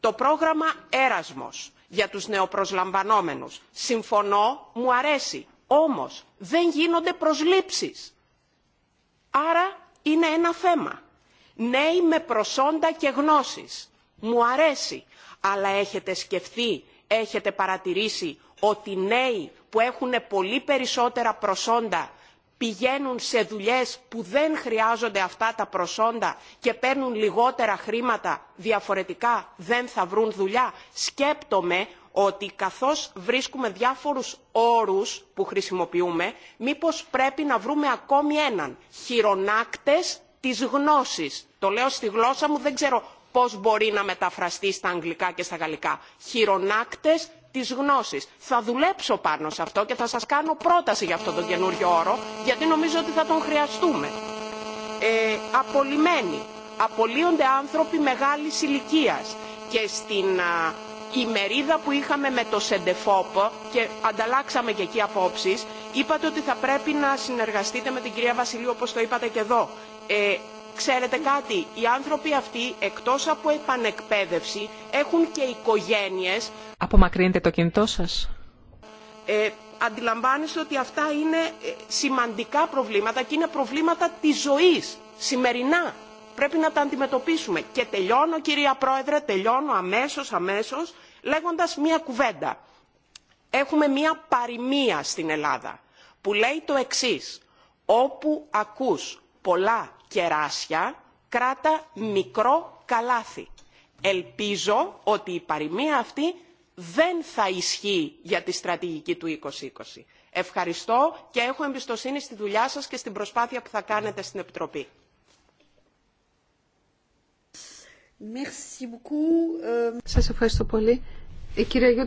Το πρόγραμμα Έρασμος για τους νεοπροσλαμβανόμενους. Συμφωνώ, μου αρέσει. Όμως δεν γίνονται προσλήψεις. Άρα είναι ένα θέμα. Νέοι με προσόντα και γνώσεις. Μου αρέσει. Αλλά έχετε σκεφτεί, έχετε παρατηρήσει ότι νέοι που έχουν πολύ περισσότερα προσόντα πηγαίνουν σε δουλειές που δεν χρειάζονται αυτά τα προσόντα και παίρνουν λιγότερα χρήματα διαφορετικά δεν θα βρουν δουλειά. σκέπτομαι ότι καθώς βρίσκουμε διάφορους όρους που χρησιμοποιούμε μήπως πρέπει να βρούμε ακόμη έναν χειρονάκτες της γνώσης. το λέω στη γλώσσα μου δεν ξέρω πώς μπορεί να μεταφραστεί στα αγγλικά και στα γαλλικά. χειρονάκτες θα δουλέψω πάνω σε αυτό και θα σας κάνω πρόταση για αυτό τον καινούριο όρο, γιατί νομίζω ότι θα τον χρειαστούμε. Ε, απολυμένοι. Απολύονται άνθρωποι μεγάλης ηλικίας. Και στην α, ημερίδα που είχαμε με το Σεντεφόπ και ανταλλάξαμε και εκεί απόψεις, είπατε ότι θα πρέπει να συνεργαστείτε με την κυρία Βασιλείου, όπως το είπατε και εδώ. Ε, Ξέρετε κάτι, οι άνθρωποι αυτοί εκτός από επανεκπαίδευση έχουν και οικογένειες. Απομακρύνετε το κινητό σας. Ε, αντιλαμβάνεστε ότι αυτά είναι ε, σημαντικά προβλήματα και είναι προβλήματα της ζωής, σημερινά. Πρέπει να τα αντιμετωπίσουμε. Και τελειώνω κυρία Πρόεδρε, τελειώνω αμέσως, αμέσως, λέγοντας μία κουβέντα. Έχουμε μία παροιμία στην Ελλάδα που λέει το εξής. Όπου ακούς πολλά κεράσια, κράτα μικρό καλάθι. Ελπίζω ότι η παροιμία αυτή δεν θα ισχύει για τη στρατηγική του 2020. Ευχαριστώ και έχω εμπιστοσύνη στη δουλειά σας και στην προσπάθεια που θα κάνετε στην Επιτροπή. Euh, σας ευχαριστώ πολύ. Η κυρία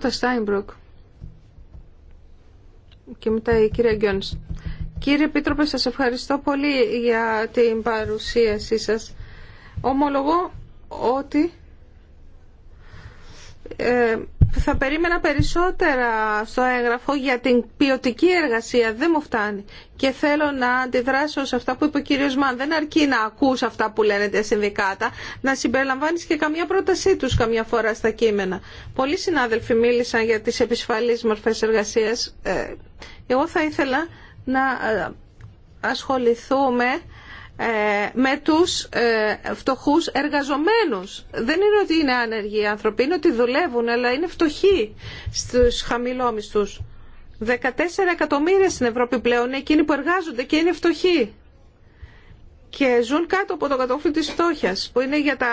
και μετά η κυρία Κύριε Επίτροπε, σας ευχαριστώ πολύ για την παρουσίασή σας. Ομολογώ ότι ε, θα περίμενα περισσότερα στο έγγραφο για την ποιοτική εργασία. Δεν μου φτάνει. Και θέλω να αντιδράσω σε αυτά που είπε ο κύριος Μαν. Δεν αρκεί να ακούς αυτά που λένε τα συνδικάτα, να συμπεριλαμβάνεις και καμία πρότασή τους καμιά φορά στα κείμενα. Πολλοί συνάδελφοι μίλησαν για τις επισφαλείς μορφές εργασίας. Ε, εγώ θα ήθελα να ε, ασχοληθούμε ε, με τους ε, φτωχούς εργαζομένους. Δεν είναι ότι είναι άνεργοι οι άνθρωποι, είναι ότι δουλεύουν, αλλά είναι φτωχοί στους χαμηλόμισθους. 14 εκατομμύρια στην Ευρώπη πλέον είναι εκείνοι που εργάζονται και είναι φτωχοί και ζουν κάτω από το κατόφλι της φτώχειας που είναι για τα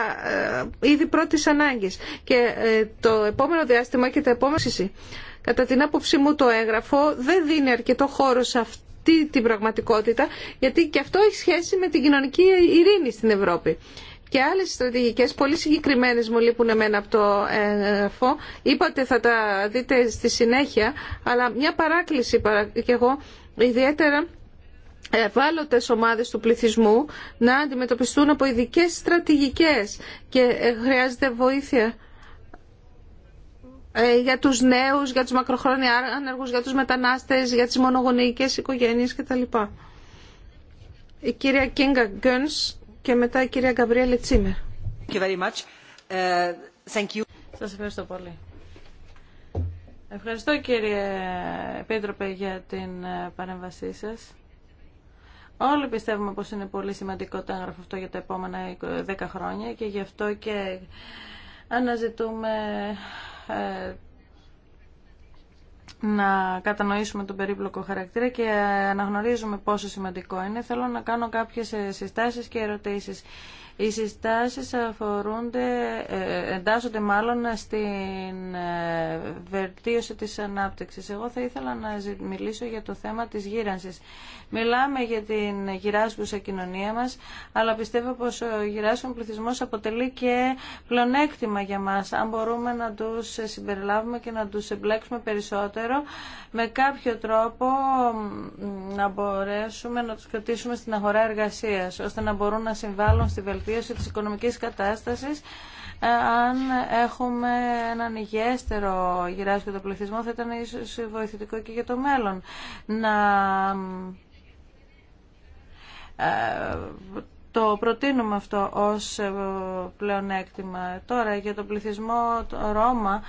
ε, είδη πρώτης ανάγκης και το επόμενο διάστημα και τα επόμενα κατά την άποψή μου το έγγραφο δεν δίνει αρκετό χώρο σε αυτό αυτή την πραγματικότητα, γιατί και αυτό έχει σχέση με την κοινωνική ειρήνη στην Ευρώπη. Και άλλες στρατηγικές, πολύ συγκεκριμένε μου λείπουν εμένα από το εφό, Είπατε θα τα δείτε στη συνέχεια, αλλά μια παράκληση και εγώ, ιδιαίτερα ε, ευάλωτε ομάδε του πληθυσμού να αντιμετωπιστούν από ειδικέ στρατηγικέ και ε, χρειάζεται βοήθεια ε, για τους νέους, για τους μακροχρόνια άνεργους, για τους μετανάστες, για τις μονογονεϊκές οικογένειες κτλ. Η κυρία Κίνγκα Γκένς και μετά η κυρία Γκαμπρία Τσίμερ. Ε, σας ευχαριστώ πολύ. Ευχαριστώ κύριε Επίτροπε για την ε, παρέμβασή σας. Όλοι πιστεύουμε πως είναι πολύ σημαντικό το έγγραφο αυτό για τα επόμενα 10 χρόνια και γι' αυτό και αναζητούμε ε, να κατανοήσουμε τον περίπλοκο χαρακτήρα και αναγνωρίζουμε πόσο σημαντικό είναι. Θέλω να κάνω κάποιες συστάσεις και ερωτήσεις. Οι συστάσεις αφορούνται, ε, εντάσσονται μάλλον στην ε, βελτίωση της ανάπτυξης. Εγώ θα ήθελα να μιλήσω για το θέμα της γύρανσης. Μιλάμε για την γυράσκουσα κοινωνία μας, αλλά πιστεύω πως ο γυράσκον πληθυσμός αποτελεί και πλονέκτημα για μας. Αν μπορούμε να τους συμπεριλάβουμε και να τους εμπλέξουμε περισσότερο, με κάποιο τρόπο να μπορέσουμε να τους κρατήσουμε στην αγορά εργασίας, ώστε να μπορούν να συμβάλλουν στη βελτίωση βελτίωση της οικονομικής κατάστασης ε, αν έχουμε έναν υγιέστερο το πληθυσμό θα ήταν ίσως βοηθητικό και για το μέλλον. Να ε, το προτείνουμε αυτό ως ε, πλεονέκτημα. Τώρα για τον πληθυσμό το Ρώμα,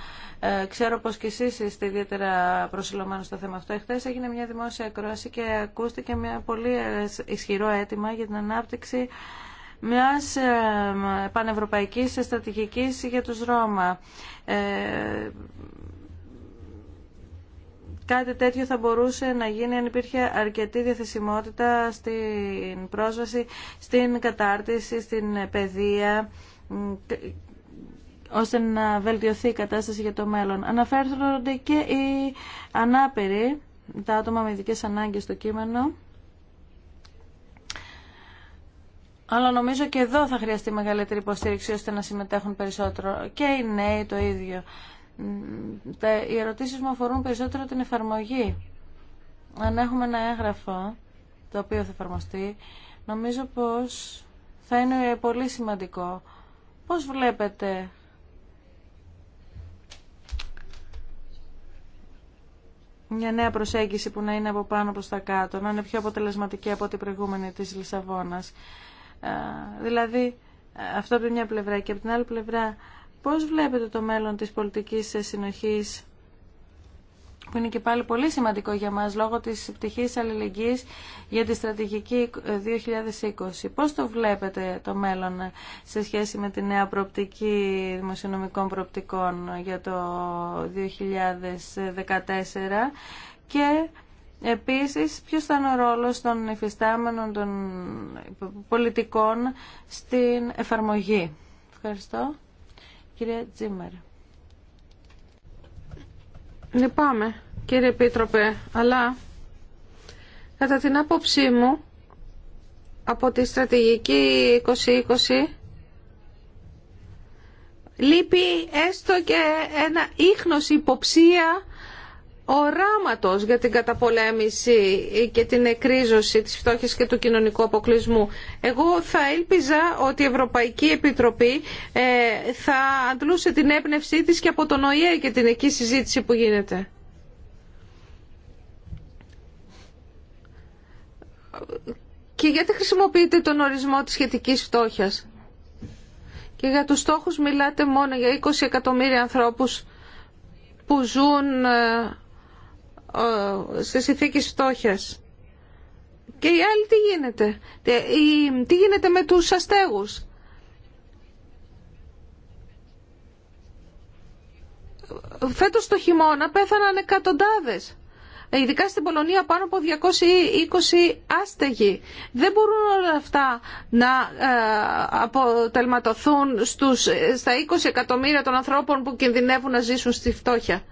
ξέρω πως και εσείς είστε ιδιαίτερα προσιλωμένοι στο θέμα αυτό. Εχθές έγινε μια δημόσια ακρόαση και ακούστηκε μια πολύ ισχυρό αίτημα για την ανάπτυξη μιας ε, πανευρωπαϊκής στρατηγικής για τους Ρώμα. Ε, κάτι τέτοιο θα μπορούσε να γίνει αν υπήρχε αρκετή διαθεσιμότητα στην πρόσβαση, στην κατάρτιση, στην παιδεία ώστε να βελτιωθεί η κατάσταση για το μέλλον. Αναφέρονται και οι ανάπηροι, τα άτομα με ειδικέ ανάγκες στο κείμενο. Αλλά νομίζω και εδώ θα χρειαστεί μεγαλύτερη υποστήριξη ώστε να συμμετέχουν περισσότερο. Και οι νέοι το ίδιο. Οι ερωτήσεις μου αφορούν περισσότερο την εφαρμογή. Αν έχουμε ένα έγγραφο το οποίο θα εφαρμοστεί, νομίζω πως θα είναι πολύ σημαντικό. Πώς βλέπετε μια νέα προσέγγιση που να είναι από πάνω προς τα κάτω, να είναι πιο αποτελεσματική από την προηγούμενη της Λισαβόνας. Δηλαδή, αυτό από την μια πλευρά και από την άλλη πλευρά, πώς βλέπετε το μέλλον της πολιτικής συνοχής που είναι και πάλι πολύ σημαντικό για μας λόγω της πτυχής αλληλεγγύης για τη στρατηγική 2020. Ε, πώς το βλέπετε το μέλλον ε, σε σχέση με τη νέα προοπτική δημοσιονομικών προοπτικών για το 2014 και Επίσης, ποιος ήταν ο ρόλος των υφιστάμενων των πολιτικών στην εφαρμογή. Ευχαριστώ. Κυρία Τζίμερ. Λυπάμαι, κύριε Επίτροπε, αλλά κατά την άποψή μου από τη στρατηγική 2020 λείπει έστω και ένα ίχνος υποψία οράματος για την καταπολέμηση και την εκρίζωση της φτώχειας και του κοινωνικού αποκλεισμού. Εγώ θα ήλπιζα ότι η Ευρωπαϊκή Επιτροπή ε, θα αντλούσε την έμπνευσή της και από τον ΟΗΕ και την εκεί συζήτηση που γίνεται. Και γιατί χρησιμοποιείτε τον ορισμό της σχετικής φτώχειας. Και για τους στόχους μιλάτε μόνο για 20 εκατομμύρια ανθρώπους που ζουν ε, σε συνθήκη φτώχεια. Και οι άλλοι τι γίνεται. Τι γίνεται με τους αστέγους. Φέτος το χειμώνα πέθαναν εκατοντάδες. Ειδικά στην Πολωνία πάνω από 220 άστεγοι. Δεν μπορούν όλα αυτά να ε, αποτελματωθούν στους, στα 20 εκατομμύρια των ανθρώπων που κινδυνεύουν να ζήσουν στη φτώχεια.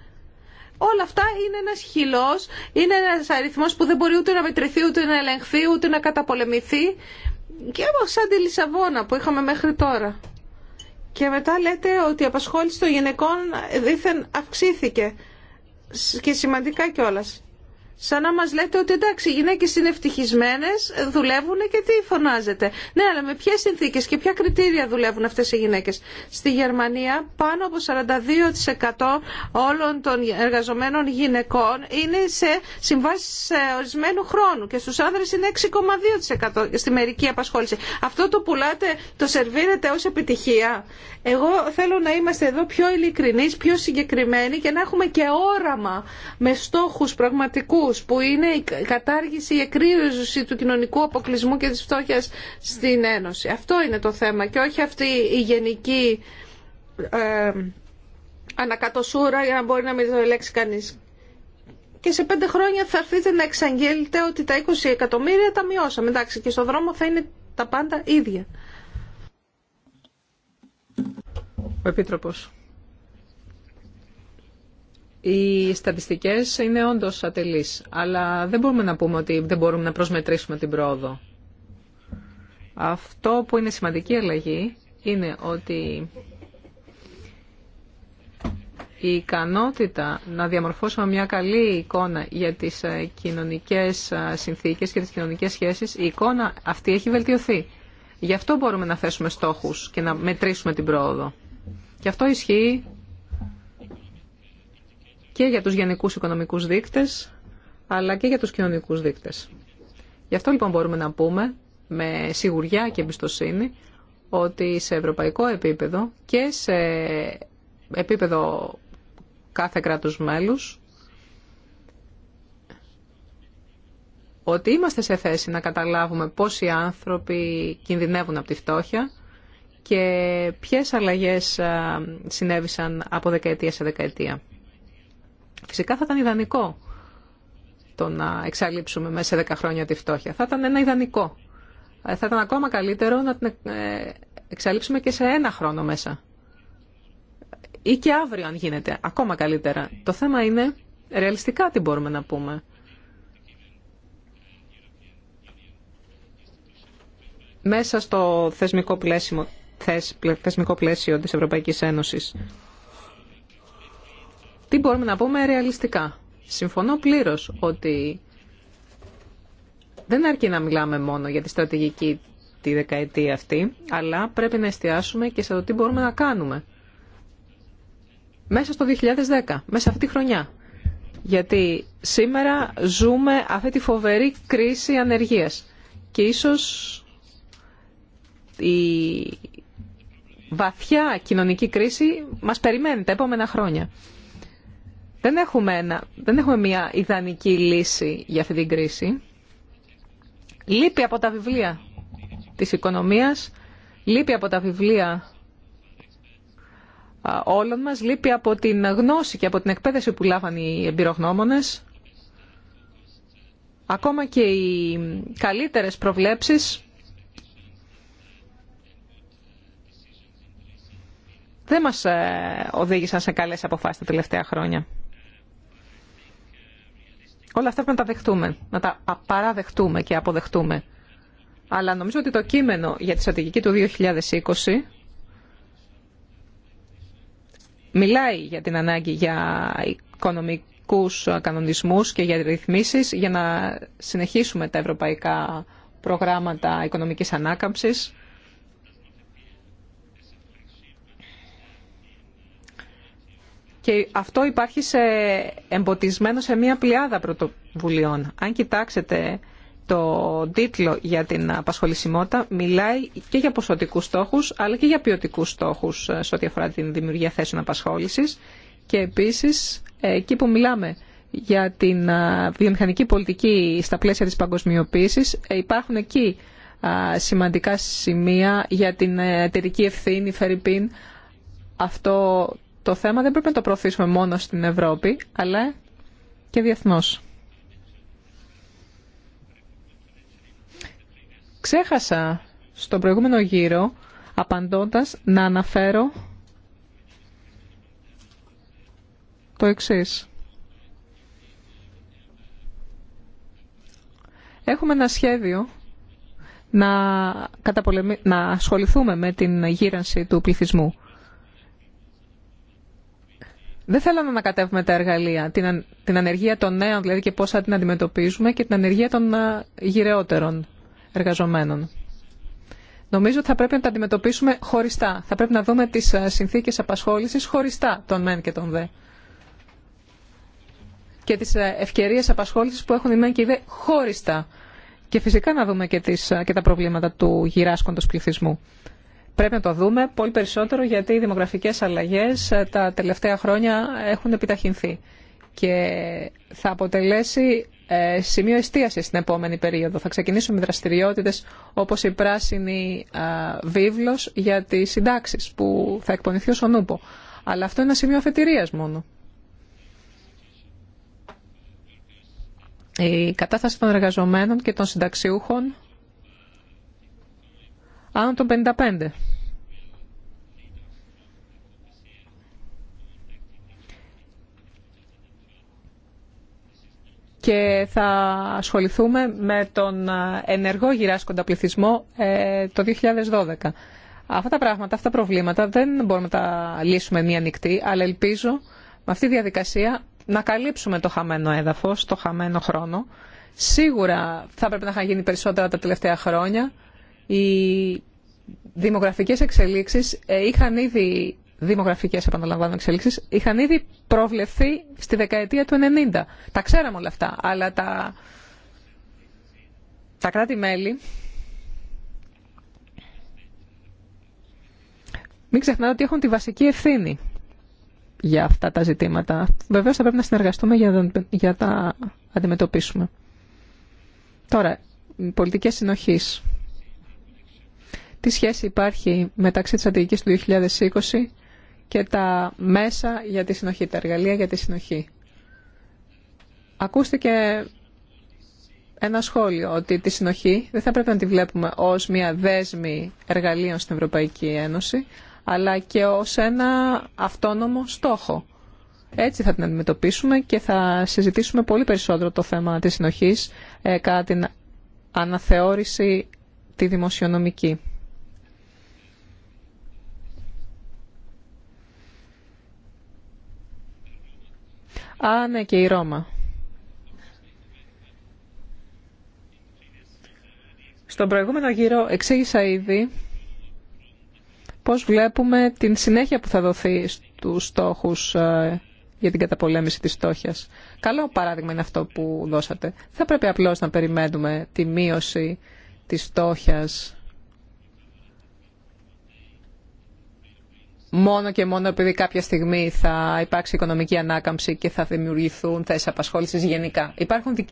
Όλα αυτά είναι ένας χυλός, είναι ένας αριθμός που δεν μπορεί ούτε να μετρηθεί, ούτε να ελεγχθεί, ούτε να καταπολεμηθεί. Και από σαν τη Λισαβόνα που είχαμε μέχρι τώρα. Και μετά λέτε ότι η απασχόληση των γυναικών δήθεν αυξήθηκε και σημαντικά κιόλα. Σαν να μας λέτε ότι εντάξει, οι γυναίκες είναι ευτυχισμένες, δουλεύουν και τι φωνάζετε. Ναι, αλλά με ποιε συνθήκες και ποια κριτήρια δουλεύουν αυτές οι γυναίκες. Στη Γερμανία πάνω από 42% όλων των εργαζομένων γυναικών είναι σε συμβάσεις ορισμένου χρόνου και στους άνδρες είναι 6,2% στη μερική απασχόληση. Αυτό το πουλάτε, το σερβίρετε ως επιτυχία. Εγώ θέλω να είμαστε εδώ πιο ειλικρινείς, πιο συγκεκριμένοι και να έχουμε και όραμα με στόχους πραγματικού που είναι η κατάργηση, η εκρίζωση του κοινωνικού αποκλεισμού και της φτώχειας στην Ένωση. Αυτό είναι το θέμα και όχι αυτή η γενική ε, ανακατοσούρα για να μπορεί να μην το ελέξει κανείς. Και σε πέντε χρόνια θα έρθετε να εξαγγέλλετε ότι τα 20 εκατομμύρια τα μειώσαμε. Εντάξει, και στον δρόμο θα είναι τα πάντα ίδια. Ο Επίτροπος. Οι στατιστικές είναι όντω ατελεί, αλλά δεν μπορούμε να πούμε ότι δεν μπορούμε να προσμετρήσουμε την πρόοδο. Αυτό που είναι σημαντική αλλαγή είναι ότι η ικανότητα να διαμορφώσουμε μια καλή εικόνα για τις ε, κοινωνικές ε, συνθήκες και τις κοινωνικές σχέσεις, η εικόνα αυτή έχει βελτιωθεί. Γι' αυτό μπορούμε να θέσουμε στόχους και να μετρήσουμε την πρόοδο. Και αυτό ισχύει και για τους γενικούς οικονομικούς δείκτες, αλλά και για τους κοινωνικούς δείκτες. Γι' αυτό λοιπόν μπορούμε να πούμε με σιγουριά και εμπιστοσύνη ότι σε ευρωπαϊκό επίπεδο και σε επίπεδο κάθε κράτους μέλους ότι είμαστε σε θέση να καταλάβουμε πόσοι άνθρωποι κινδυνεύουν από τη φτώχεια και ποιες αλλαγές ε, συνέβησαν από δεκαετία σε δεκαετία. Φυσικά θα ήταν ιδανικό το να εξαλείψουμε μέσα σε 10 χρόνια τη φτώχεια. Θα ήταν ένα ιδανικό. Ε, θα ήταν ακόμα καλύτερο να την ε, εξαλείψουμε και σε ένα χρόνο μέσα. Ή και αύριο αν γίνεται. Ακόμα καλύτερα. Το θέμα είναι ρεαλιστικά τι μπορούμε να πούμε. Μέσα στο θεσμικό πλαίσιο, θεσμικό πλαίσιο της Ευρωπαϊκής Ένωσης τι μπορούμε να πούμε ρεαλιστικά. Συμφωνώ πλήρως ότι δεν αρκεί να μιλάμε μόνο για τη στρατηγική τη δεκαετία αυτή, αλλά πρέπει να εστιάσουμε και σε το τι μπορούμε να κάνουμε. Μέσα στο 2010, μέσα αυτή τη χρονιά. Γιατί σήμερα ζούμε αυτή τη φοβερή κρίση ανεργίας. Και ίσως η βαθιά κοινωνική κρίση μας περιμένει τα επόμενα χρόνια. Δεν έχουμε, ένα, δεν έχουμε μια ιδανική λύση για αυτή την κρίση. Λείπει από τα βιβλία της οικονομίας, λείπει από τα βιβλία όλων μας, λείπει από την γνώση και από την εκπαίδευση που λάβαν οι εμπειρογνώμονες. Ακόμα και οι καλύτερες προβλέψεις δεν μας ε, οδήγησαν σε καλές αποφάσεις τα τελευταία χρόνια. Όλα αυτά πρέπει να τα δεχτούμε, να τα παραδεχτούμε και αποδεχτούμε. Αλλά νομίζω ότι το κείμενο για τη στρατηγική του 2020 μιλάει για την ανάγκη για οικονομικούς κανονισμούς και για ρυθμίσεις για να συνεχίσουμε τα ευρωπαϊκά προγράμματα οικονομικής ανάκαμψης Και αυτό υπάρχει σε, εμποτισμένο σε μία πλειάδα πρωτοβουλειών. Αν κοιτάξετε το τίτλο για την απασχολησιμότητα, μιλάει και για ποσοτικούς στόχους, αλλά και για ποιοτικούς στόχους ε, σε ό,τι αφορά την δημιουργία θέσεων απασχόλησης. Και επίσης, ε, εκεί που μιλάμε για την ε, βιομηχανική πολιτική στα πλαίσια της παγκοσμιοποίησης, υπάρχουν εκεί σημαντικά σημεία για την εταιρική ευθύνη, φερρυπίν, αυτό το θέμα δεν πρέπει να το προωθήσουμε μόνο στην Ευρώπη, αλλά και διεθνώς. Ξέχασα στο προηγούμενο γύρο, απαντώντας, να αναφέρω το εξής. Έχουμε ένα σχέδιο να, να ασχοληθούμε με την γύρανση του πληθυσμού. Δεν θέλω να ανακατεύουμε τα εργαλεία, την, την ανεργία των νέων δηλαδή και πώς θα την αντιμετωπίζουμε και την ανεργία των γυρεότερων εργαζομένων. Νομίζω ότι θα πρέπει να τα αντιμετωπίσουμε χωριστά. Θα πρέπει να δούμε τις συνθήκες απασχόλησης χωριστά των μεν και των δε. Και τις ευκαιρίες απασχόλησης που έχουν οι μεν και οι δε χωριστά. Και φυσικά να δούμε και, τις, και τα προβλήματα του γυράσκοντος πληθυσμού πρέπει να το δούμε πολύ περισσότερο γιατί οι δημογραφικές αλλαγές ε, τα τελευταία χρόνια έχουν επιταχυνθεί και θα αποτελέσει ε, σημείο εστίαση στην επόμενη περίοδο. Θα ξεκινήσουμε δραστηριότητες όπως η πράσινη βίβλος για τις συντάξει που θα εκπονηθεί ο νούπο. Αλλά αυτό είναι ένα σημείο αφετηρίας μόνο. Η κατάσταση των εργαζομένων και των συνταξιούχων άνω των 55. και θα ασχοληθούμε με τον ενεργό γυράσκοντα πληθυσμό ε, το 2012. Αυτά τα πράγματα, αυτά τα προβλήματα δεν μπορούμε να τα λύσουμε μία νυχτή, αλλά ελπίζω με αυτή τη διαδικασία να καλύψουμε το χαμένο έδαφος, το χαμένο χρόνο. Σίγουρα θα πρέπει να είχαν γίνει περισσότερα τα τελευταία χρόνια. Η δημογραφικές εξελίξεις ε, είχαν ήδη δημογραφικές επαναλαμβάνω εξελίξεις είχαν ήδη προβλεφθεί στη δεκαετία του 90. Τα ξέραμε όλα αυτά, αλλά τα, τα κράτη-μέλη μην ξεχνάτε ότι έχουν τη βασική ευθύνη για αυτά τα ζητήματα. Βεβαίως θα πρέπει να συνεργαστούμε για να για τα αντιμετωπίσουμε. Τώρα, πολιτικές συνοχής. Τι σχέση υπάρχει μεταξύ της στρατηγικής του 2020 και τα μέσα για τη συνοχή, τα εργαλεία για τη συνοχή. Ακούστηκε ένα σχόλιο ότι τη συνοχή δεν θα πρέπει να τη βλέπουμε ως μια δέσμη εργαλείων στην Ευρωπαϊκή Ένωση, αλλά και ως ένα αυτόνομο στόχο. Έτσι θα την αντιμετωπίσουμε και θα συζητήσουμε πολύ περισσότερο το θέμα της συνοχής ε, κατά την αναθεώρηση τη δημοσιονομική. Α, ναι, και η Ρώμα. Στον προηγούμενο γύρο εξήγησα ήδη πώς βλέπουμε την συνέχεια που θα δοθεί στους στόχους ε, για την καταπολέμηση της στόχιας. Καλό παράδειγμα είναι αυτό που δώσατε. Θα πρέπει απλώς να περιμένουμε τη μείωση της στόχιας μόνο και μόνο επειδή κάποια στιγμή θα υπάρξει οικονομική ανάκαμψη και θα δημιουργηθούν θέσει απασχόλησης γενικά. Υπάρχουν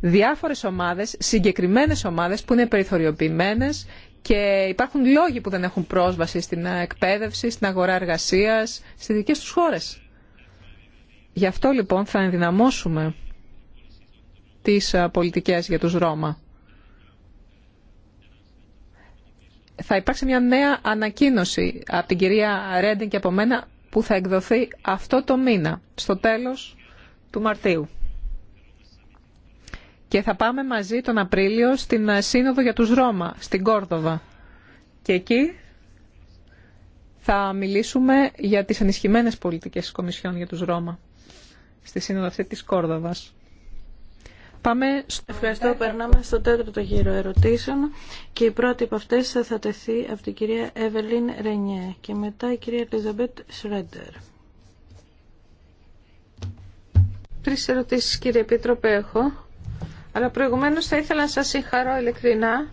διάφορες ομάδες, συγκεκριμένε ομάδες που είναι περιθωριοποιημένες και υπάρχουν λόγοι που δεν έχουν πρόσβαση στην εκπαίδευση, στην αγορά εργασίας, στις δικές τους χώρες. Γι' αυτό λοιπόν θα ενδυναμώσουμε τις πολιτικές για τους Ρώμα. θα υπάρξει μια νέα ανακοίνωση από την κυρία Ρέντιν και από μένα που θα εκδοθεί αυτό το μήνα, στο τέλος του Μαρτίου. Και θα πάμε μαζί τον Απρίλιο στην ε, Σύνοδο για τους Ρώμα, στην Κόρδοβα. Και εκεί θα μιλήσουμε για τις ενισχυμένες πολιτικές κομισιών για τους Ρώμα, στη Σύνοδο αυτή της Κόρδοβας. Πάμε Ευχαριστώ. Περνάμε στο τέταρτο γύρο ερωτήσεων και η πρώτη από αυτές θα τεθεί από την κυρία Εβελίν Ρενιέ και μετά η κυρία Ελιζαμπέτ Σρέντερ. Τρεις ερωτήσεις κύριε Επίτροπε έχω, αλλά προηγουμένως θα ήθελα να σας συγχαρώ ειλικρινά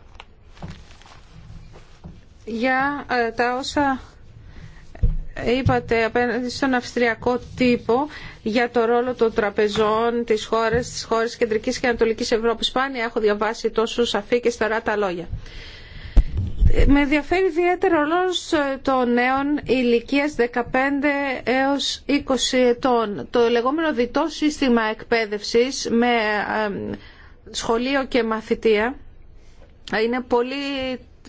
για ε, τα όσα είπατε απέναντι στον αυστριακό τύπο για το ρόλο των τραπεζών της χώρας, της χώρας Κεντρικής και Ανατολικής Ευρώπης. Πάνει, έχω διαβάσει τόσο σαφή και στερά τα λόγια. Με ενδιαφέρει ιδιαίτερα ρόλος των νέων ηλικίας 15 έως 20 ετών. Το λεγόμενο διτό σύστημα εκπαίδευσης με ε, σχολείο και μαθητεία είναι πολύ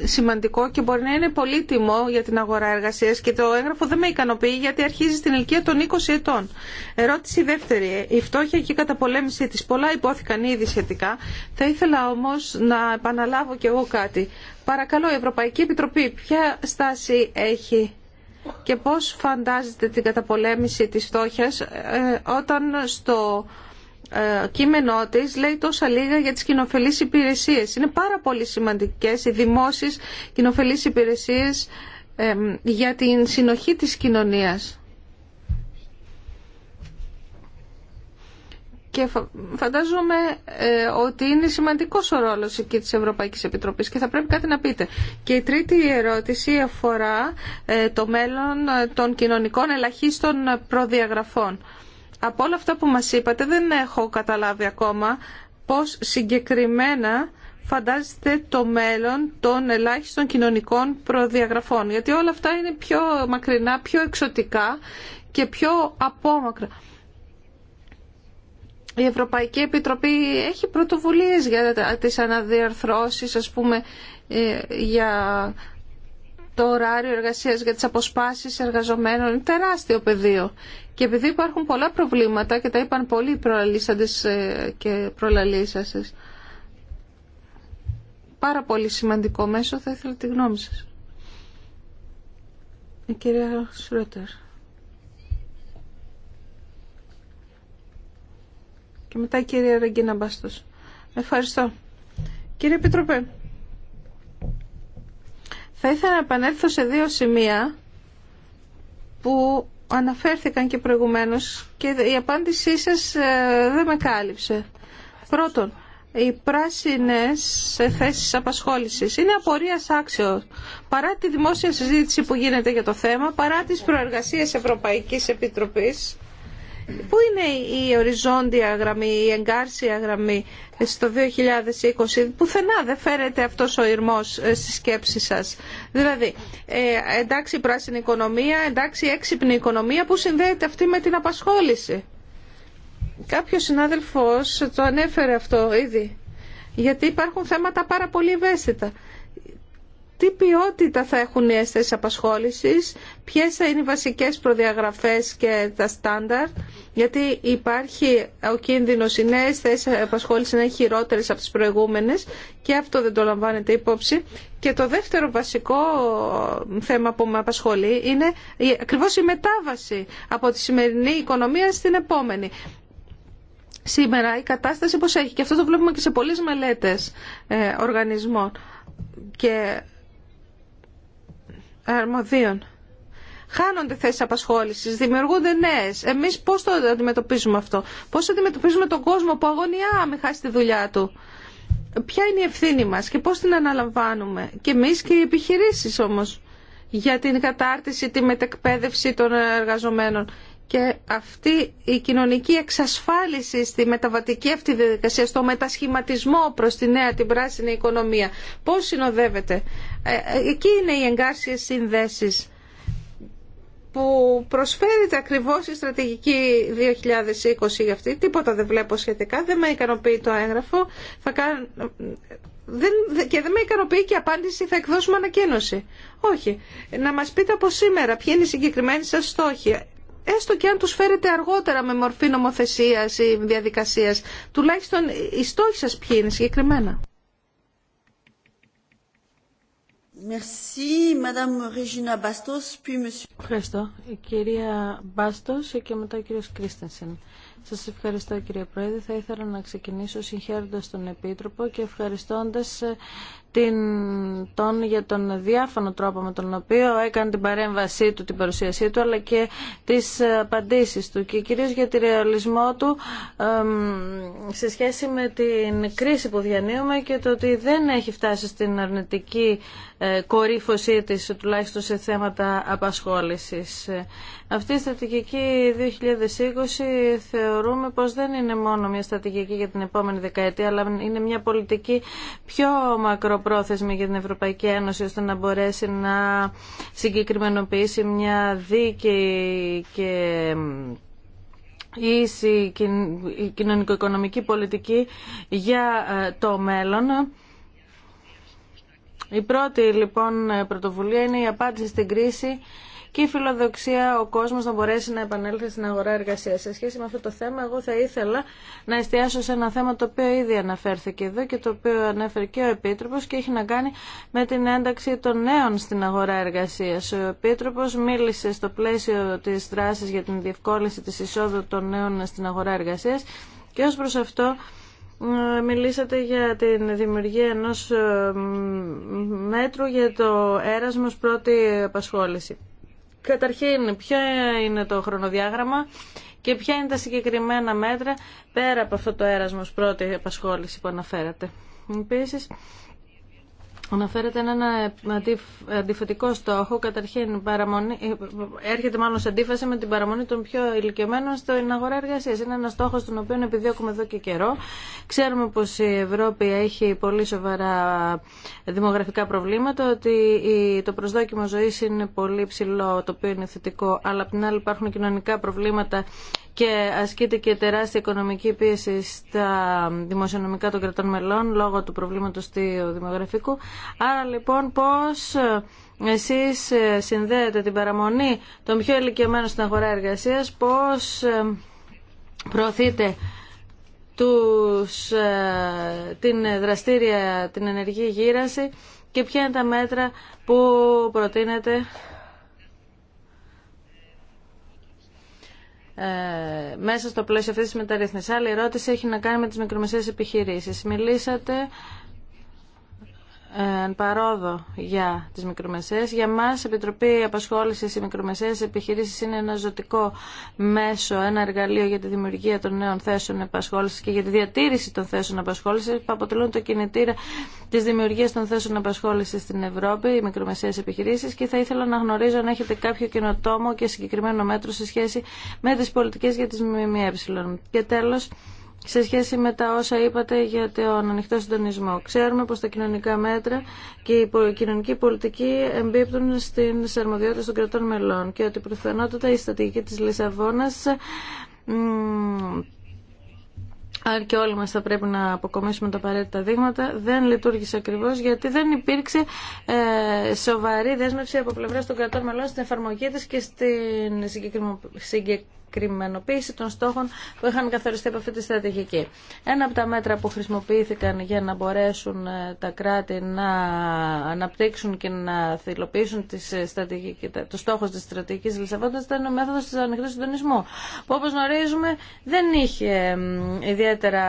σημαντικό και μπορεί να είναι πολύτιμο για την αγορά εργασία και το έγγραφο δεν με ικανοποιεί γιατί αρχίζει στην ηλικία των 20 ετών. Ερώτηση δεύτερη. Η φτώχεια και η καταπολέμηση της πολλά υπόθηκαν ήδη σχετικά. Θα ήθελα όμως να επαναλάβω κι εγώ κάτι. Παρακαλώ η Ευρωπαϊκή Επιτροπή ποια στάση έχει και πώς φαντάζεται την καταπολέμηση της φτώχειας ε, όταν στο ε, κείμενό τη λέει τόσα λίγα για τις κοινοφελεί υπηρεσίες. Είναι πάρα πολύ σημαντικές οι δημόσιες κοινοφελείς υπηρεσίες για την συνοχή της κοινωνίας. Και φαντάζομαι ε, ότι είναι σημαντικός ο ρόλος εκεί της Ευρωπαϊκής Επιτροπής και θα πρέπει κάτι να πείτε. Και η τρίτη ερώτηση αφορά ε, το μέλλον των κοινωνικών ελαχίστων προδιαγραφών από όλα αυτά που μας είπατε δεν έχω καταλάβει ακόμα πώς συγκεκριμένα φαντάζεστε το μέλλον των ελάχιστων κοινωνικών προδιαγραφών. Γιατί όλα αυτά είναι πιο μακρινά, πιο εξωτικά και πιο απόμακρα. Η Ευρωπαϊκή Επιτροπή έχει πρωτοβουλίες για τις αναδιαρθρώσεις, ας πούμε, ε, για το ωράριο εργασίας για τις αποσπάσεις εργαζομένων. Είναι τεράστιο πεδίο. Και επειδή υπάρχουν πολλά προβλήματα και τα είπαν πολλοί προλαλήσαντες ε, και προλαλήσασες, πάρα πολύ σημαντικό μέσο, θα ήθελα τη γνώμη σας. Η κυρία Και μετά η κυρία Ραγκίνα Μπάστος. Ευχαριστώ. Κύριε Επιτροπέ, θα ήθελα να επανέλθω σε δύο σημεία που αναφέρθηκαν και προηγουμένως και η απάντησή σας ε, δεν με κάλυψε. Πρώτον, οι πράσινες θέσεις απασχόλησης είναι απορίας άξιος. Παρά τη δημόσια συζήτηση που γίνεται για το θέμα, παρά τις προεργασίες Ευρωπαϊκής Επιτροπής, Πού είναι η οριζόντια γραμμή, η εγκάρσια γραμμή στο 2020, πουθενά δεν φέρεται αυτός ο Ιρμός ε, στη σκέψη σας. Δηλαδή, ε, εντάξει η πράσινη οικονομία, εντάξει η έξυπνη οικονομία, που συνδέεται αυτή με την απασχόληση. Κάποιος συνάδελφος το ανέφερε αυτό ήδη, γιατί υπάρχουν θέματα πάρα πολύ ευαίσθητα τι ποιότητα θα έχουν οι αίσθησεις απασχόλησης, ποιες θα είναι οι βασικές προδιαγραφές και τα στάνταρ, γιατί υπάρχει ο κίνδυνος οι νέες θέσεις απασχόλησης να είναι χειρότερες από τις προηγούμενες και αυτό δεν το λαμβάνεται υπόψη. Και το δεύτερο βασικό θέμα που με απασχολεί είναι ακριβώς η μετάβαση από τη σημερινή οικονομία στην επόμενη. Σήμερα η κατάσταση πώς έχει, και αυτό το βλέπουμε και σε πολλές μελέτες ε, οργανισμών και αρμοδίων. Χάνονται θέσει απασχόληση, δημιουργούνται νέε. Εμεί πώ το αντιμετωπίζουμε αυτό, Πώ αντιμετωπίζουμε τον κόσμο που αγωνιά με χάσει τη δουλειά του, Ποια είναι η ευθύνη μα και πώ την αναλαμβάνουμε, Και εμεί και οι επιχειρήσει όμω για την κατάρτιση, τη μετεκπαίδευση των εργαζομένων και αυτή η κοινωνική εξασφάλιση στη μεταβατική αυτή διαδικασία, στο μετασχηματισμό προς τη νέα την πράσινη οικονομία, πώς συνοδεύεται. Ε, ε, εκεί είναι οι εγκάρσιες συνδέσεις που προσφέρεται ακριβώς η στρατηγική 2020 για αυτή. Τίποτα δεν βλέπω σχετικά, δεν με ικανοποιεί το έγγραφο. Θα δεν... Και δεν με ικανοποιεί και η απάντηση θα εκδώσουμε ανακοίνωση. Όχι. Να μας πείτε από σήμερα ποιοι είναι οι συγκεκριμένοι σας στόχοι έστω και αν τους φέρετε αργότερα με μορφή νομοθεσίας ή διαδικασίας, τουλάχιστον οι στόχοι σας ποιοι είναι συγκεκριμένα. Ευχαριστώ. Η κυρία Μπάστος και μετά ο κύριος Κρίστενσεν. Σας ευχαριστώ κύριε Πρόεδρε. Θα ήθελα να ξεκινήσω συγχαίροντας τον Επίτροπο και ευχαριστώντας ε, την, τον για τον διάφανο τρόπο με τον οποίο έκανε την παρέμβασή του, την παρουσίασή του, αλλά και τις απαντήσεις του και κυρίως για τη ρεαλισμό του σε σχέση με την κρίση που διανύουμε και το ότι δεν έχει φτάσει στην αρνητική ε, κορύφωσή της, τουλάχιστον σε θέματα απασχόλησης. Αυτή η στρατηγική 2020 θεωρούμε πως δεν είναι μόνο μια στρατηγική για την επόμενη δεκαετία, αλλά είναι μια πολιτική πιο μακροπρόθεσμη για την Ευρωπαϊκή Ένωση ώστε να μπορέσει να συγκεκριμενοποιήσει μια δίκαιη και ίση κοινωνικο-οικονομική πολιτική για ε, το μέλλον. Η πρώτη λοιπόν πρωτοβουλία είναι η απάντηση στην κρίση και η φιλοδοξία ο κόσμος να μπορέσει να επανέλθει στην αγορά εργασίας. Σε σχέση με αυτό το θέμα, εγώ θα ήθελα να εστιάσω σε ένα θέμα το οποίο ήδη αναφέρθηκε εδώ και το οποίο ανέφερε και ο Επίτροπος και έχει να κάνει με την ένταξη των νέων στην αγορά εργασίας. Ο Επίτροπος μίλησε στο πλαίσιο της δράσης για την διευκόλυνση της εισόδου των νέων στην αγορά εργασίας και ως προς αυτό μιλήσατε για την δημιουργία ενός μέτρου για το έρασμος πρώτη απασχόληση. Καταρχήν, ποιο είναι το χρονοδιάγραμμα και ποια είναι τα συγκεκριμένα μέτρα πέρα από αυτό το έρασμος πρώτη απασχόληση που αναφέρατε. Αναφέρεται ένα αντιφατικό στόχο, καταρχήν παραμονή, ε, έρχεται μάλλον σε αντίφαση με την παραμονή των πιο ηλικιωμένων στην αγορά εργασία. Είναι ένα στόχο τον οποίο επιδιώκουμε εδώ και καιρό. Ξέρουμε πω η Ευρώπη έχει πολύ σοβαρά δημογραφικά προβλήματα, ότι το προσδόκιμο ζωή είναι πολύ ψηλό, το οποίο είναι θετικό, αλλά απ' την άλλη υπάρχουν κοινωνικά προβλήματα και ασκείται και τεράστια οικονομική πίεση στα δημοσιονομικά των κρατών μελών λόγω του προβλήματος του δημογραφικού. Άρα λοιπόν πώς εσείς συνδέετε την παραμονή των πιο ηλικιωμένων στην αγορά εργασίας, πώς προωθείτε τους, την δραστήρια, την ενεργή γύραση και ποια είναι τα μέτρα που προτείνετε Ε, μέσα στο πλαίσιο αυτής της μεταρρύθμισης. Άλλη ερώτηση έχει να κάνει με τις μικρομεσαίες επιχειρήσεις. Μιλήσατε παρόδο για τις μικρομεσαίες. Για μας Επιτροπή Απασχόλησης οι μικρομεσαίες επιχειρήσεις είναι ένα ζωτικό μέσο, ένα εργαλείο για τη δημιουργία των νέων θέσεων απασχόλησης και για τη διατήρηση των θέσεων απασχόλησης που αποτελούν το κινητήρα της δημιουργίας των θέσεων απασχόλησης στην Ευρώπη, οι μικρομεσαίες επιχειρήσεις και θα ήθελα να γνωρίζω αν έχετε κάποιο καινοτόμο και συγκεκριμένο μέτρο σε σχέση με τις πολιτικές για τις ΜΜΕ. Και τέλος, σε σχέση με τα όσα είπατε για τον ανοιχτό συντονισμό. Ξέρουμε πως τα κοινωνικά μέτρα και η κοινωνική πολιτική εμπίπτουν στην αρμοδιότητες των κρατών μελών και ότι πιθανότατα η στρατηγική της Λισαβόνας αν και όλοι μας θα πρέπει να αποκομίσουμε τα απαραίτητα δείγματα, δεν λειτουργήσε ακριβώς γιατί δεν υπήρξε ε, σοβαρή δέσμευση από πλευρά των κρατών μελών στην εφαρμογή της και στην συγκεκριμένη των στόχων που είχαν καθοριστεί από αυτή τη στρατηγική. Ένα από τα μέτρα που χρησιμοποιήθηκαν για να μπορέσουν ε, τα κράτη να αναπτύξουν και να θυλοποιήσουν τις ε, τους στόχους της στρατηγικής ήταν ο μέθοδος τη ανοιχτού συντονισμού, που όπως γνωρίζουμε δεν είχε ιδιαίτερα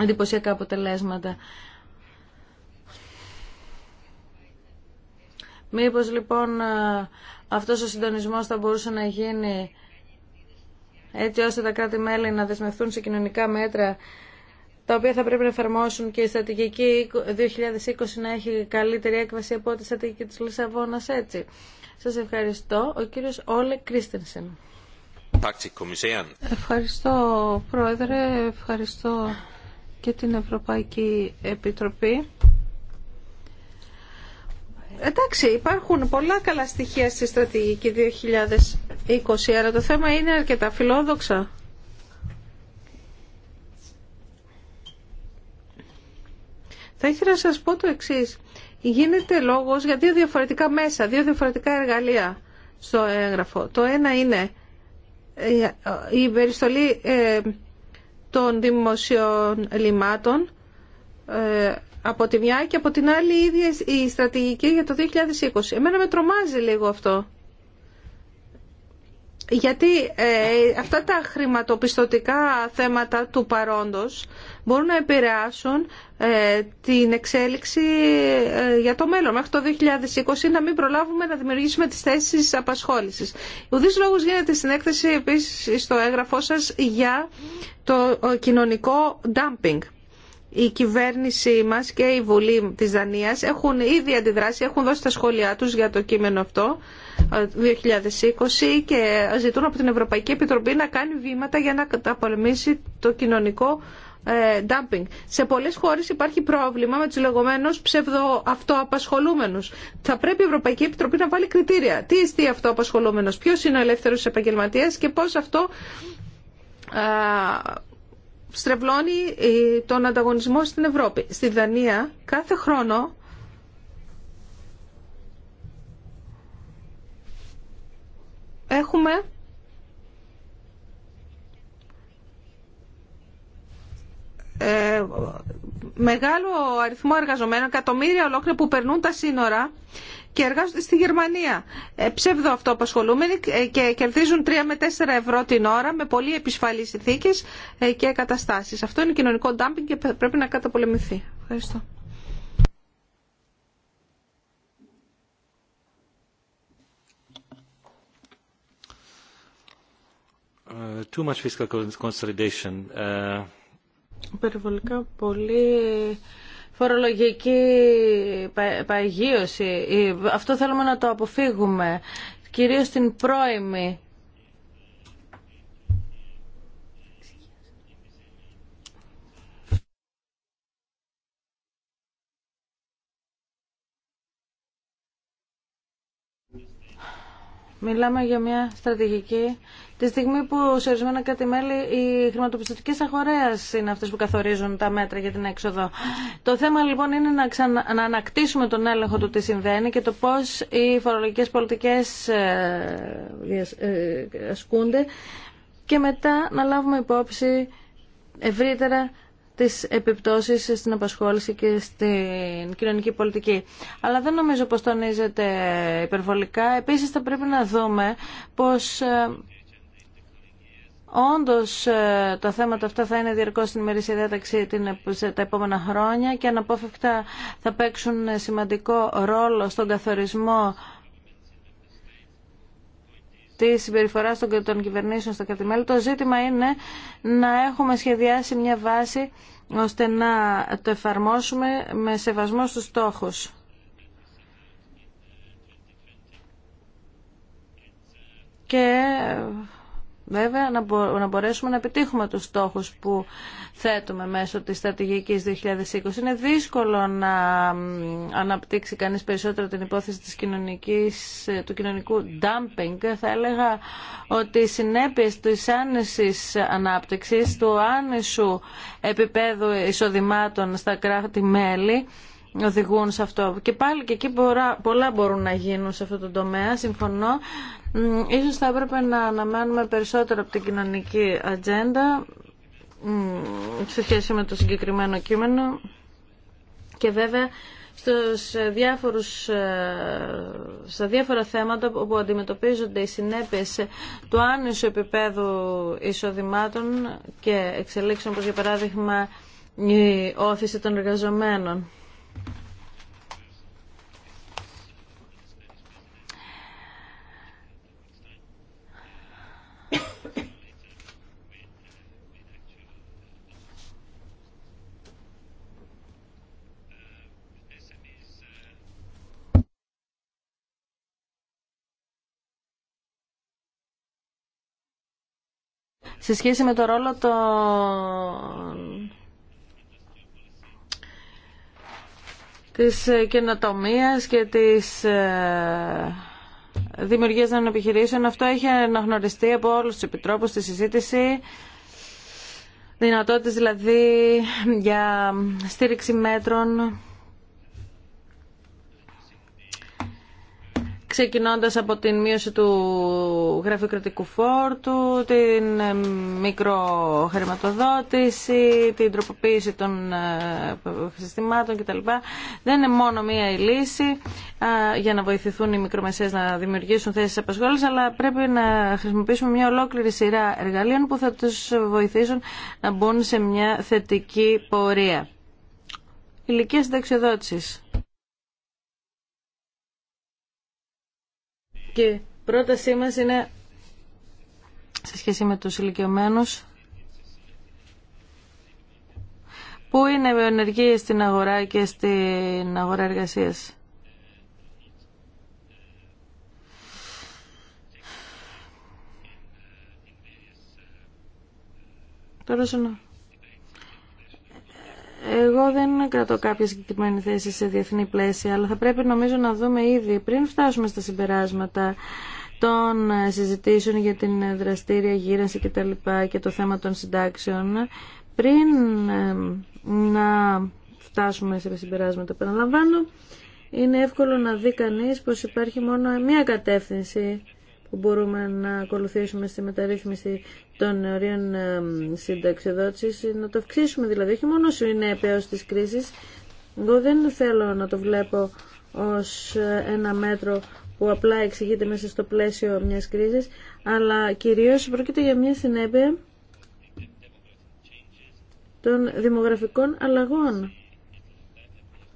εντυπωσιακά αποτελέσματα. Μήπως λοιπόν ε, αυτός ο συντονισμός θα μπορούσε να γίνει έτσι ώστε τα κράτη-μέλη να δεσμευτούν σε κοινωνικά μέτρα τα οποία θα πρέπει να εφαρμόσουν και η στρατηγική 2020 να έχει καλύτερη έκβαση από τη στρατηγική της Λισαβόνας έτσι. Σας ευχαριστώ. Ο κύριος Όλε Κρίστενσεν. Ευχαριστώ Πρόεδρε, ευχαριστώ και την Ευρωπαϊκή Επιτροπή Εντάξει, υπάρχουν πολλά καλά στοιχεία στη στρατηγική 2020, αλλά το θέμα είναι αρκετά φιλόδοξα. Θα ήθελα να σας πω το εξής. Γίνεται λόγος για δύο διαφορετικά μέσα, δύο διαφορετικά εργαλεία στο έγγραφο. Το ένα είναι ε, η περιστολή ε, των δημοσίων λιμάτων ε, από τη μια και από την άλλη η ίδια η στρατηγική για το 2020. Εμένα με τρομάζει λίγο αυτό. Γιατί ε, αυτά τα χρηματοπιστωτικά θέματα του παρόντος μπορούν να επηρεάσουν ε, την εξέλιξη ε, για το μέλλον. Μέχρι το 2020 να μην προλάβουμε να δημιουργήσουμε τις θέσεις απασχόλησης. δύο λόγος γίνεται στην έκθεση επίσης στο έγγραφό σας για το κοινωνικό dumping η κυβέρνησή μας και η Βουλή της Δανίας έχουν ήδη αντιδράσει, έχουν δώσει τα σχόλιά τους για το κείμενο αυτό 2020 ε, και ζητούν από την Ευρωπαϊκή Επιτροπή να κάνει βήματα για να καταπολεμήσει το κοινωνικό ε, dumping. Σε πολλές χώρες υπάρχει πρόβλημα με τους λεγόμενους ψευδοαυτοαπασχολούμενους. Θα πρέπει η Ευρωπαϊκή Επιτροπή να βάλει κριτήρια. Τι εστί αυτοαπασχολούμενος, ποιος είναι ο ελεύθερος επαγγελματίας και πώς αυτό ε, στρεβλώνει ε, τον ανταγωνισμό στην Ευρώπη. Στη Δανία κάθε χρόνο έχουμε ε, μεγάλο αριθμό εργαζομένων, εκατομμύρια ολόκληρα που περνούν τα σύνορα και εργάζονται στη Γερμανία. Ε, ψεύδο αυτό απασχολούμενοι ε, και κερδίζουν 3 με 4 ευρώ την ώρα με πολύ επισφαλείς συνθήκε ε, και καταστάσεις. Αυτό είναι κοινωνικό ντάμπινγκ και πρέπει να καταπολεμηθεί. Ευχαριστώ. Uh, too much fiscal consolidation. Uh, Περιβολικά πολύ φορολογική παγίωση. Αυτό θέλουμε να το αποφύγουμε, κυρίως την πρώιμη Μιλάμε για μια στρατηγική τη στιγμή που σε ορισμένα κάτι μέλη οι χρηματοπιστωτικέ αγορέ είναι αυτέ που καθορίζουν τα μέτρα για την έξοδο. Το θέμα λοιπόν είναι να, να ανακτήσουμε τον έλεγχο του τι συμβαίνει και το πώ οι φορολογικέ πολιτικέ ε, ε, ασκούνται και μετά να λάβουμε υπόψη ευρύτερα τις επιπτώσεις στην απασχόληση και στην κοινωνική πολιτική. Αλλά δεν νομίζω πως τονίζεται υπερβολικά. Επίσης θα πρέπει να δούμε πως ε, Όντως ε, τα θέματα αυτά θα είναι διαρκώς στην ημερήσια διάταξη τα επόμενα χρόνια και αναπόφευκτα θα παίξουν σημαντικό ρόλο στον καθορισμό τη συμπεριφορά των κυβερνήσεων στα κρατημέλη. Το ζήτημα είναι να έχουμε σχεδιάσει μια βάση ώστε να το εφαρμόσουμε με σεβασμό στους στόχους. Και βέβαια να μπορέσουμε να επιτύχουμε τους στόχους που θέτουμε μέσω της στρατηγικής 2020. Είναι δύσκολο να αναπτύξει κανείς περισσότερο την υπόθεση της κοινωνικής, του κοινωνικού dumping. Θα έλεγα ότι οι συνέπειες της άνεσης ανάπτυξης, του άνεσου επίπεδου εισοδημάτων στα κράτη-μέλη, οδηγούν σε αυτό. Και πάλι και εκεί πολλά μπορούν να γίνουν σε αυτό το τομέα, συμφωνώ. Ίσως θα έπρεπε να αναμένουμε περισσότερο από την κοινωνική ατζέντα σε σχέση με το συγκεκριμένο κείμενο και βέβαια στους διάφορους, ε, στα διάφορα θέματα όπου αντιμετωπίζονται οι συνέπειες του άνισου επίπεδου εισοδημάτων και εξελίξεων όπως για παράδειγμα η όθηση των εργαζομένων. σε σχέση με το ρόλο των... της ε, καινοτομίας και της ε, δημιουργίας των επιχειρήσεων. Αυτό έχει αναγνωριστεί από όλους τους επιτρόπους στη συζήτηση. Δυνατότητες δηλαδή για στήριξη μέτρων ξεκινώντας από την μείωση του γραφειοκρατικού φόρτου, την ε, μικροχρηματοδότηση, την τροποποίηση των ε, συστημάτων κτλ. Δεν είναι μόνο μία η λύση για να βοηθηθούν οι μικρομεσαίες να δημιουργήσουν θέσεις απασχόλησης, αλλά πρέπει να χρησιμοποιήσουμε μια ολόκληρη σειρά εργαλείων που θα τους βοηθήσουν να μπουν σε μια θετική πορεία. Ηλικία συνταξιοδότησης. Και πρότασή μας είναι σε σχέση με τους ηλικιωμένους που είναι ενεργεία στην αγορά και στην αγορά εργασίας. Τώρα εγώ δεν κρατώ κάποια συγκεκριμένη θέση σε διεθνή πλαίσια, αλλά θα πρέπει νομίζω να δούμε ήδη πριν φτάσουμε στα συμπεράσματα των συζητήσεων για την δραστήρια γύρανση και και το θέμα των συντάξεων πριν να φτάσουμε σε συμπεράσματα που είναι εύκολο να δει κανεί πως υπάρχει μόνο μία κατεύθυνση που μπορούμε να ακολουθήσουμε στη μεταρρύθμιση των ορίων ε, συνταξιδότηση, να το αυξήσουμε δηλαδή όχι μόνο σου είναι επέος της κρίσης εγώ δεν θέλω να το βλέπω ως ε, ένα μέτρο που απλά εξηγείται μέσα στο πλαίσιο μιας κρίσης αλλά κυρίως πρόκειται για μια συνέπεια των δημογραφικών αλλαγών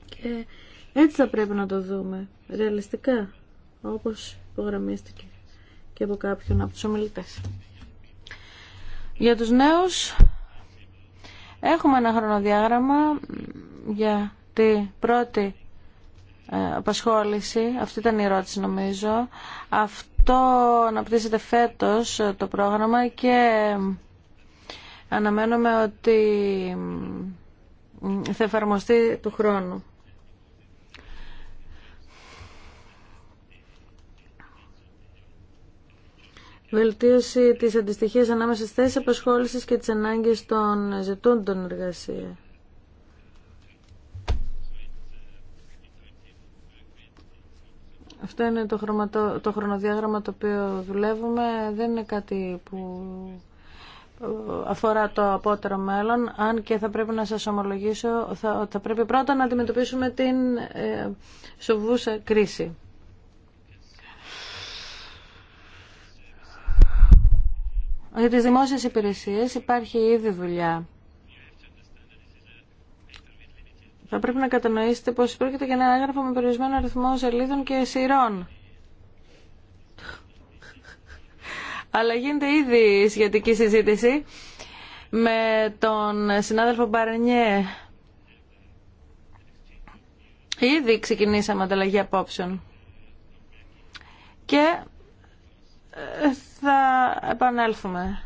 και έτσι θα πρέπει να το δούμε ρεαλιστικά όπως υπογραμμίστηκε και από κάποιον από τους ομιλητές. Για τους νέους έχουμε ένα χρονοδιάγραμμα για τη πρώτη ε, απασχόληση. Αυτή ήταν η ερώτηση νομίζω. Αυτό αναπτύσσεται φέτος ε, το πρόγραμμα και ε, αναμένουμε ότι θα εφαρμοστεί του χρόνου. Βελτίωση τη αντιστοιχία ανάμεσα στι θέσει επασχόληση και τι ανάγκε των ζητούντων εργασία. Αυτό είναι το, χρονοδιάγραμμα το οποίο δουλεύουμε. Δεν είναι κάτι που ε, αφορά το απότερο μέλλον, αν και θα πρέπει να σας ομολογήσω θα... θα πρέπει πρώτα να αντιμετωπίσουμε την ε, σοβούσα κρίση. Για τις δημόσιες υπηρεσίες υπάρχει ήδη δουλειά. Θα πρέπει να κατανοήσετε πως πρόκειται για ένα άγραφο με περιορισμένο αριθμό σελίδων και σειρών. Αλλά γίνεται ήδη σχετική συζήτηση με τον συνάδελφο Μπαρνιέ. Ήδη ξεκινήσαμε ανταλλαγή απόψεων. Και ε, θα επανέλθουμε.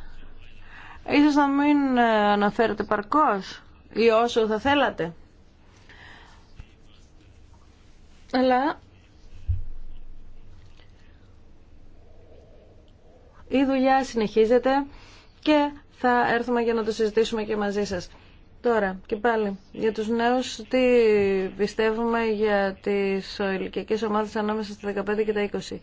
Ίσως να μην ε, αναφέρετε παρκώς ή όσο θα θέλατε. Αλλά η δουλειά συνεχίζεται και θα έρθουμε για να το συζητήσουμε και μαζί σας. Τώρα και πάλι για τους νέους τι πιστεύουμε για τις ηλικιακές ομάδες ανάμεσα στα 15 και τα 20.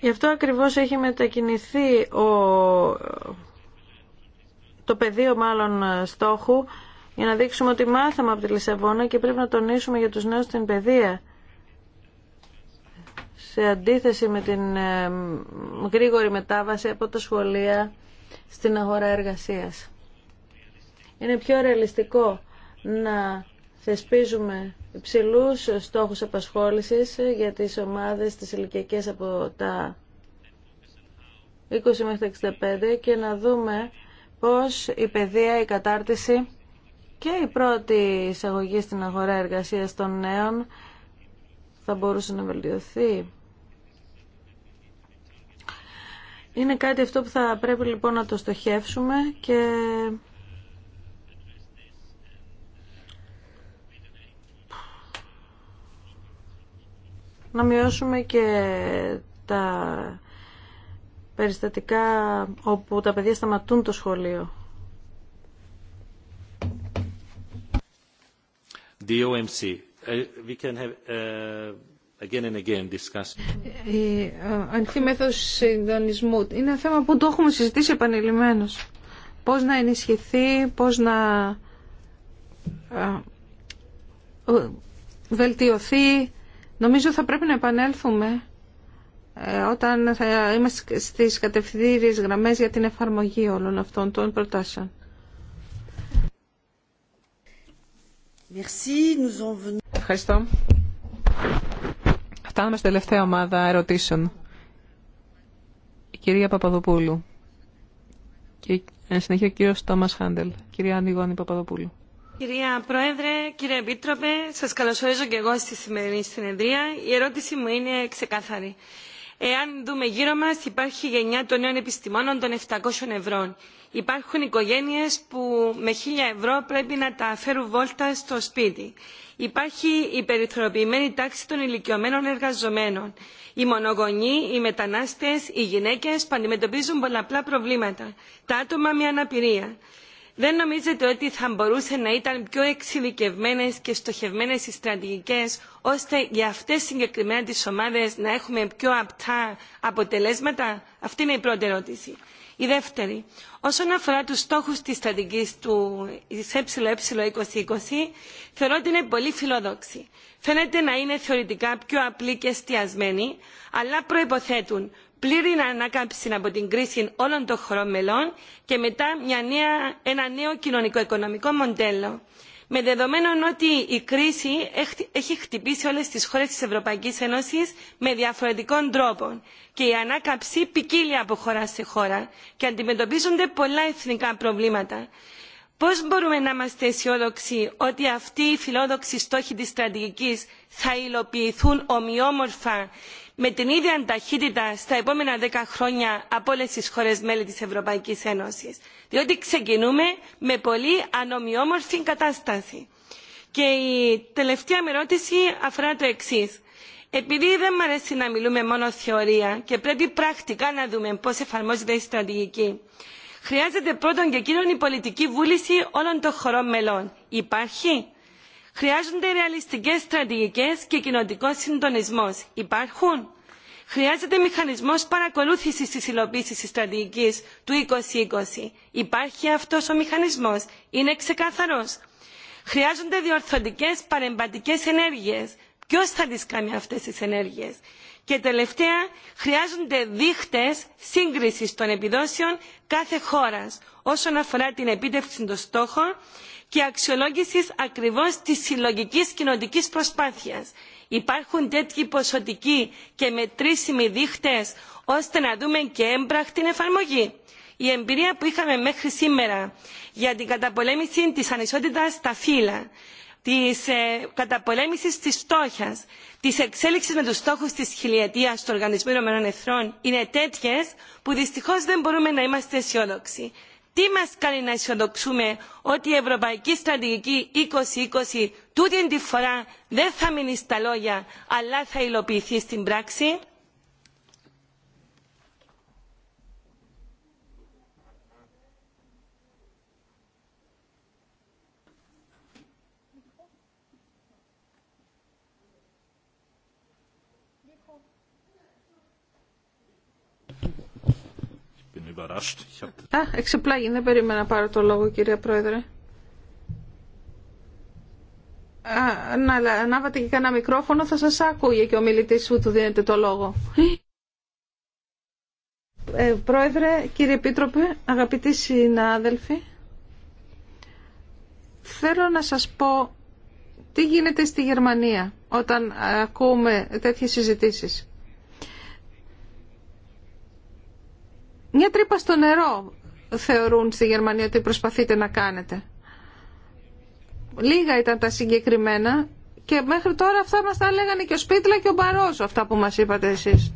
Γι' αυτό ακριβώς έχει μετακινηθεί ο... το πεδίο μάλλον στόχου για να δείξουμε ότι μάθαμε από τη Λισαβόνα και πρέπει να τονίσουμε για τους νέους την παιδεία σε αντίθεση με την ε, γρήγορη μετάβαση από τα σχολεία στην αγορά εργασίας. Είναι πιο ρεαλιστικό να θεσπίζουμε Υψηλού στόχους απασχόλησης για τις ομάδες τις ηλικιακή από τα 20 μέχρι τα 65 και να δούμε πώς η παιδεία, η κατάρτιση και η πρώτη εισαγωγή στην αγορά εργασίας των νέων θα μπορούσε να βελτιωθεί. Είναι κάτι αυτό που θα πρέπει λοιπόν να το στοχεύσουμε και να μειώσουμε και τα περιστατικά όπου τα παιδιά σταματούν το σχολείο. DOMC. Ε, we can have, ε, again and again Η ε, ανοιχτή μέθοδος συντονισμού είναι ένα θέμα που το έχουμε συζητήσει επανειλημμένως. Πώς να ενισχυθεί, πώς να βελτιωθεί Νομίζω θα πρέπει να επανέλθουμε ε, όταν θα είμαστε στις κατευθυντήριες γραμμές για την εφαρμογή όλων αυτών των προτάσεων. Ευχαριστώ. Φτάνουμε στην τελευταία ομάδα ερωτήσεων. Η κυρία Παπαδοπούλου και εν συνεχεία ο κύριος Τόμας Χάντελ. Κυρία Ανιγόνη Παπαδοπούλου. Κυρία Πρόεδρε, κύριε Επίτροπε, σας καλωσορίζω και εγώ στη σημερινή συνεδρία. Η ερώτηση μου είναι ξεκάθαρη. Εάν δούμε γύρω μας υπάρχει γενιά των νέων επιστημόνων των 700 ευρώ. Υπάρχουν οικογένειες που με 1000 ευρώ πρέπει να τα φέρουν βόλτα στο σπίτι. Υπάρχει η περιθωριοποιημένη τάξη των ηλικιωμένων εργαζομένων. Οι μονογονεί, οι μετανάστες, οι γυναίκες που αντιμετωπίζουν πολλαπλά προβλήματα. Τα άτομα με αναπηρία δεν νομίζετε ότι θα μπορούσε να ήταν πιο εξειδικευμένε και στοχευμένε οι στρατηγικέ ώστε για αυτέ συγκεκριμένα τι ομάδε να έχουμε πιο απτά αποτελέσματα. Αυτή είναι η πρώτη ερώτηση. Η δεύτερη, όσον αφορά τους στόχους της στρατηγικής του ΕΕ2020, θεωρώ ότι είναι πολύ φιλόδοξη. Φαίνεται να είναι θεωρητικά πιο απλή και εστιασμένη, αλλά προϋποθέτουν πλήρη ανάκαμψη από την κρίση όλων των χωρών μελών και μετά ενα ένα νέο κοινωνικο-οικονομικό μοντέλο. Με δεδομένο ότι η κρίση έχει χτυπήσει όλες τις χώρες της Ευρωπαϊκής Ένωσης με διαφορετικών τρόπων και η ανάκαμψη ποικίλει από χώρα σε χώρα και αντιμετωπίζονται πολλά εθνικά προβλήματα. Πώς μπορούμε να είμαστε αισιόδοξοι ότι αυτοί οι φιλόδοξοι στόχοι της στρατηγικής θα υλοποιηθούν ομοιόμορφα με την ίδια ταχύτητα στα επόμενα δέκα χρόνια από όλε τι χώρε μέλη τη Ευρωπαϊκή Ένωση. Διότι ξεκινούμε με πολύ ανομοιόμορφη κατάσταση. Και η τελευταία με ερώτηση αφορά το εξή. Επειδή δεν μου αρέσει να μιλούμε μόνο θεωρία και πρέπει πρακτικά να δούμε πώ εφαρμόζεται η στρατηγική, χρειάζεται πρώτον και κύριον η πολιτική βούληση όλων των χωρών μελών. Υπάρχει. Χρειάζονται ρεαλιστικέ στρατηγικέ και κοινοτικό συντονισμό. Υπάρχουν. Χρειάζεται μηχανισμό παρακολούθηση τη υλοποίηση τη στρατηγική του 2020. Υπάρχει αυτό ο μηχανισμό. Είναι ξεκάθαρο. Χρειάζονται διορθωτικέ παρεμβατικέ ενέργειε. Ποιο θα τι κάνει αυτέ τι ενέργειε. Και τελευταία, χρειάζονται δείχτε σύγκριση των επιδόσεων κάθε χώρα όσον αφορά την επίτευξη των στόχων και αξιολόγηση ακριβώ τη συλλογική κοινωνική προσπάθεια. Υπάρχουν τέτοιοι ποσοτικοί και μετρήσιμοι δείχτες ώστε να δούμε και έμπρακτη εφαρμογή. Η εμπειρία που είχαμε μέχρι σήμερα για την καταπολέμηση της ανισότητας στα φύλλα, της καταπολέμηση ε, καταπολέμησης της φτώχειας, της εξέλιξης με τους στόχου της χιλιετίας του Οργανισμού είναι τέτοιες που δυστυχώς δεν μπορούμε να είμαστε αισιόδοξοι τι μας κάνει να αισιοδοξούμε ότι η Ευρωπαϊκή Στρατηγική 2020 τούτη τη φορά δεν θα μείνει στα λόγια αλλά θα υλοποιηθεί στην πράξη. Α, εξεπλάγει. Δεν περίμενα να πάρω το λόγο, κυρία Πρόεδρε. Α, να ανάβατε και κανένα μικρόφωνο, θα σας άκουγε και ο μιλητής που του δίνετε το λόγο. Ε, πρόεδρε, κύριε Επίτροπε, αγαπητοί συνάδελφοι, θέλω να σας πω τι γίνεται στη Γερμανία όταν ακούμε τέτοιες συζητήσεις. Μια τρύπα στο νερό θεωρούν στη Γερμανία ότι προσπαθείτε να κάνετε. Λίγα ήταν τα συγκεκριμένα και μέχρι τώρα αυτά μας τα λέγανε και ο Σπίτλα και ο Μπαρόζο αυτά που μας είπατε εσείς.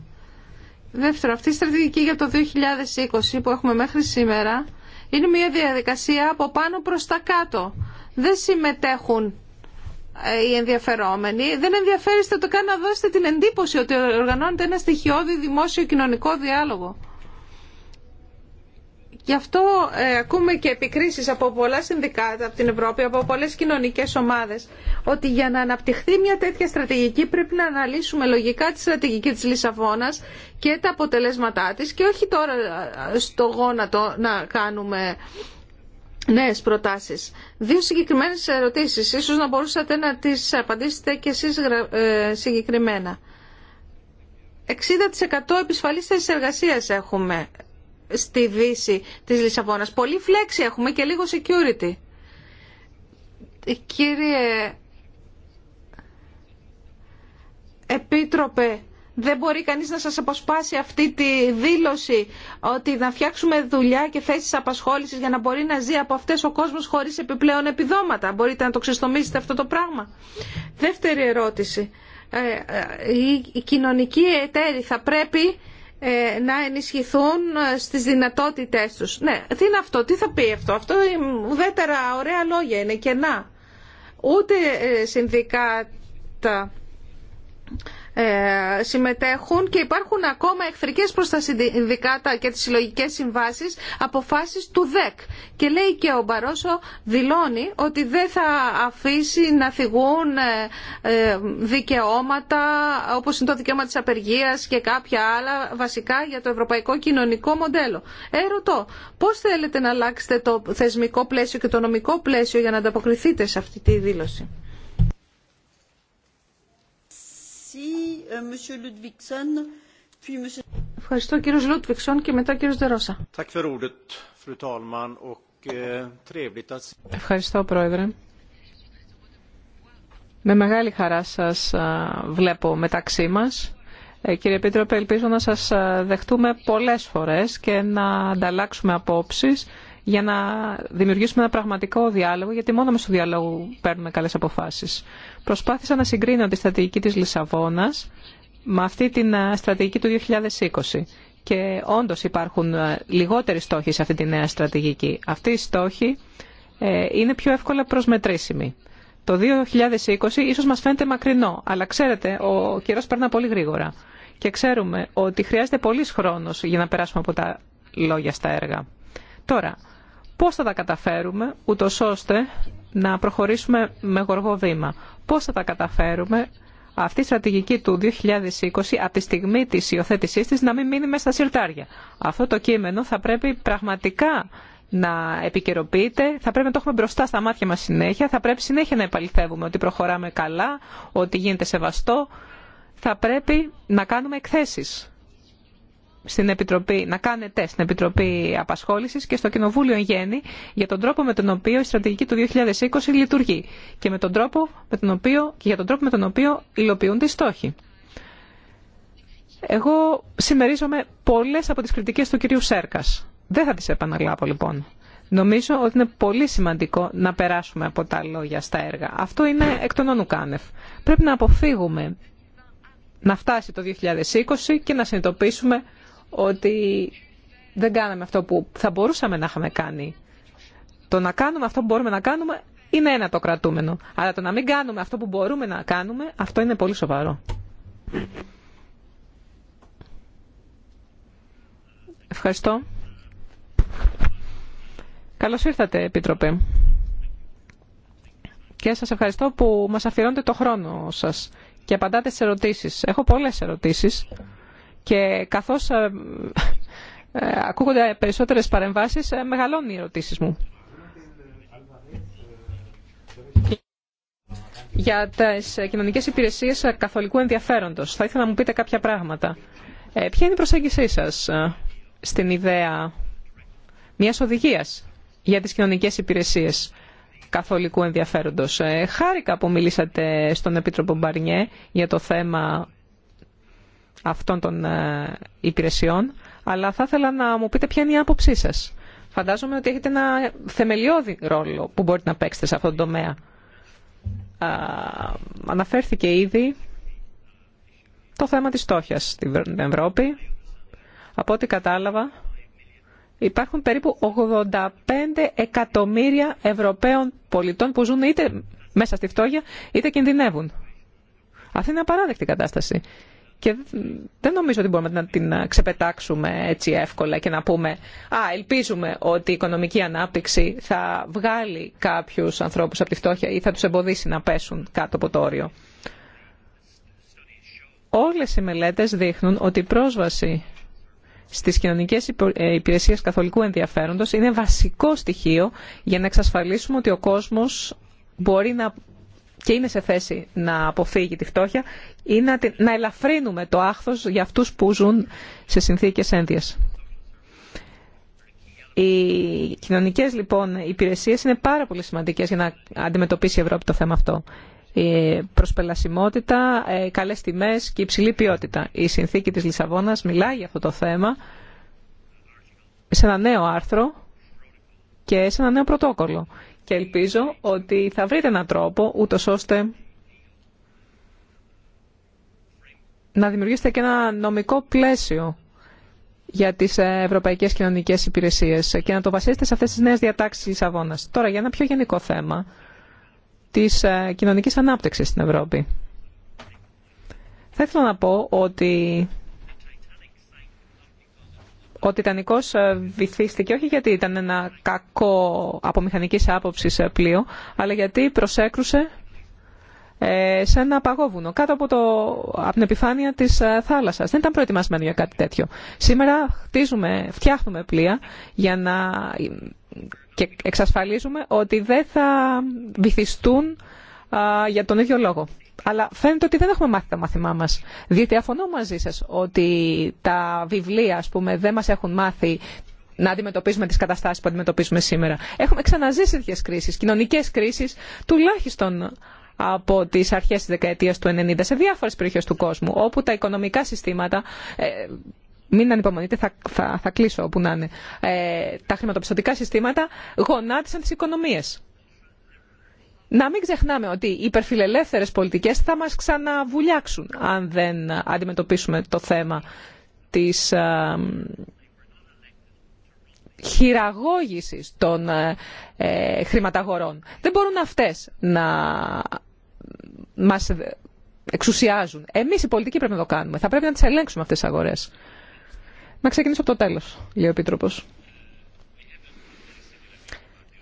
Δεύτερο, αυτή η στρατηγική για το 2020 που έχουμε μέχρι σήμερα είναι μια διαδικασία από πάνω προς τα κάτω. Δεν συμμετέχουν ε, οι ενδιαφερόμενοι. Δεν ενδιαφέρεστε το καν να δώσετε την εντύπωση ότι οργανώνεται ένα στοιχειώδη δημόσιο κοινωνικό διάλογο. Γι' αυτό ε, ακούμε και επικρίσεις από πολλά συνδικάτα από την Ευρώπη, από πολλές κοινωνικές ομάδες, ότι για να αναπτυχθεί μια τέτοια στρατηγική πρέπει να αναλύσουμε λογικά τη στρατηγική της Λισαβόνας και τα αποτελέσματά της και όχι τώρα ε, στο γόνατο να κάνουμε νέες προτάσεις. Δύο συγκεκριμένες ερωτήσεις, ίσως να μπορούσατε να τις απαντήσετε και εσείς ε, συγκεκριμένα. 60% επισφαλής θέσης εργασίας έχουμε στη δύση της Λισαβόνας. Πολύ φλέξη έχουμε και λίγο security. Κύριε Επίτροπε, δεν μπορεί κανείς να σας αποσπάσει αυτή τη δήλωση ότι να φτιάξουμε δουλειά και θέσεις απασχόλησης για να μπορεί να ζει από αυτές ο κόσμος χωρίς επιπλέον επιδόματα. Μπορείτε να το ξεστομίσετε αυτό το πράγμα. Δεύτερη ερώτηση. Ε, ε, η κοινωνική εταίροι θα πρέπει ε, να ενισχυθούν ε, στις δυνατότητές τους. Ναι, τι είναι αυτό, τι θα πει αυτό. Αυτό ουδέτερα ωραία λόγια είναι κενά. Ούτε ε, συνδικάτα ε, συμμετέχουν και υπάρχουν ακόμα εχθρικές προς τα συνδικάτα και τις συλλογικές συμβάσεις αποφάσεις του ΔΕΚ. Και λέει και ο Μπαρόσο δηλώνει ότι δεν θα αφήσει να θυγούν ε, ε, δικαιώματα όπως είναι το δικαίωμα της απεργίας και κάποια άλλα βασικά για το ευρωπαϊκό κοινωνικό μοντέλο. Ερωτώ, πώς θέλετε να αλλάξετε το θεσμικό πλαίσιο και το νομικό πλαίσιο για να ανταποκριθείτε σε αυτή τη δήλωση. Euh, Ευχαριστώ κύριος Λούτβιξον και μετά κύριος Δερόσα. Eh, Ευχαριστώ πρόεδρε. Με μεγάλη χαρά σας βλέπω μεταξύ μας. Ε, κύριε Επίτροπε, ελπίζω να σας δεχτούμε πολλές φορές και να ανταλλάξουμε απόψεις για να δημιουργήσουμε ένα πραγματικό διάλογο, γιατί μόνο με στο διάλογο παίρνουμε καλέ αποφάσει. Προσπάθησα να συγκρίνω τη στρατηγική τη Λισαβόνα με αυτή την ε, στρατηγική του 2020. Και όντω υπάρχουν ε, λιγότεροι στόχοι σε αυτή τη νέα στρατηγική. Αυτοί οι στόχοι ε, είναι πιο εύκολα προσμετρήσιμοι. Το 2020 ίσως μας φαίνεται μακρινό, αλλά ξέρετε, ο καιρός περνά πολύ γρήγορα. Και ξέρουμε ότι χρειάζεται πολύς χρόνος για να περάσουμε από τα λόγια στα έργα. Τώρα, πώς θα τα καταφέρουμε ούτω ώστε να προχωρήσουμε με γοργό βήμα. Πώς θα τα καταφέρουμε αυτή η στρατηγική του 2020 από τη στιγμή της υιοθέτησής της να μην μείνει μέσα στα σιρτάρια. Αυτό το κείμενο θα πρέπει πραγματικά να επικαιροποιείται, θα πρέπει να το έχουμε μπροστά στα μάτια μας συνέχεια, θα πρέπει συνέχεια να επαληθεύουμε ότι προχωράμε καλά, ότι γίνεται σεβαστό, θα πρέπει να κάνουμε εκθέσεις στην Επιτροπή, να κάνετε στην Επιτροπή απασχόληση και στο Κοινοβούλιο Γέννη για τον τρόπο με τον οποίο η στρατηγική του 2020 λειτουργεί και, με τον τρόπο με τον οποίο, και για τον τρόπο με τον οποίο υλοποιούνται οι στόχοι. Εγώ συμμερίζομαι πολλέ από τι κριτικέ του κυρίου Σέρκα. Δεν θα τι επαναλάβω λοιπόν. Νομίζω ότι είναι πολύ σημαντικό να περάσουμε από τα λόγια στα έργα. Αυτό είναι εκ των ονουκάνευ. Πρέπει να αποφύγουμε να φτάσει το 2020 και να συνειδητοποιήσουμε ότι δεν κάναμε αυτό που θα μπορούσαμε να είχαμε κάνει. Το να κάνουμε αυτό που μπορούμε να κάνουμε είναι ένα το κρατούμενο. Αλλά το να μην κάνουμε αυτό που μπορούμε να κάνουμε, αυτό είναι πολύ σοβαρό. Ευχαριστώ. Καλώς ήρθατε, Επίτροπε. Και σας ευχαριστώ που μας αφιερώνετε το χρόνο σας και απαντάτε στις ερωτήσεις. Έχω πολλές ερωτήσεις. Και καθώς ε, ε, ακούγονται περισσότερες παρεμβάσεις, ε, μεγαλώνουν οι ερωτήσεις μου. Για τις κοινωνικές υπηρεσίες καθολικού ενδιαφέροντος, θα ήθελα να μου πείτε κάποια πράγματα. ποια είναι η προσέγγισή σας στην ιδέα μιας οδηγίας για τις κοινωνικές υπηρεσίες καθολικού ενδιαφέροντος. Ε, χάρηκα που μιλήσατε στον Επίτροπο Μπαρνιέ για το θέμα αυτών των ε, υπηρεσιών, αλλά θα ήθελα να μου πείτε ποια είναι η άποψή σας. Φαντάζομαι ότι έχετε ένα θεμελιώδη ρόλο που μπορείτε να παίξετε σε αυτόν τον τομέα. αναφέρθηκε ήδη το θέμα της στόχιας στην Ευρώπη. Από ό,τι κατάλαβα, υπάρχουν περίπου 85 εκατομμύρια Ευρωπαίων πολιτών που ζουν είτε μέσα στη φτώχεια είτε κινδυνεύουν. Αυτή είναι απαράδεκτη κατάσταση. Και δεν νομίζω ότι μπορούμε να την ε, ξεπετάξουμε έτσι εύκολα και να πούμε «Α, ελπίζουμε ότι η οικονομική ανάπτυξη θα βγάλει κάποιους ανθρώπους από τη φτώχεια ή θα τους εμποδίσει να πέσουν κάτω από το όριο». Όλες οι μελέτες δείχνουν ότι η πρόσβαση στις κοινωνικές ε, υπηρεσίες καθολικού ενδιαφέροντος είναι βασικό στοιχείο για να εξασφαλίσουμε ότι ο κόσμος μπορεί να και είναι σε θέση να αποφύγει τη φτώχεια ή να, να ελαφρύνουμε το άχθος για αυτούς που ζουν σε συνθήκες ένδυας. Οι κοινωνικές λοιπόν υπηρεσίες είναι πάρα πολύ σημαντικές για να αντιμετωπίσει η Ευρώπη το θέμα αυτό. προσπελασιμότητα, ε, καλές τιμές και υψηλή ποιότητα. Η συνθήκη της Λισαβόνας μιλάει για αυτό το θέμα σε ένα νέο άρθρο και σε ένα νέο πρωτόκολλο και ελπίζω ότι θα βρείτε έναν τρόπο ούτω ώστε να δημιουργήσετε και ένα νομικό πλαίσιο για τις ευρωπαϊκές κοινωνικέ υπηρεσίες και να το βασίσετε σε αυτές τις νέες διατάξεις αγώνα. Τώρα για ένα πιο γενικό θέμα τη ε, κοινωνική ανάπτυξη στην Ευρώπη. Θα ήθελα να πω ότι ο Τιτανικός ε, βυθίστηκε όχι γιατί ήταν ένα κακό από μηχανική άποψη ε, πλοίο, αλλά γιατί προσέκρουσε ε, σε ένα παγόβουνο κάτω από, το, την επιφάνεια της θάλασσας. Δεν ήταν προετοιμασμένο για κάτι τέτοιο. Σήμερα χτίζουμε, φτιάχνουμε πλοία για να και εξασφαλίζουμε ότι δεν θα βυθιστούν για τον ίδιο λόγο αλλά φαίνεται ότι δεν έχουμε μάθει τα μάθημά μα. Διότι αφωνώ μαζί σα ότι τα βιβλία, ας πούμε, δεν μα έχουν μάθει να αντιμετωπίζουμε τι καταστάσει που αντιμετωπίζουμε σήμερα. Έχουμε ξαναζήσει τέτοιε κρίσει, κοινωνικέ κρίσει, τουλάχιστον από τι αρχέ τη δεκαετία του 90 σε διάφορε περιοχέ του κόσμου, όπου τα οικονομικά συστήματα. Ε, μην ανυπομονείτε, θα, θα, θα κλείσω όπου να είναι. Ε, τα χρηματοπιστωτικά συστήματα γονάτισαν τι οικονομίε να μην ξεχνάμε ότι οι υπερφιλελεύθερες πολιτικές θα μας ξαναβουλιάξουν αν δεν αντιμετωπίσουμε το θέμα της ε, χειραγώγησης των ε, ε, χρηματαγορών. Δεν μπορούν αυτές να μας εξουσιάζουν. Εμείς οι πολιτικοί πρέπει να το κάνουμε. Θα πρέπει να τις ελέγξουμε αυτές τις αγορές. Να ξεκινήσω από το τέλος, λέει ο Επίτροπος.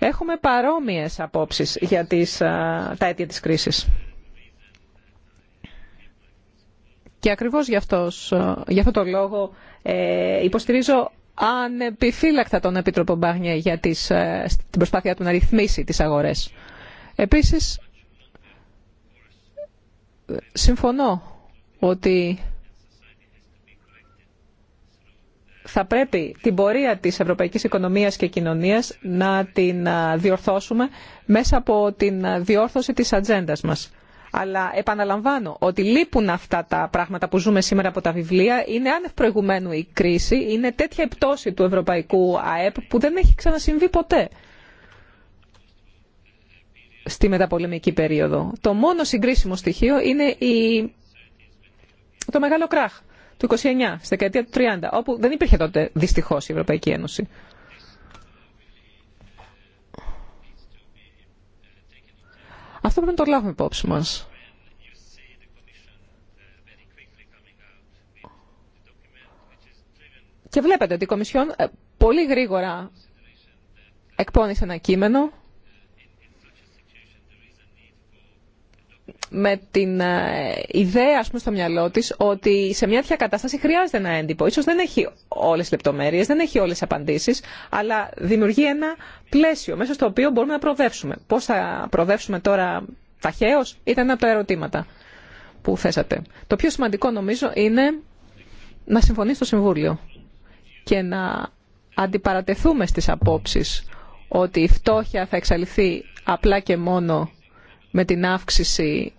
Έχουμε παρόμοιες απόψεις για τις, τα αίτια της κρίσης. Και ακριβώς γι' αυτός, γι αυτό το λόγο ε, υποστηρίζω ανεπιφύλακτα τον Επίτροπο Μπάγνια για τις, ε, την προσπάθειά του να ρυθμίσει τις αγορές. Επίσης, συμφωνώ ότι θα πρέπει την πορεία της ευρωπαϊκής οικονομίας και κοινωνίας να την διορθώσουμε μέσα από την διόρθωση της ατζέντα μας. Αλλά επαναλαμβάνω ότι λείπουν αυτά τα πράγματα που ζούμε σήμερα από τα βιβλία. Είναι άνευ προηγουμένου η κρίση, είναι τέτοια η πτώση του ευρωπαϊκού ΑΕΠ που δεν έχει ξανασυμβεί ποτέ στη μεταπολεμική περίοδο. Το μόνο συγκρίσιμο στοιχείο είναι το μεγάλο κράχ του 29, στη δεκαετία του 30, όπου δεν υπήρχε τότε δυστυχώ η Ευρωπαϊκή Ένωση. Αυτό πρέπει να το λάβουμε υπόψη μας. Και βλέπετε ότι η Κομισιόν ε, πολύ γρήγορα εκπώνησε ένα κείμενο με την ε, ιδέα πούμε, στο μυαλό τη, ότι σε μια τέτοια κατάσταση χρειάζεται ένα έντυπο. Ίσως δεν έχει όλες τις λεπτομέρειες, δεν έχει όλες τις απαντήσεις, αλλά δημιουργεί ένα πλαίσιο μέσα στο οποίο μπορούμε να προδεύσουμε. Πώς θα προδεύσουμε τώρα ταχαίως ήταν ένα από τα ερωτήματα που θέσατε. Το πιο σημαντικό νομίζω είναι να συμφωνεί στο Συμβούλιο και να αντιπαρατεθούμε στις απόψεις ότι η φτώχεια θα εξαλειφθεί απλά και μόνο με την αύξηση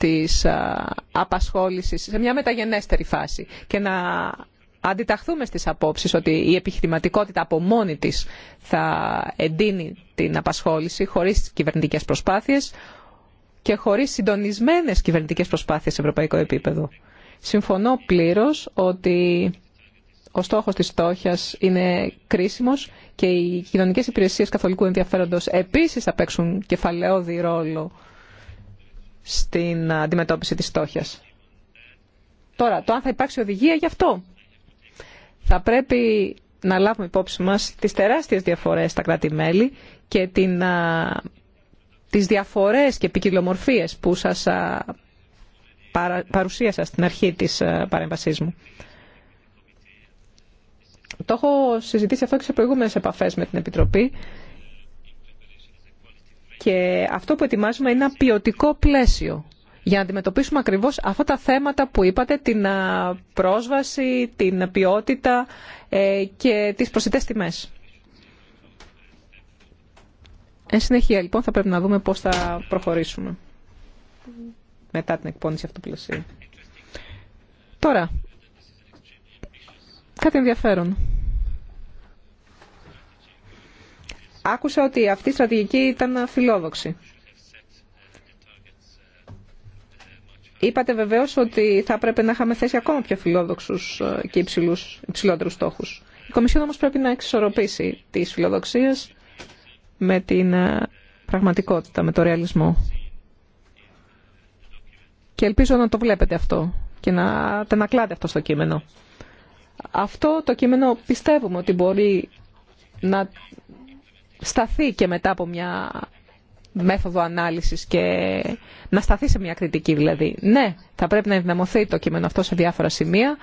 της απασχόλησης σε μια μεταγενέστερη φάση και να αντιταχθούμε στις απόψεις ότι η επιχειρηματικότητα από μόνη της θα εντείνει την απασχόληση χωρίς κυβερνητικές προσπάθειες και χωρίς συντονισμένες κυβερνητικές προσπάθειες σε ευρωπαϊκό επίπεδο. Συμφωνώ πλήρως ότι ο στόχος της στόχιας είναι κρίσιμος και οι κοινωνικές υπηρεσίες καθολικού ενδιαφέροντος επίσης θα παίξουν κεφαλαιόδη ρόλο στην αντιμετώπιση της στόχιας. Τώρα, το αν θα υπάρξει οδηγία γι' αυτό. Θα πρέπει να λάβουμε υπόψη μας τις τεράστιες διαφορές στα κράτη-μέλη και την, α, τις διαφορές και ποικιλομορφίες που σας παρουσίασα στην αρχή της α, παρέμβασής μου. Το έχω συζητήσει αυτό και σε προηγούμενες επαφές με την Επιτροπή και αυτό που ετοιμάζουμε είναι ένα ποιοτικό πλαίσιο για να αντιμετωπίσουμε ακριβώς αυτά τα θέματα που είπατε, την πρόσβαση, την ποιότητα ε, και τις προσιτές τιμές. Εν συνεχεία, λοιπόν, θα πρέπει να δούμε πώς θα προχωρήσουμε μετά την εκπόνηση αυτού του πλαισίου. Τώρα, κάτι ενδιαφέρον. Άκουσα ότι αυτή η στρατηγική ήταν φιλόδοξη. Είπατε βεβαίω ότι θα πρέπει να είχαμε θέσει ακόμα πιο φιλόδοξου ε, και υψηλούς, υψηλότερου στόχου. Η Κομισιόν όμω πρέπει να εξισορροπήσει τι φιλοδοξίες με την ε, πραγματικότητα, με το ρεαλισμό. Και ελπίζω να το βλέπετε αυτό και να τενακλάτε αυτό στο κείμενο. Αυτό το κείμενο πιστεύουμε ότι μπορεί να σταθεί και μετά από μια μέθοδο ανάλυσης και να σταθεί σε μια κριτική δηλαδή. Ναι, θα πρέπει να ενδυναμωθεί το κείμενο αυτό σε διάφορα σημεία.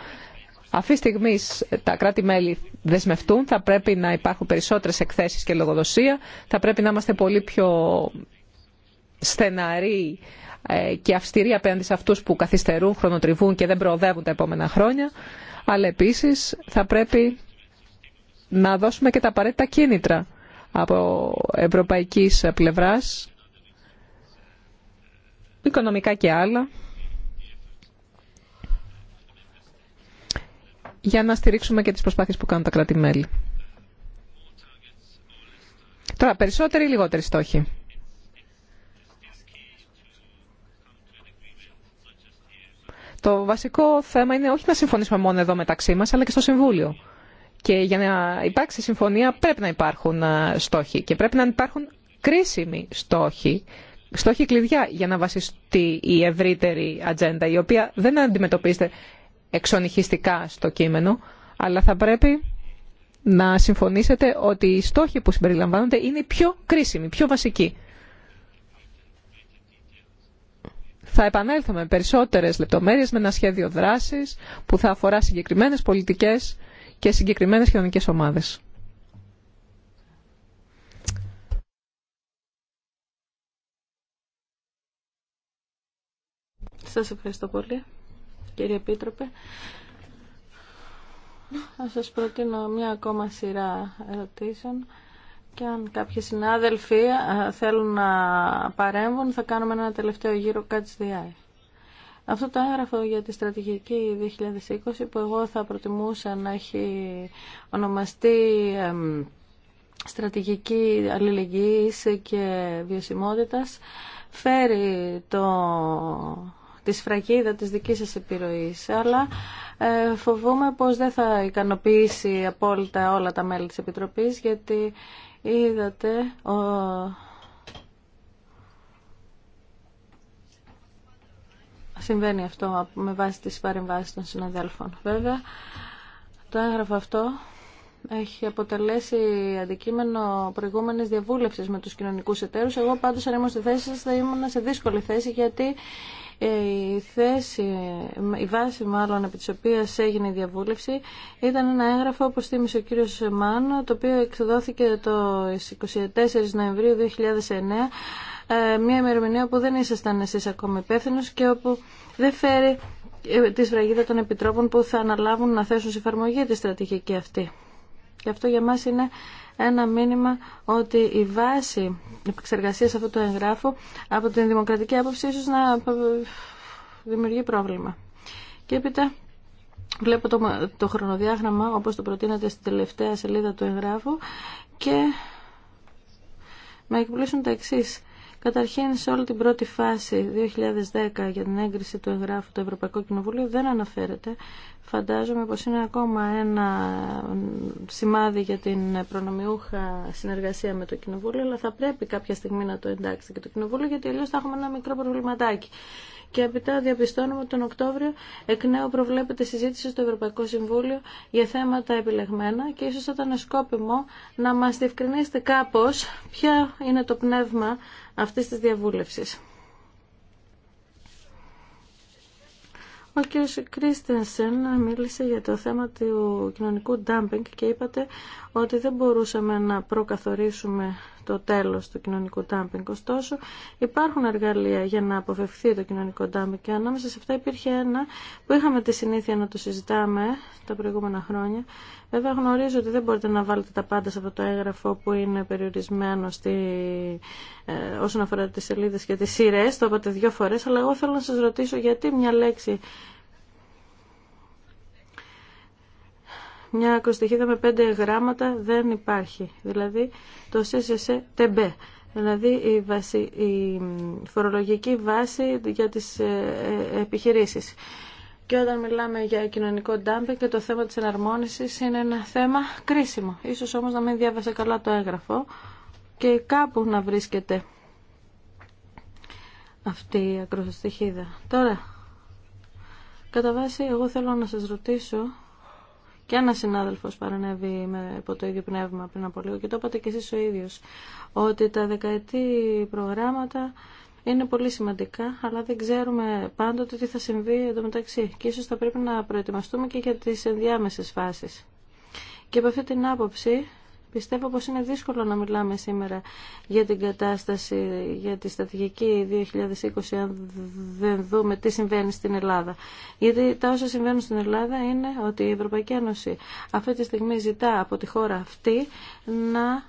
Αυτή τη στιγμή τα κράτη-μέλη δεσμευτούν, θα πρέπει να υπάρχουν περισσότερες εκθέσεις και λογοδοσία, θα πρέπει να είμαστε πολύ πιο στεναροί ε, και αυστηροί απέναντι σε αυτούς που καθυστερούν, χρονοτριβούν και δεν προοδεύουν τα επόμενα χρόνια, αλλά επίσης θα πρέπει να δώσουμε και τα απαραίτητα κίνητρα από ευρωπαϊκής πλευράς, οικονομικά και άλλα, για να στηρίξουμε και τις προσπάθειες που κάνουν τα κράτη-μέλη. Τώρα, περισσότεροι ή λιγότεροι στόχοι. Το βασικό θέμα είναι όχι να συμφωνήσουμε μόνο εδώ μεταξύ μας, αλλά και στο Συμβούλιο. Και για να υπάρξει συμφωνία πρέπει να υπάρχουν ε, στόχοι και πρέπει να υπάρχουν κρίσιμοι στόχοι, στόχοι κλειδιά για να βασιστεί η ευρύτερη ατζέντα, η οποία δεν αντιμετωπίζεται εξονυχιστικά στο κείμενο, αλλά θα πρέπει να συμφωνήσετε ότι οι στόχοι που συμπεριλαμβάνονται είναι πιο κρίσιμοι, πιο βασικοί. Θα επανέλθω με περισσότερες λεπτομέρειες, με ένα σχέδιο δράσης που θα αφορά συγκεκριμένες πολιτικές και συγκεκριμένες κοινωνικές ομάδες. Σας ευχαριστώ πολύ, κύριε Επίτροπε. Θα σας προτείνω μια ακόμα σειρά ερωτήσεων και αν κάποιοι συνάδελφοι ε, θέλουν να παρέμβουν θα κάνουμε ένα τελευταίο γύρο Catch the Eye. Αυτό το έγγραφο για τη στρατηγική 2020 που εγώ θα προτιμούσα να έχει ονομαστεί στρατηγική αλληλεγγύης και βιωσιμότητας φέρει το, τη σφραγίδα της δικής σας επιρροής, αλλά ε, φοβούμαι πως δεν θα ικανοποιήσει απόλυτα όλα τα μέλη της Επιτροπής, γιατί είδατε συμβαίνει αυτό με βάση τις παρεμβάσεις των συναδέλφων. Βέβαια, το έγγραφο αυτό έχει αποτελέσει αντικείμενο προηγούμενη διαβούλευση με του κοινωνικού εταίρου. Εγώ πάντω, αν ήμουν στη θέση σα, θα ήμουν σε δύσκολη θέση, γιατί ε, η θέση, η βάση μάλλον επί τη οποία έγινε η διαβούλευση ήταν ένα έγγραφο όπως θύμισε ο κύριος Σεμάν το οποίο εξεδόθηκε το 24 Νοεμβρίου 2009 ε, μια ημερομηνία που δεν ήσασταν εσείς ακόμα υπεύθυνο και όπου δεν φέρει ε, τη σφραγίδα των επιτρόπων που θα αναλάβουν να θέσουν σε εφαρμογή τη στρατηγική αυτή. Και αυτό για μας είναι ένα μήνυμα ότι η βάση επεξεργασίας αυτού του εγγράφου από την δημοκρατική άποψη ίσως να ε, δημιουργεί πρόβλημα. Και έπειτα βλέπω το, το χρονοδιάγραμμα όπως το προτείνατε στην τελευταία σελίδα του εγγράφου και με εκπλήσουν τα εξής. Καταρχήν, σε όλη την πρώτη φάση 2010 για την έγκριση του εγγράφου του Ευρωπαϊκού Κοινοβουλίου δεν αναφέρεται. Φαντάζομαι πως είναι ακόμα ένα σημάδι για την προνομιούχα συνεργασία με το Κοινοβούλιο, αλλά θα πρέπει κάποια στιγμή να το εντάξει και το Κοινοβούλιο, γιατί αλλιώς θα έχουμε ένα μικρό προβληματάκι. Και τα διαπιστώνουμε ότι τον Οκτώβριο εκ νέου προβλέπεται συζήτηση στο Ευρωπαϊκό Συμβούλιο για θέματα επιλεγμένα και ίσως ήταν σκόπιμο να μας διευκρινίσετε κάπως ποια είναι το πνεύμα αυτής της διαβούλευσης. Ο κ. Κρίστενσεν μίλησε για το θέμα του κοινωνικού ντάμπινγκ και είπατε ότι δεν μπορούσαμε να προκαθορίσουμε το τέλος του κοινωνικού τάμπινγκ Ωστόσο, υπάρχουν εργαλεία για να αποφευχθεί το κοινωνικό τάμπινγκ και ανάμεσα σε αυτά υπήρχε ένα που είχαμε τη συνήθεια να το συζητάμε τα προηγούμενα χρόνια. Βέβαια, γνωρίζω ότι δεν μπορείτε να βάλετε τα πάντα σε αυτό το έγγραφο που είναι περιορισμένο στη, ε, όσον αφορά τις σελίδες και τις σειρές. Το είπατε δύο φορές, αλλά εγώ θέλω να σας ρωτήσω γιατί μια λέξη μια ακροστοιχίδα με πέντε γράμματα δεν υπάρχει. Δηλαδή το ΣΣΣ τεμπέ. Δηλαδή η, βασι, η φορολογική βάση για τις ε, ε, επιχειρήσεις. Και όταν μιλάμε για κοινωνικό ντάμπινγκ και το θέμα της εναρμόνισης είναι ένα θέμα κρίσιμο. Ίσως όμως να μην διάβασα καλά το έγγραφο και κάπου να βρίσκεται αυτή η ακροστοιχίδα. Τώρα, κατά βάση εγώ θέλω να σας ρωτήσω και ένα συνάδελφο παρενέβη με, υπό το ίδιο πνεύμα πριν από λίγο και το είπατε και εσεί ο ίδιος, ότι τα δεκαετή προγράμματα είναι πολύ σημαντικά, αλλά δεν ξέρουμε πάντοτε τι θα συμβεί εντωμεταξύ. Και ίσω θα πρέπει να προετοιμαστούμε και για τις ενδιάμεσες φάσεις. Και από αυτή την άποψη Πιστεύω πως είναι δύσκολο να μιλάμε σήμερα για την κατάσταση, για τη στρατηγική 2020, αν δεν δούμε τι συμβαίνει στην Ελλάδα. Γιατί τα όσα συμβαίνουν στην Ελλάδα είναι ότι η Ευρωπαϊκή Ένωση αυτή τη στιγμή ζητά από τη χώρα αυτή να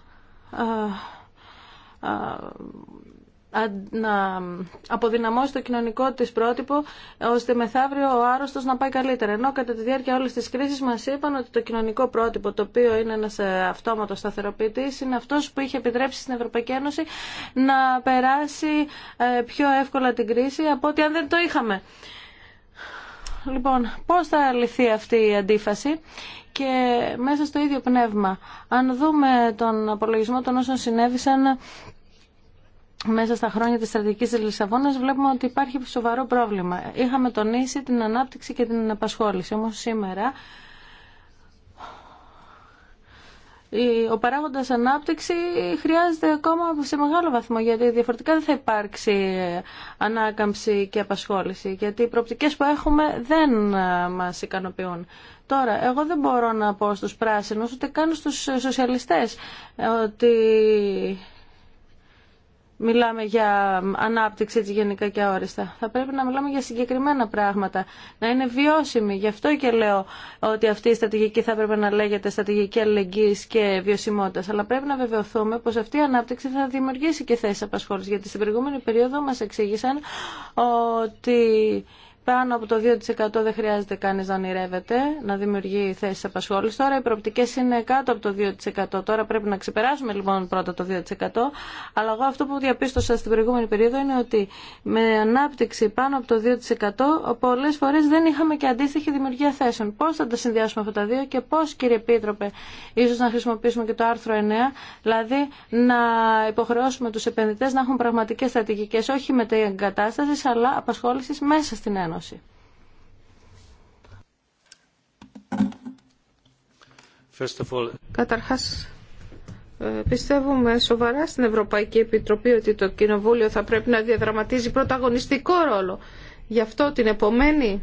να αποδυναμώσει το κοινωνικό της πρότυπο ώστε μεθαύριο ο άρρωστος να πάει καλύτερα. Ενώ κατά τη διάρκεια όλη τη κρίση μας είπαν ότι το κοινωνικό πρότυπο το οποίο είναι ένας ε, αυτόματο σταθεροποιήτη είναι αυτός που είχε επιτρέψει στην Ευρωπαϊκή Ένωση να περάσει ε, πιο εύκολα την κρίση από ότι αν δεν το είχαμε. Λοιπόν, πώς θα λυθεί αυτή η αντίφαση και μέσα στο ίδιο πνεύμα. Αν δούμε τον απολογισμό των όσων συνέβησαν μέσα στα χρόνια της στρατηγικής της Λισαβόνας βλέπουμε ότι υπάρχει σοβαρό πρόβλημα. Είχαμε τονίσει την ανάπτυξη και την απασχόληση, όμως σήμερα ο παράγοντας ανάπτυξη χρειάζεται ακόμα σε μεγάλο βαθμό γιατί διαφορετικά δεν θα υπάρξει ανάκαμψη και απασχόληση γιατί οι προοπτικές που έχουμε δεν ε, μας ικανοποιούν. Τώρα, εγώ δεν μπορώ να πω στους πράσινους ούτε καν στους σοσιαλιστές ότι μιλάμε για ανάπτυξη έτσι γενικά και αόριστα. Θα πρέπει να μιλάμε για συγκεκριμένα πράγματα, να είναι βιώσιμη. Γι' αυτό και λέω ότι αυτή η στρατηγική θα πρέπει να λέγεται στρατηγική αλληλεγγύης και βιωσιμότητα. Αλλά πρέπει να βεβαιωθούμε πως αυτή η ανάπτυξη θα δημιουργήσει και θέσεις απασχόλησης. Γιατί στην προηγούμενη περίοδο μας εξήγησαν ότι πάνω από το 2% δεν χρειάζεται κανεί να ονειρεύεται να δημιουργεί θέσει απασχόληση. Τώρα οι προοπτικέ είναι κάτω από το 2%. Τώρα πρέπει να ξεπεράσουμε λοιπόν πρώτα το 2%. Αλλά εγώ αυτό που διαπίστωσα στην προηγούμενη περίοδο είναι ότι με ανάπτυξη πάνω από το 2% πολλέ φορέ δεν είχαμε και αντίστοιχη δημιουργία θέσεων. Πώ θα τα συνδυάσουμε αυτά τα δύο και πώ, κύριε Επίτροπε, ίσω να χρησιμοποιήσουμε και το άρθρο 9, δηλαδή να υποχρεώσουμε του επενδυτέ να έχουν πραγματικέ στρατηγικέ όχι εγκατάσταση, αλλά απασχόληση μέσα στην Ένωση οργάνωση. Καταρχάς, ε, πιστεύουμε σοβαρά στην Ευρωπαϊκή Επιτροπή ότι το Κοινοβούλιο θα πρέπει να διαδραματίζει πρωταγωνιστικό ρόλο. Γι' αυτό την επομένη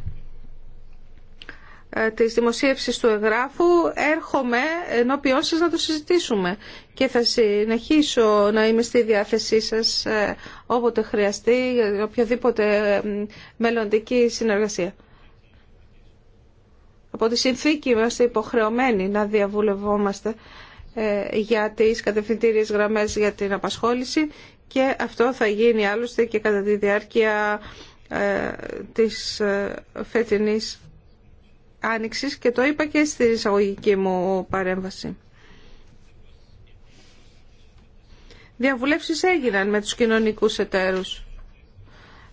ε, της δημοσίευσης του εγγράφου έρχομαι ενώπιόν σας να το συζητήσουμε και θα συνεχίσω να είμαι στη διάθεσή σας ε, όποτε χρειαστεί για οποιαδήποτε ε, μελλοντική συνεργασία. Από τη συνθήκη είμαστε υποχρεωμένοι να διαβουλευόμαστε για τις κατευθυντήριες γραμμές για την απασχόληση και αυτό θα γίνει άλλωστε και κατά τη διάρκεια της φετινής Άνοιξης και το είπα και στην εισαγωγική μου παρέμβαση. Διαβουλεύσεις έγιναν με τους κοινωνικούς εταίρους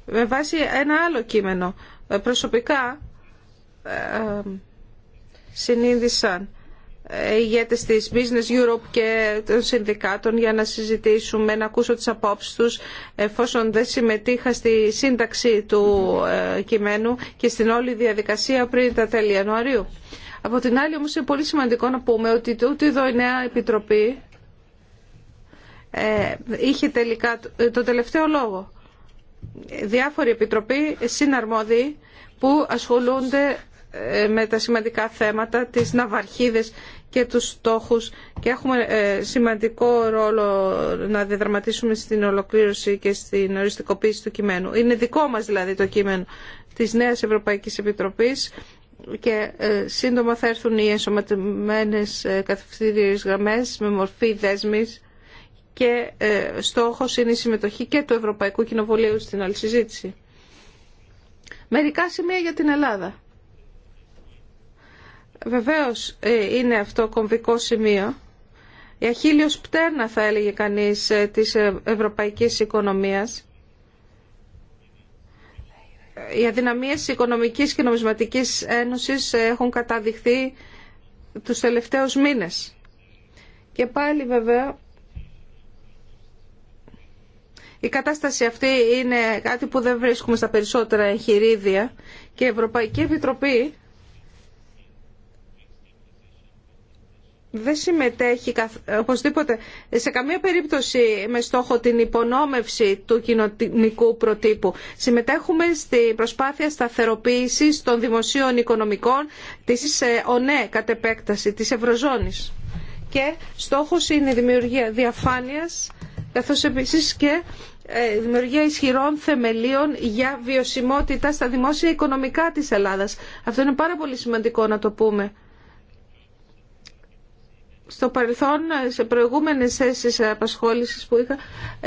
με βάση ένα άλλο κείμενο. Ε, προσωπικά ε, ε συνείδησαν ε, ηγέτες της Business Europe και των συνδικάτων για να συζητήσουμε, να ακούσω τις απόψεις τους εφόσον δεν συμμετείχα στη σύνταξη του ε, κειμένου και στην όλη διαδικασία πριν τα τέλη Ιανουαρίου. Από την άλλη όμως είναι πολύ σημαντικό να πούμε ότι τούτη εδώ η νέα επιτροπή ε, είχε τελικά το τελευταίο λόγο. Διάφοροι επιτροπή συναρμόδιοι που ασχολούνται με τα σημαντικά θέματα, τις ναυαρχίδες και τους στόχους και έχουμε ε, σημαντικό ρόλο να διαδραματίσουμε στην ολοκλήρωση και στην οριστικοποίηση του κειμένου. Είναι δικό μας δηλαδή το κείμενο της νέας Ευρωπαϊκής Επιτροπής και ε, σύντομα θα έρθουν οι ενσωματωμένες ε, κατευθυντήριες γραμμές με μορφή δέσμης και στόχος είναι η συμμετοχή και του Ευρωπαϊκού Κοινοβουλίου στην άλλη συζήτηση. Μερικά σημεία για την Ελλάδα. Βεβαίως ε, είναι αυτό κομβικό σημείο. Η αχίλιος πτέρνα θα έλεγε κανείς ε, της ε, ευρωπαϊκής οικονομίας. Οι αδυναμίες οικονομικής και νομισματικής ένωσης έχουν καταδειχθεί τους τελευταίους μήνες. Και πάλι βέβαια η κατάσταση αυτή είναι κάτι που δεν βρίσκουμε στα περισσότερα εγχειρίδια και η Ευρωπαϊκή Επιτροπή δεν συμμετέχει οπωσδήποτε σε καμία περίπτωση με στόχο την υπονόμευση του κοινωνικού προτύπου. Συμμετέχουμε στη προσπάθεια σταθεροποίησης των δημοσίων οικονομικών της ΟΝΕ ναι, κατ' επέκταση, της Ευρωζώνης. Και στόχος είναι η δημιουργία διαφάνειας καθώς επίσης και ε, δημιουργία ισχυρών θεμελίων για βιωσιμότητα στα δημόσια οικονομικά της Ελλάδας. Αυτό είναι πάρα πολύ σημαντικό να το πούμε στο παρελθόν, σε προηγούμενες θέσεις απασχόλησης που είχα,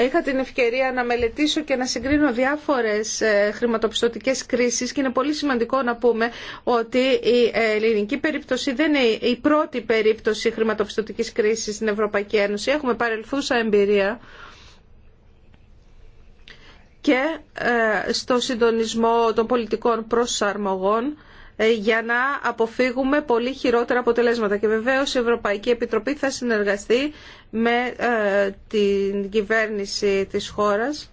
είχα την ευκαιρία να μελετήσω και να συγκρίνω διάφορες ε, χρηματοπιστωτικές κρίσεις και είναι πολύ σημαντικό να πούμε ότι η ελληνική περίπτωση δεν είναι η πρώτη περίπτωση χρηματοπιστωτικής κρίσης στην Ευρωπαϊκή Ένωση. Έχουμε παρελθούσα εμπειρία και ε, στο συντονισμό των πολιτικών προσαρμογών ε, για να αποφύγουμε πολύ χειρότερα αποτελέσματα. Και βεβαίως η Ευρωπαϊκή Επιτροπή θα συνεργαστεί με ε, την κυβέρνηση της χώρας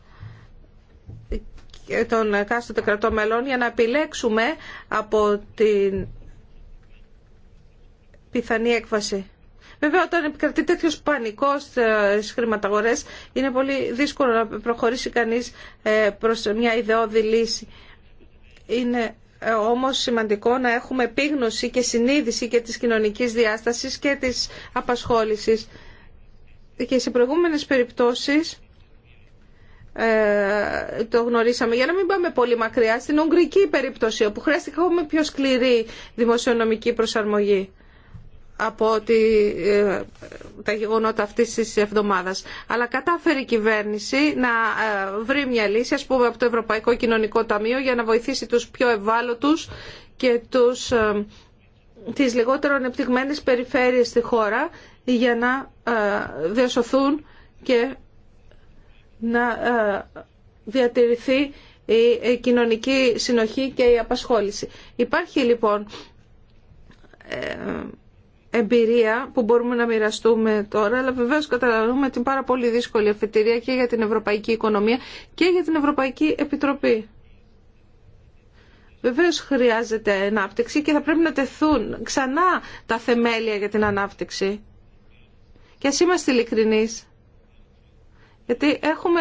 ε, των κάστοτε κρατών μελών για να επιλέξουμε από την πιθανή έκβαση. Βέβαια, όταν επικρατεί τέτοιο πανικό στι χρηματαγορέ, είναι πολύ δύσκολο να προχωρήσει κανεί προ μια ιδεώδη λύση. Είναι ε, όμως σημαντικό να έχουμε επίγνωση και συνείδηση και της κοινωνικής διάστασης και της απασχόλησης. Και σε προηγούμενες περιπτώσεις ε, το γνωρίσαμε. Για να μην πάμε πολύ μακριά, στην Ουγγρική περίπτωση, όπου χρειάστηκε ακόμα πιο σκληρή δημοσιονομική προσαρμογή από τη, ε, τα γεγονότα αυτής της εβδομάδας. Αλλά κατάφερε η κυβέρνηση να ε, βρει μια λύση, ας πούμε, από το Ευρωπαϊκό Κοινωνικό Ταμείο για να βοηθήσει τους πιο ευάλωτους και τους, ε, τις λιγότερο ανεπτυγμένες περιφέρειες στη χώρα για να διασωθούν και να διατηρηθεί η κοινωνική συνοχή και η απασχόληση. Υπάρχει λοιπόν εμπειρία που μπορούμε να μοιραστούμε τώρα, αλλά βεβαίως καταλαβαίνουμε την πάρα πολύ δύσκολη αφετηρία και για την ευρωπαϊκή οικονομία και για την Ευρωπαϊκή Επιτροπή. Βεβαίως χρειάζεται ανάπτυξη και θα πρέπει να τεθούν ξανά τα θεμέλια για την ανάπτυξη. Και ας είμαστε ειλικρινείς. Γιατί έχουμε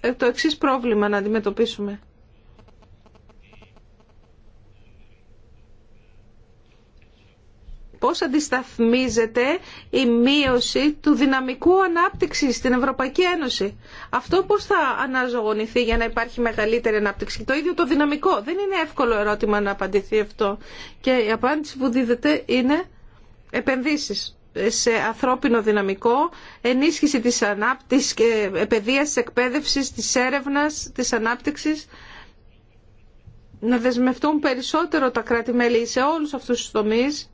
ε, το εξής πρόβλημα να αντιμετωπίσουμε. πώς αντισταθμίζεται η μείωση του δυναμικού ανάπτυξης στην Ευρωπαϊκή Ένωση. Αυτό πώς θα αναζωογονηθεί για να υπάρχει μεγαλύτερη ανάπτυξη. Το ίδιο το δυναμικό. Δεν είναι εύκολο ερώτημα να απαντηθεί αυτό. Και η απάντηση που δίδεται είναι επενδύσεις σε ανθρώπινο δυναμικό, ενίσχυση της ανάπτυξης και ε, παιδείας, της εκπαίδευσης, της έρευνας, της ανάπτυξης, να δεσμευτούν περισσότερο τα κράτη-μέλη σε όλους αυτούς τους τομείς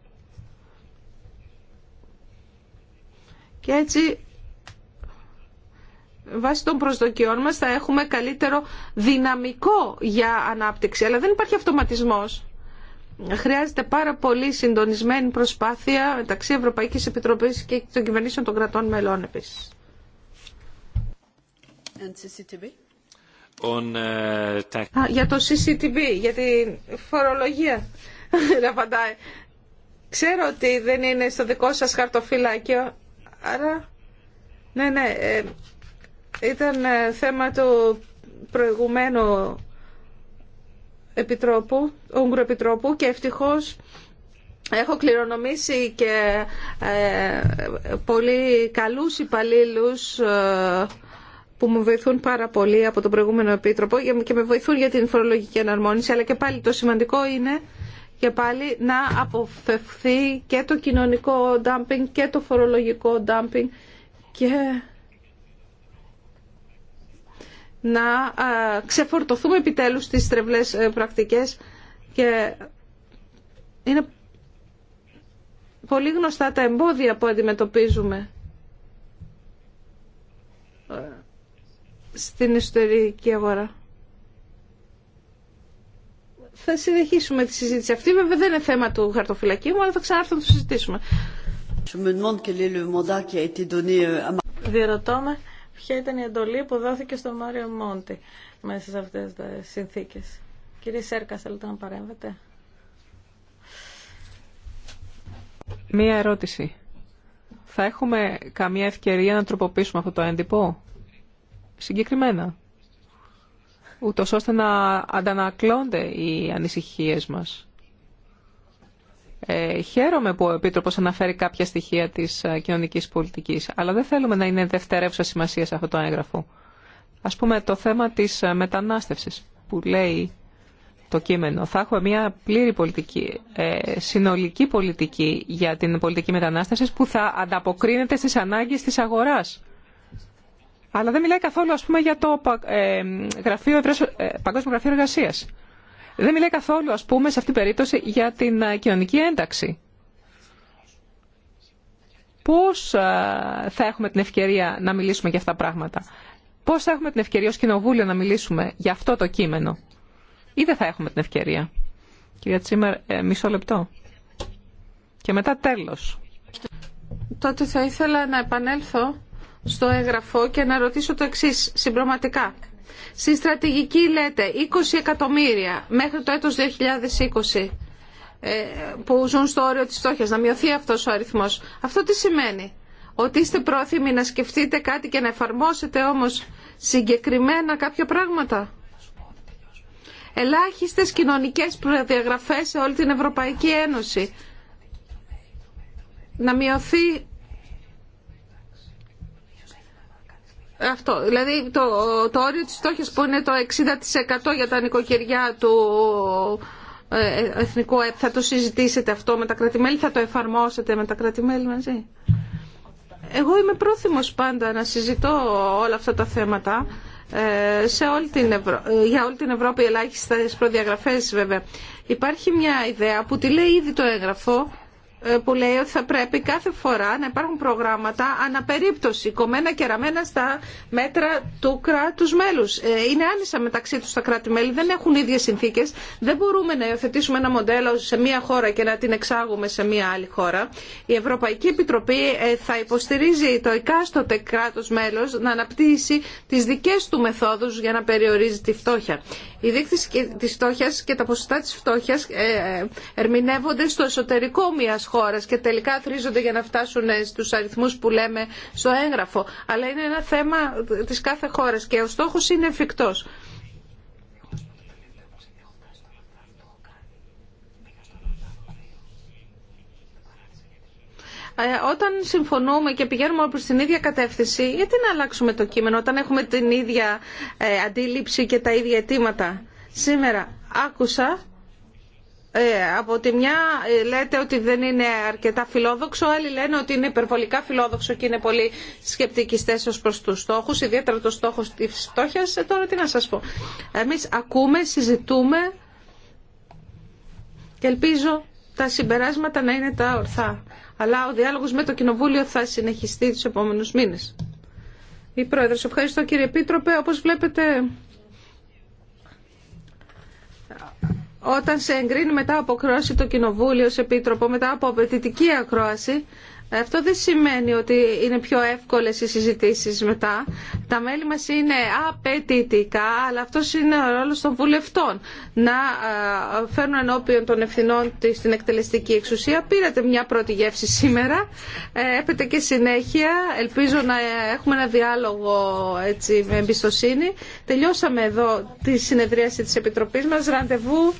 και έτσι βάσει των προσδοκιών μας θα έχουμε καλύτερο δυναμικό για ανάπτυξη. Αλλά δεν υπάρχει αυτοματισμός. Χρειάζεται πάρα πολύ συντονισμένη προσπάθεια μεταξύ Ευρωπαϊκής Επιτροπής και των κυβερνήσεων των κρατών μελών επίσης. On, uh, για το CCTV, για τη φορολογία. Ξέρω ότι δεν είναι στο δικό σας χαρτοφυλάκιο, Άρα, ναι, ναι, ε, ήταν ε, θέμα του προηγούμενο επιτρόπου, Επιτρόπου και ευτυχώς έχω κληρονομήσει και ε, πολύ καλούς υπαλλήλους που μου βοηθούν πάρα πολύ από τον προηγούμενο επίτροπο και με βοηθούν για την φορολογική εναρμόνιση αλλά και πάλι το σημαντικό είναι και πάλι να αποφευθεί και το κοινωνικό dumping και το φορολογικό dumping και να ξεφορτωθούμε επιτέλους τις τρευλές ε, πρακτικές και είναι πολύ γνωστά τα εμπόδια που αντιμετωπίζουμε ε, στην ιστορική αγορά θα συνεχίσουμε τη συζήτηση αυτή. Βέβαια δεν είναι θέμα του χαρτοφυλακίου αλλά θα ξανάρθω να το συζητήσουμε. Euh, Διερωτώ με ποια ήταν η εντολή που δόθηκε στο Μάριο Μόντι μέσα σε αυτές τις συνθήκες. Κύριε Σέρκα, θέλετε να παρέμβετε. Μία ερώτηση. Θα έχουμε καμία ευκαιρία να τροποποιήσουμε αυτό το έντυπο. Συγκεκριμένα ούτως ώστε να αντανακλώνται οι ανησυχίες μας. Ε, χαίρομαι που ο Επίτροπος αναφέρει κάποια στοιχεία της ε, κοινωνικής πολιτικής, αλλά δεν θέλουμε να είναι δευτερεύουσα σημασία σε αυτό το έγγραφο. Ας πούμε το θέμα της ε, μετανάστευσης που λέει το κείμενο. Θα έχουμε μια πλήρη πολιτική, ε, συνολική πολιτική για την πολιτική μετανάστευση που θα ανταποκρίνεται στις ανάγκες της αγοράς αλλά δεν μιλάει καθόλου ας πούμε, για το ε, γραφείο, ε, Παγκόσμιο Γραφείο Εργασία. Δεν μιλάει καθόλου, ας πούμε, σε αυτή την περίπτωση για την ε, κοινωνική ένταξη. Πώς θα έχουμε την ευκαιρία να μιλήσουμε για αυτά τα πράγματα. Πώς θα έχουμε την ευκαιρία ως Κοινοβούλιο να μιλήσουμε για αυτό το κείμενο. Ή δεν θα έχουμε την ευκαιρία. Κυρία Τσίμερ, μισό λεπτό. Και μετά τέλος. Τότε θα ήθελα να επανέλθω στο έγγραφο και να ρωτήσω το εξή συμπροματικά. Στη στρατηγική λέτε 20 εκατομμύρια μέχρι το έτος 2020 ε, που ζουν στο όριο της στόχιας, να μειωθεί αυτός ο αριθμός. Αυτό τι σημαίνει, ότι είστε πρόθυμοι να σκεφτείτε κάτι και να εφαρμόσετε όμως συγκεκριμένα κάποια πράγματα. Ελάχιστες κοινωνικές προδιαγραφές σε όλη την Ευρωπαϊκή Ένωση. Να μειωθεί Αυτό, δηλαδή το, το όριο της στόχης που είναι το 60% για τα νοικοκυριά του ε, εθνικού ΕΠ, θα το συζητήσετε αυτό με τα κρατημέλη, θα το εφαρμόσετε με τα κρατημέλη μαζί. Εγώ είμαι πρόθυμος πάντα να συζητώ όλα αυτά τα θέματα ε, σε όλη την ε, για όλη την Ευρώπη στις προδιαγραφές βέβαια. Υπάρχει μια ιδέα που τη λέει ήδη το έγγραφο ε, που λέει ότι θα πρέπει κάθε φορά να υπάρχουν προγράμματα αναπερίπτωση, κομμένα και ραμμένα στα μέτρα του κράτους μέλους. Ε, είναι άνισα μεταξύ τους τα κράτη-μέλη, δεν έχουν ίδιες συνθήκες, δεν μπορούμε να υιοθετήσουμε ένα μοντέλο σε μία χώρα και να την εξάγουμε σε μία άλλη χώρα. Η Ευρωπαϊκή Επιτροπή ε, θα υποστηρίζει το εκάστοτε κράτος μέλος να αναπτύσσει τις δικές του μεθόδους για να περιορίζει τη φτώχεια. Οι δείκτες της φτώχειας και τα ποσοστά της φτώχειας ερμηνεύονται στο εσωτερικό μιας χώρας και τελικά θρίζονται για να φτάσουν στους αριθμούς που λέμε στο έγγραφο. Αλλά είναι ένα θέμα της κάθε χώρας και ο στόχος είναι εφικτός. Ε, όταν συμφωνούμε και πηγαίνουμε προς την ίδια κατεύθυνση, γιατί να αλλάξουμε το κείμενο όταν έχουμε την ίδια ε, αντίληψη και τα ίδια αιτήματα. Σήμερα άκουσα ε, από τη μια ε, λέτε ότι δεν είναι αρκετά φιλόδοξο, άλλοι λένε ότι είναι υπερβολικά φιλόδοξο και είναι πολύ σκεπτικιστές ως προς τους στόχους, ιδιαίτερα το στόχο της φτώχειας. Ε, τώρα τι να σας πω. Εμείς ακούμε, συζητούμε και ελπίζω τα συμπεράσματα να είναι τα ορθά. Αλλά ο διάλογος με το Κοινοβούλιο θα συνεχιστεί τους επόμενους μήνες. Η Πρόεδρος, ευχαριστώ κύριε Επίτροπε. Όπως βλέπετε όταν σε εγκρίνει μετά από κρόαση το Κοινοβούλιο σε Επίτροπο, μετά από απαιτητική ακρόαση, αυτό δεν σημαίνει ότι είναι πιο εύκολες οι συζητήσεις μετά. Τα μέλη μας είναι απαιτητικά, αλλά αυτό είναι ο ρόλος των βουλευτών. Να ε, φέρνουν ενώπιον των ευθυνών στην εκτελεστική εξουσία. Πήρατε μια πρώτη γεύση σήμερα. Ε, Έπετε και συνέχεια. Ελπίζω να έχουμε ένα διάλογο έτσι, με εμπιστοσύνη. Τελειώσαμε εδώ τη συνεδρίαση της Επιτροπής μας. Ραντεβού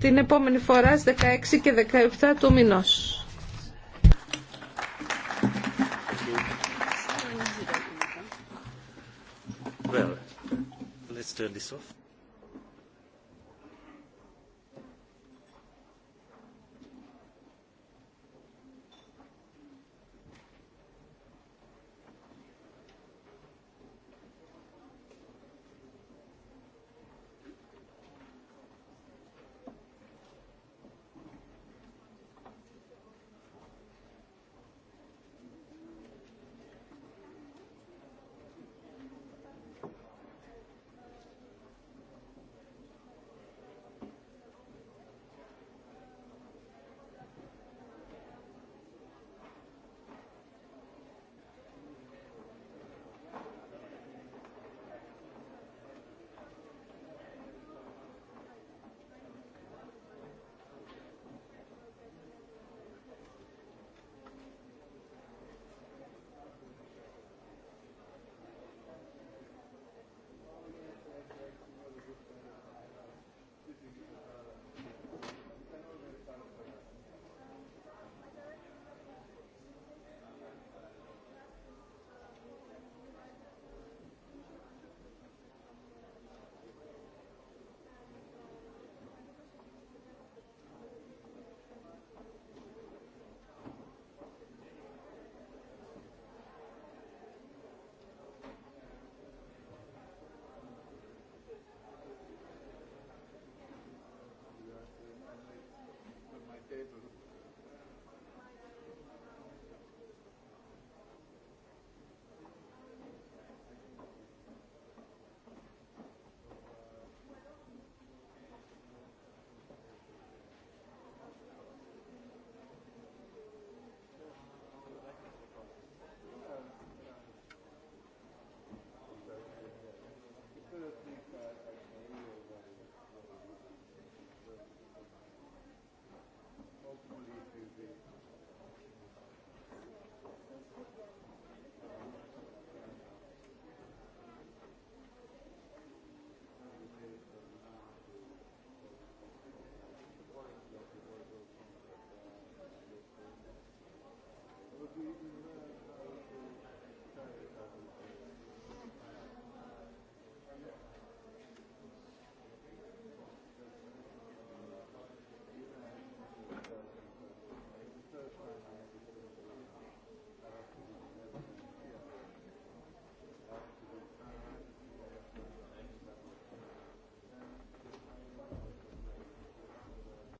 την επόμενη φορά στις 16 και 17 του μηνός. Well, let's turn this off.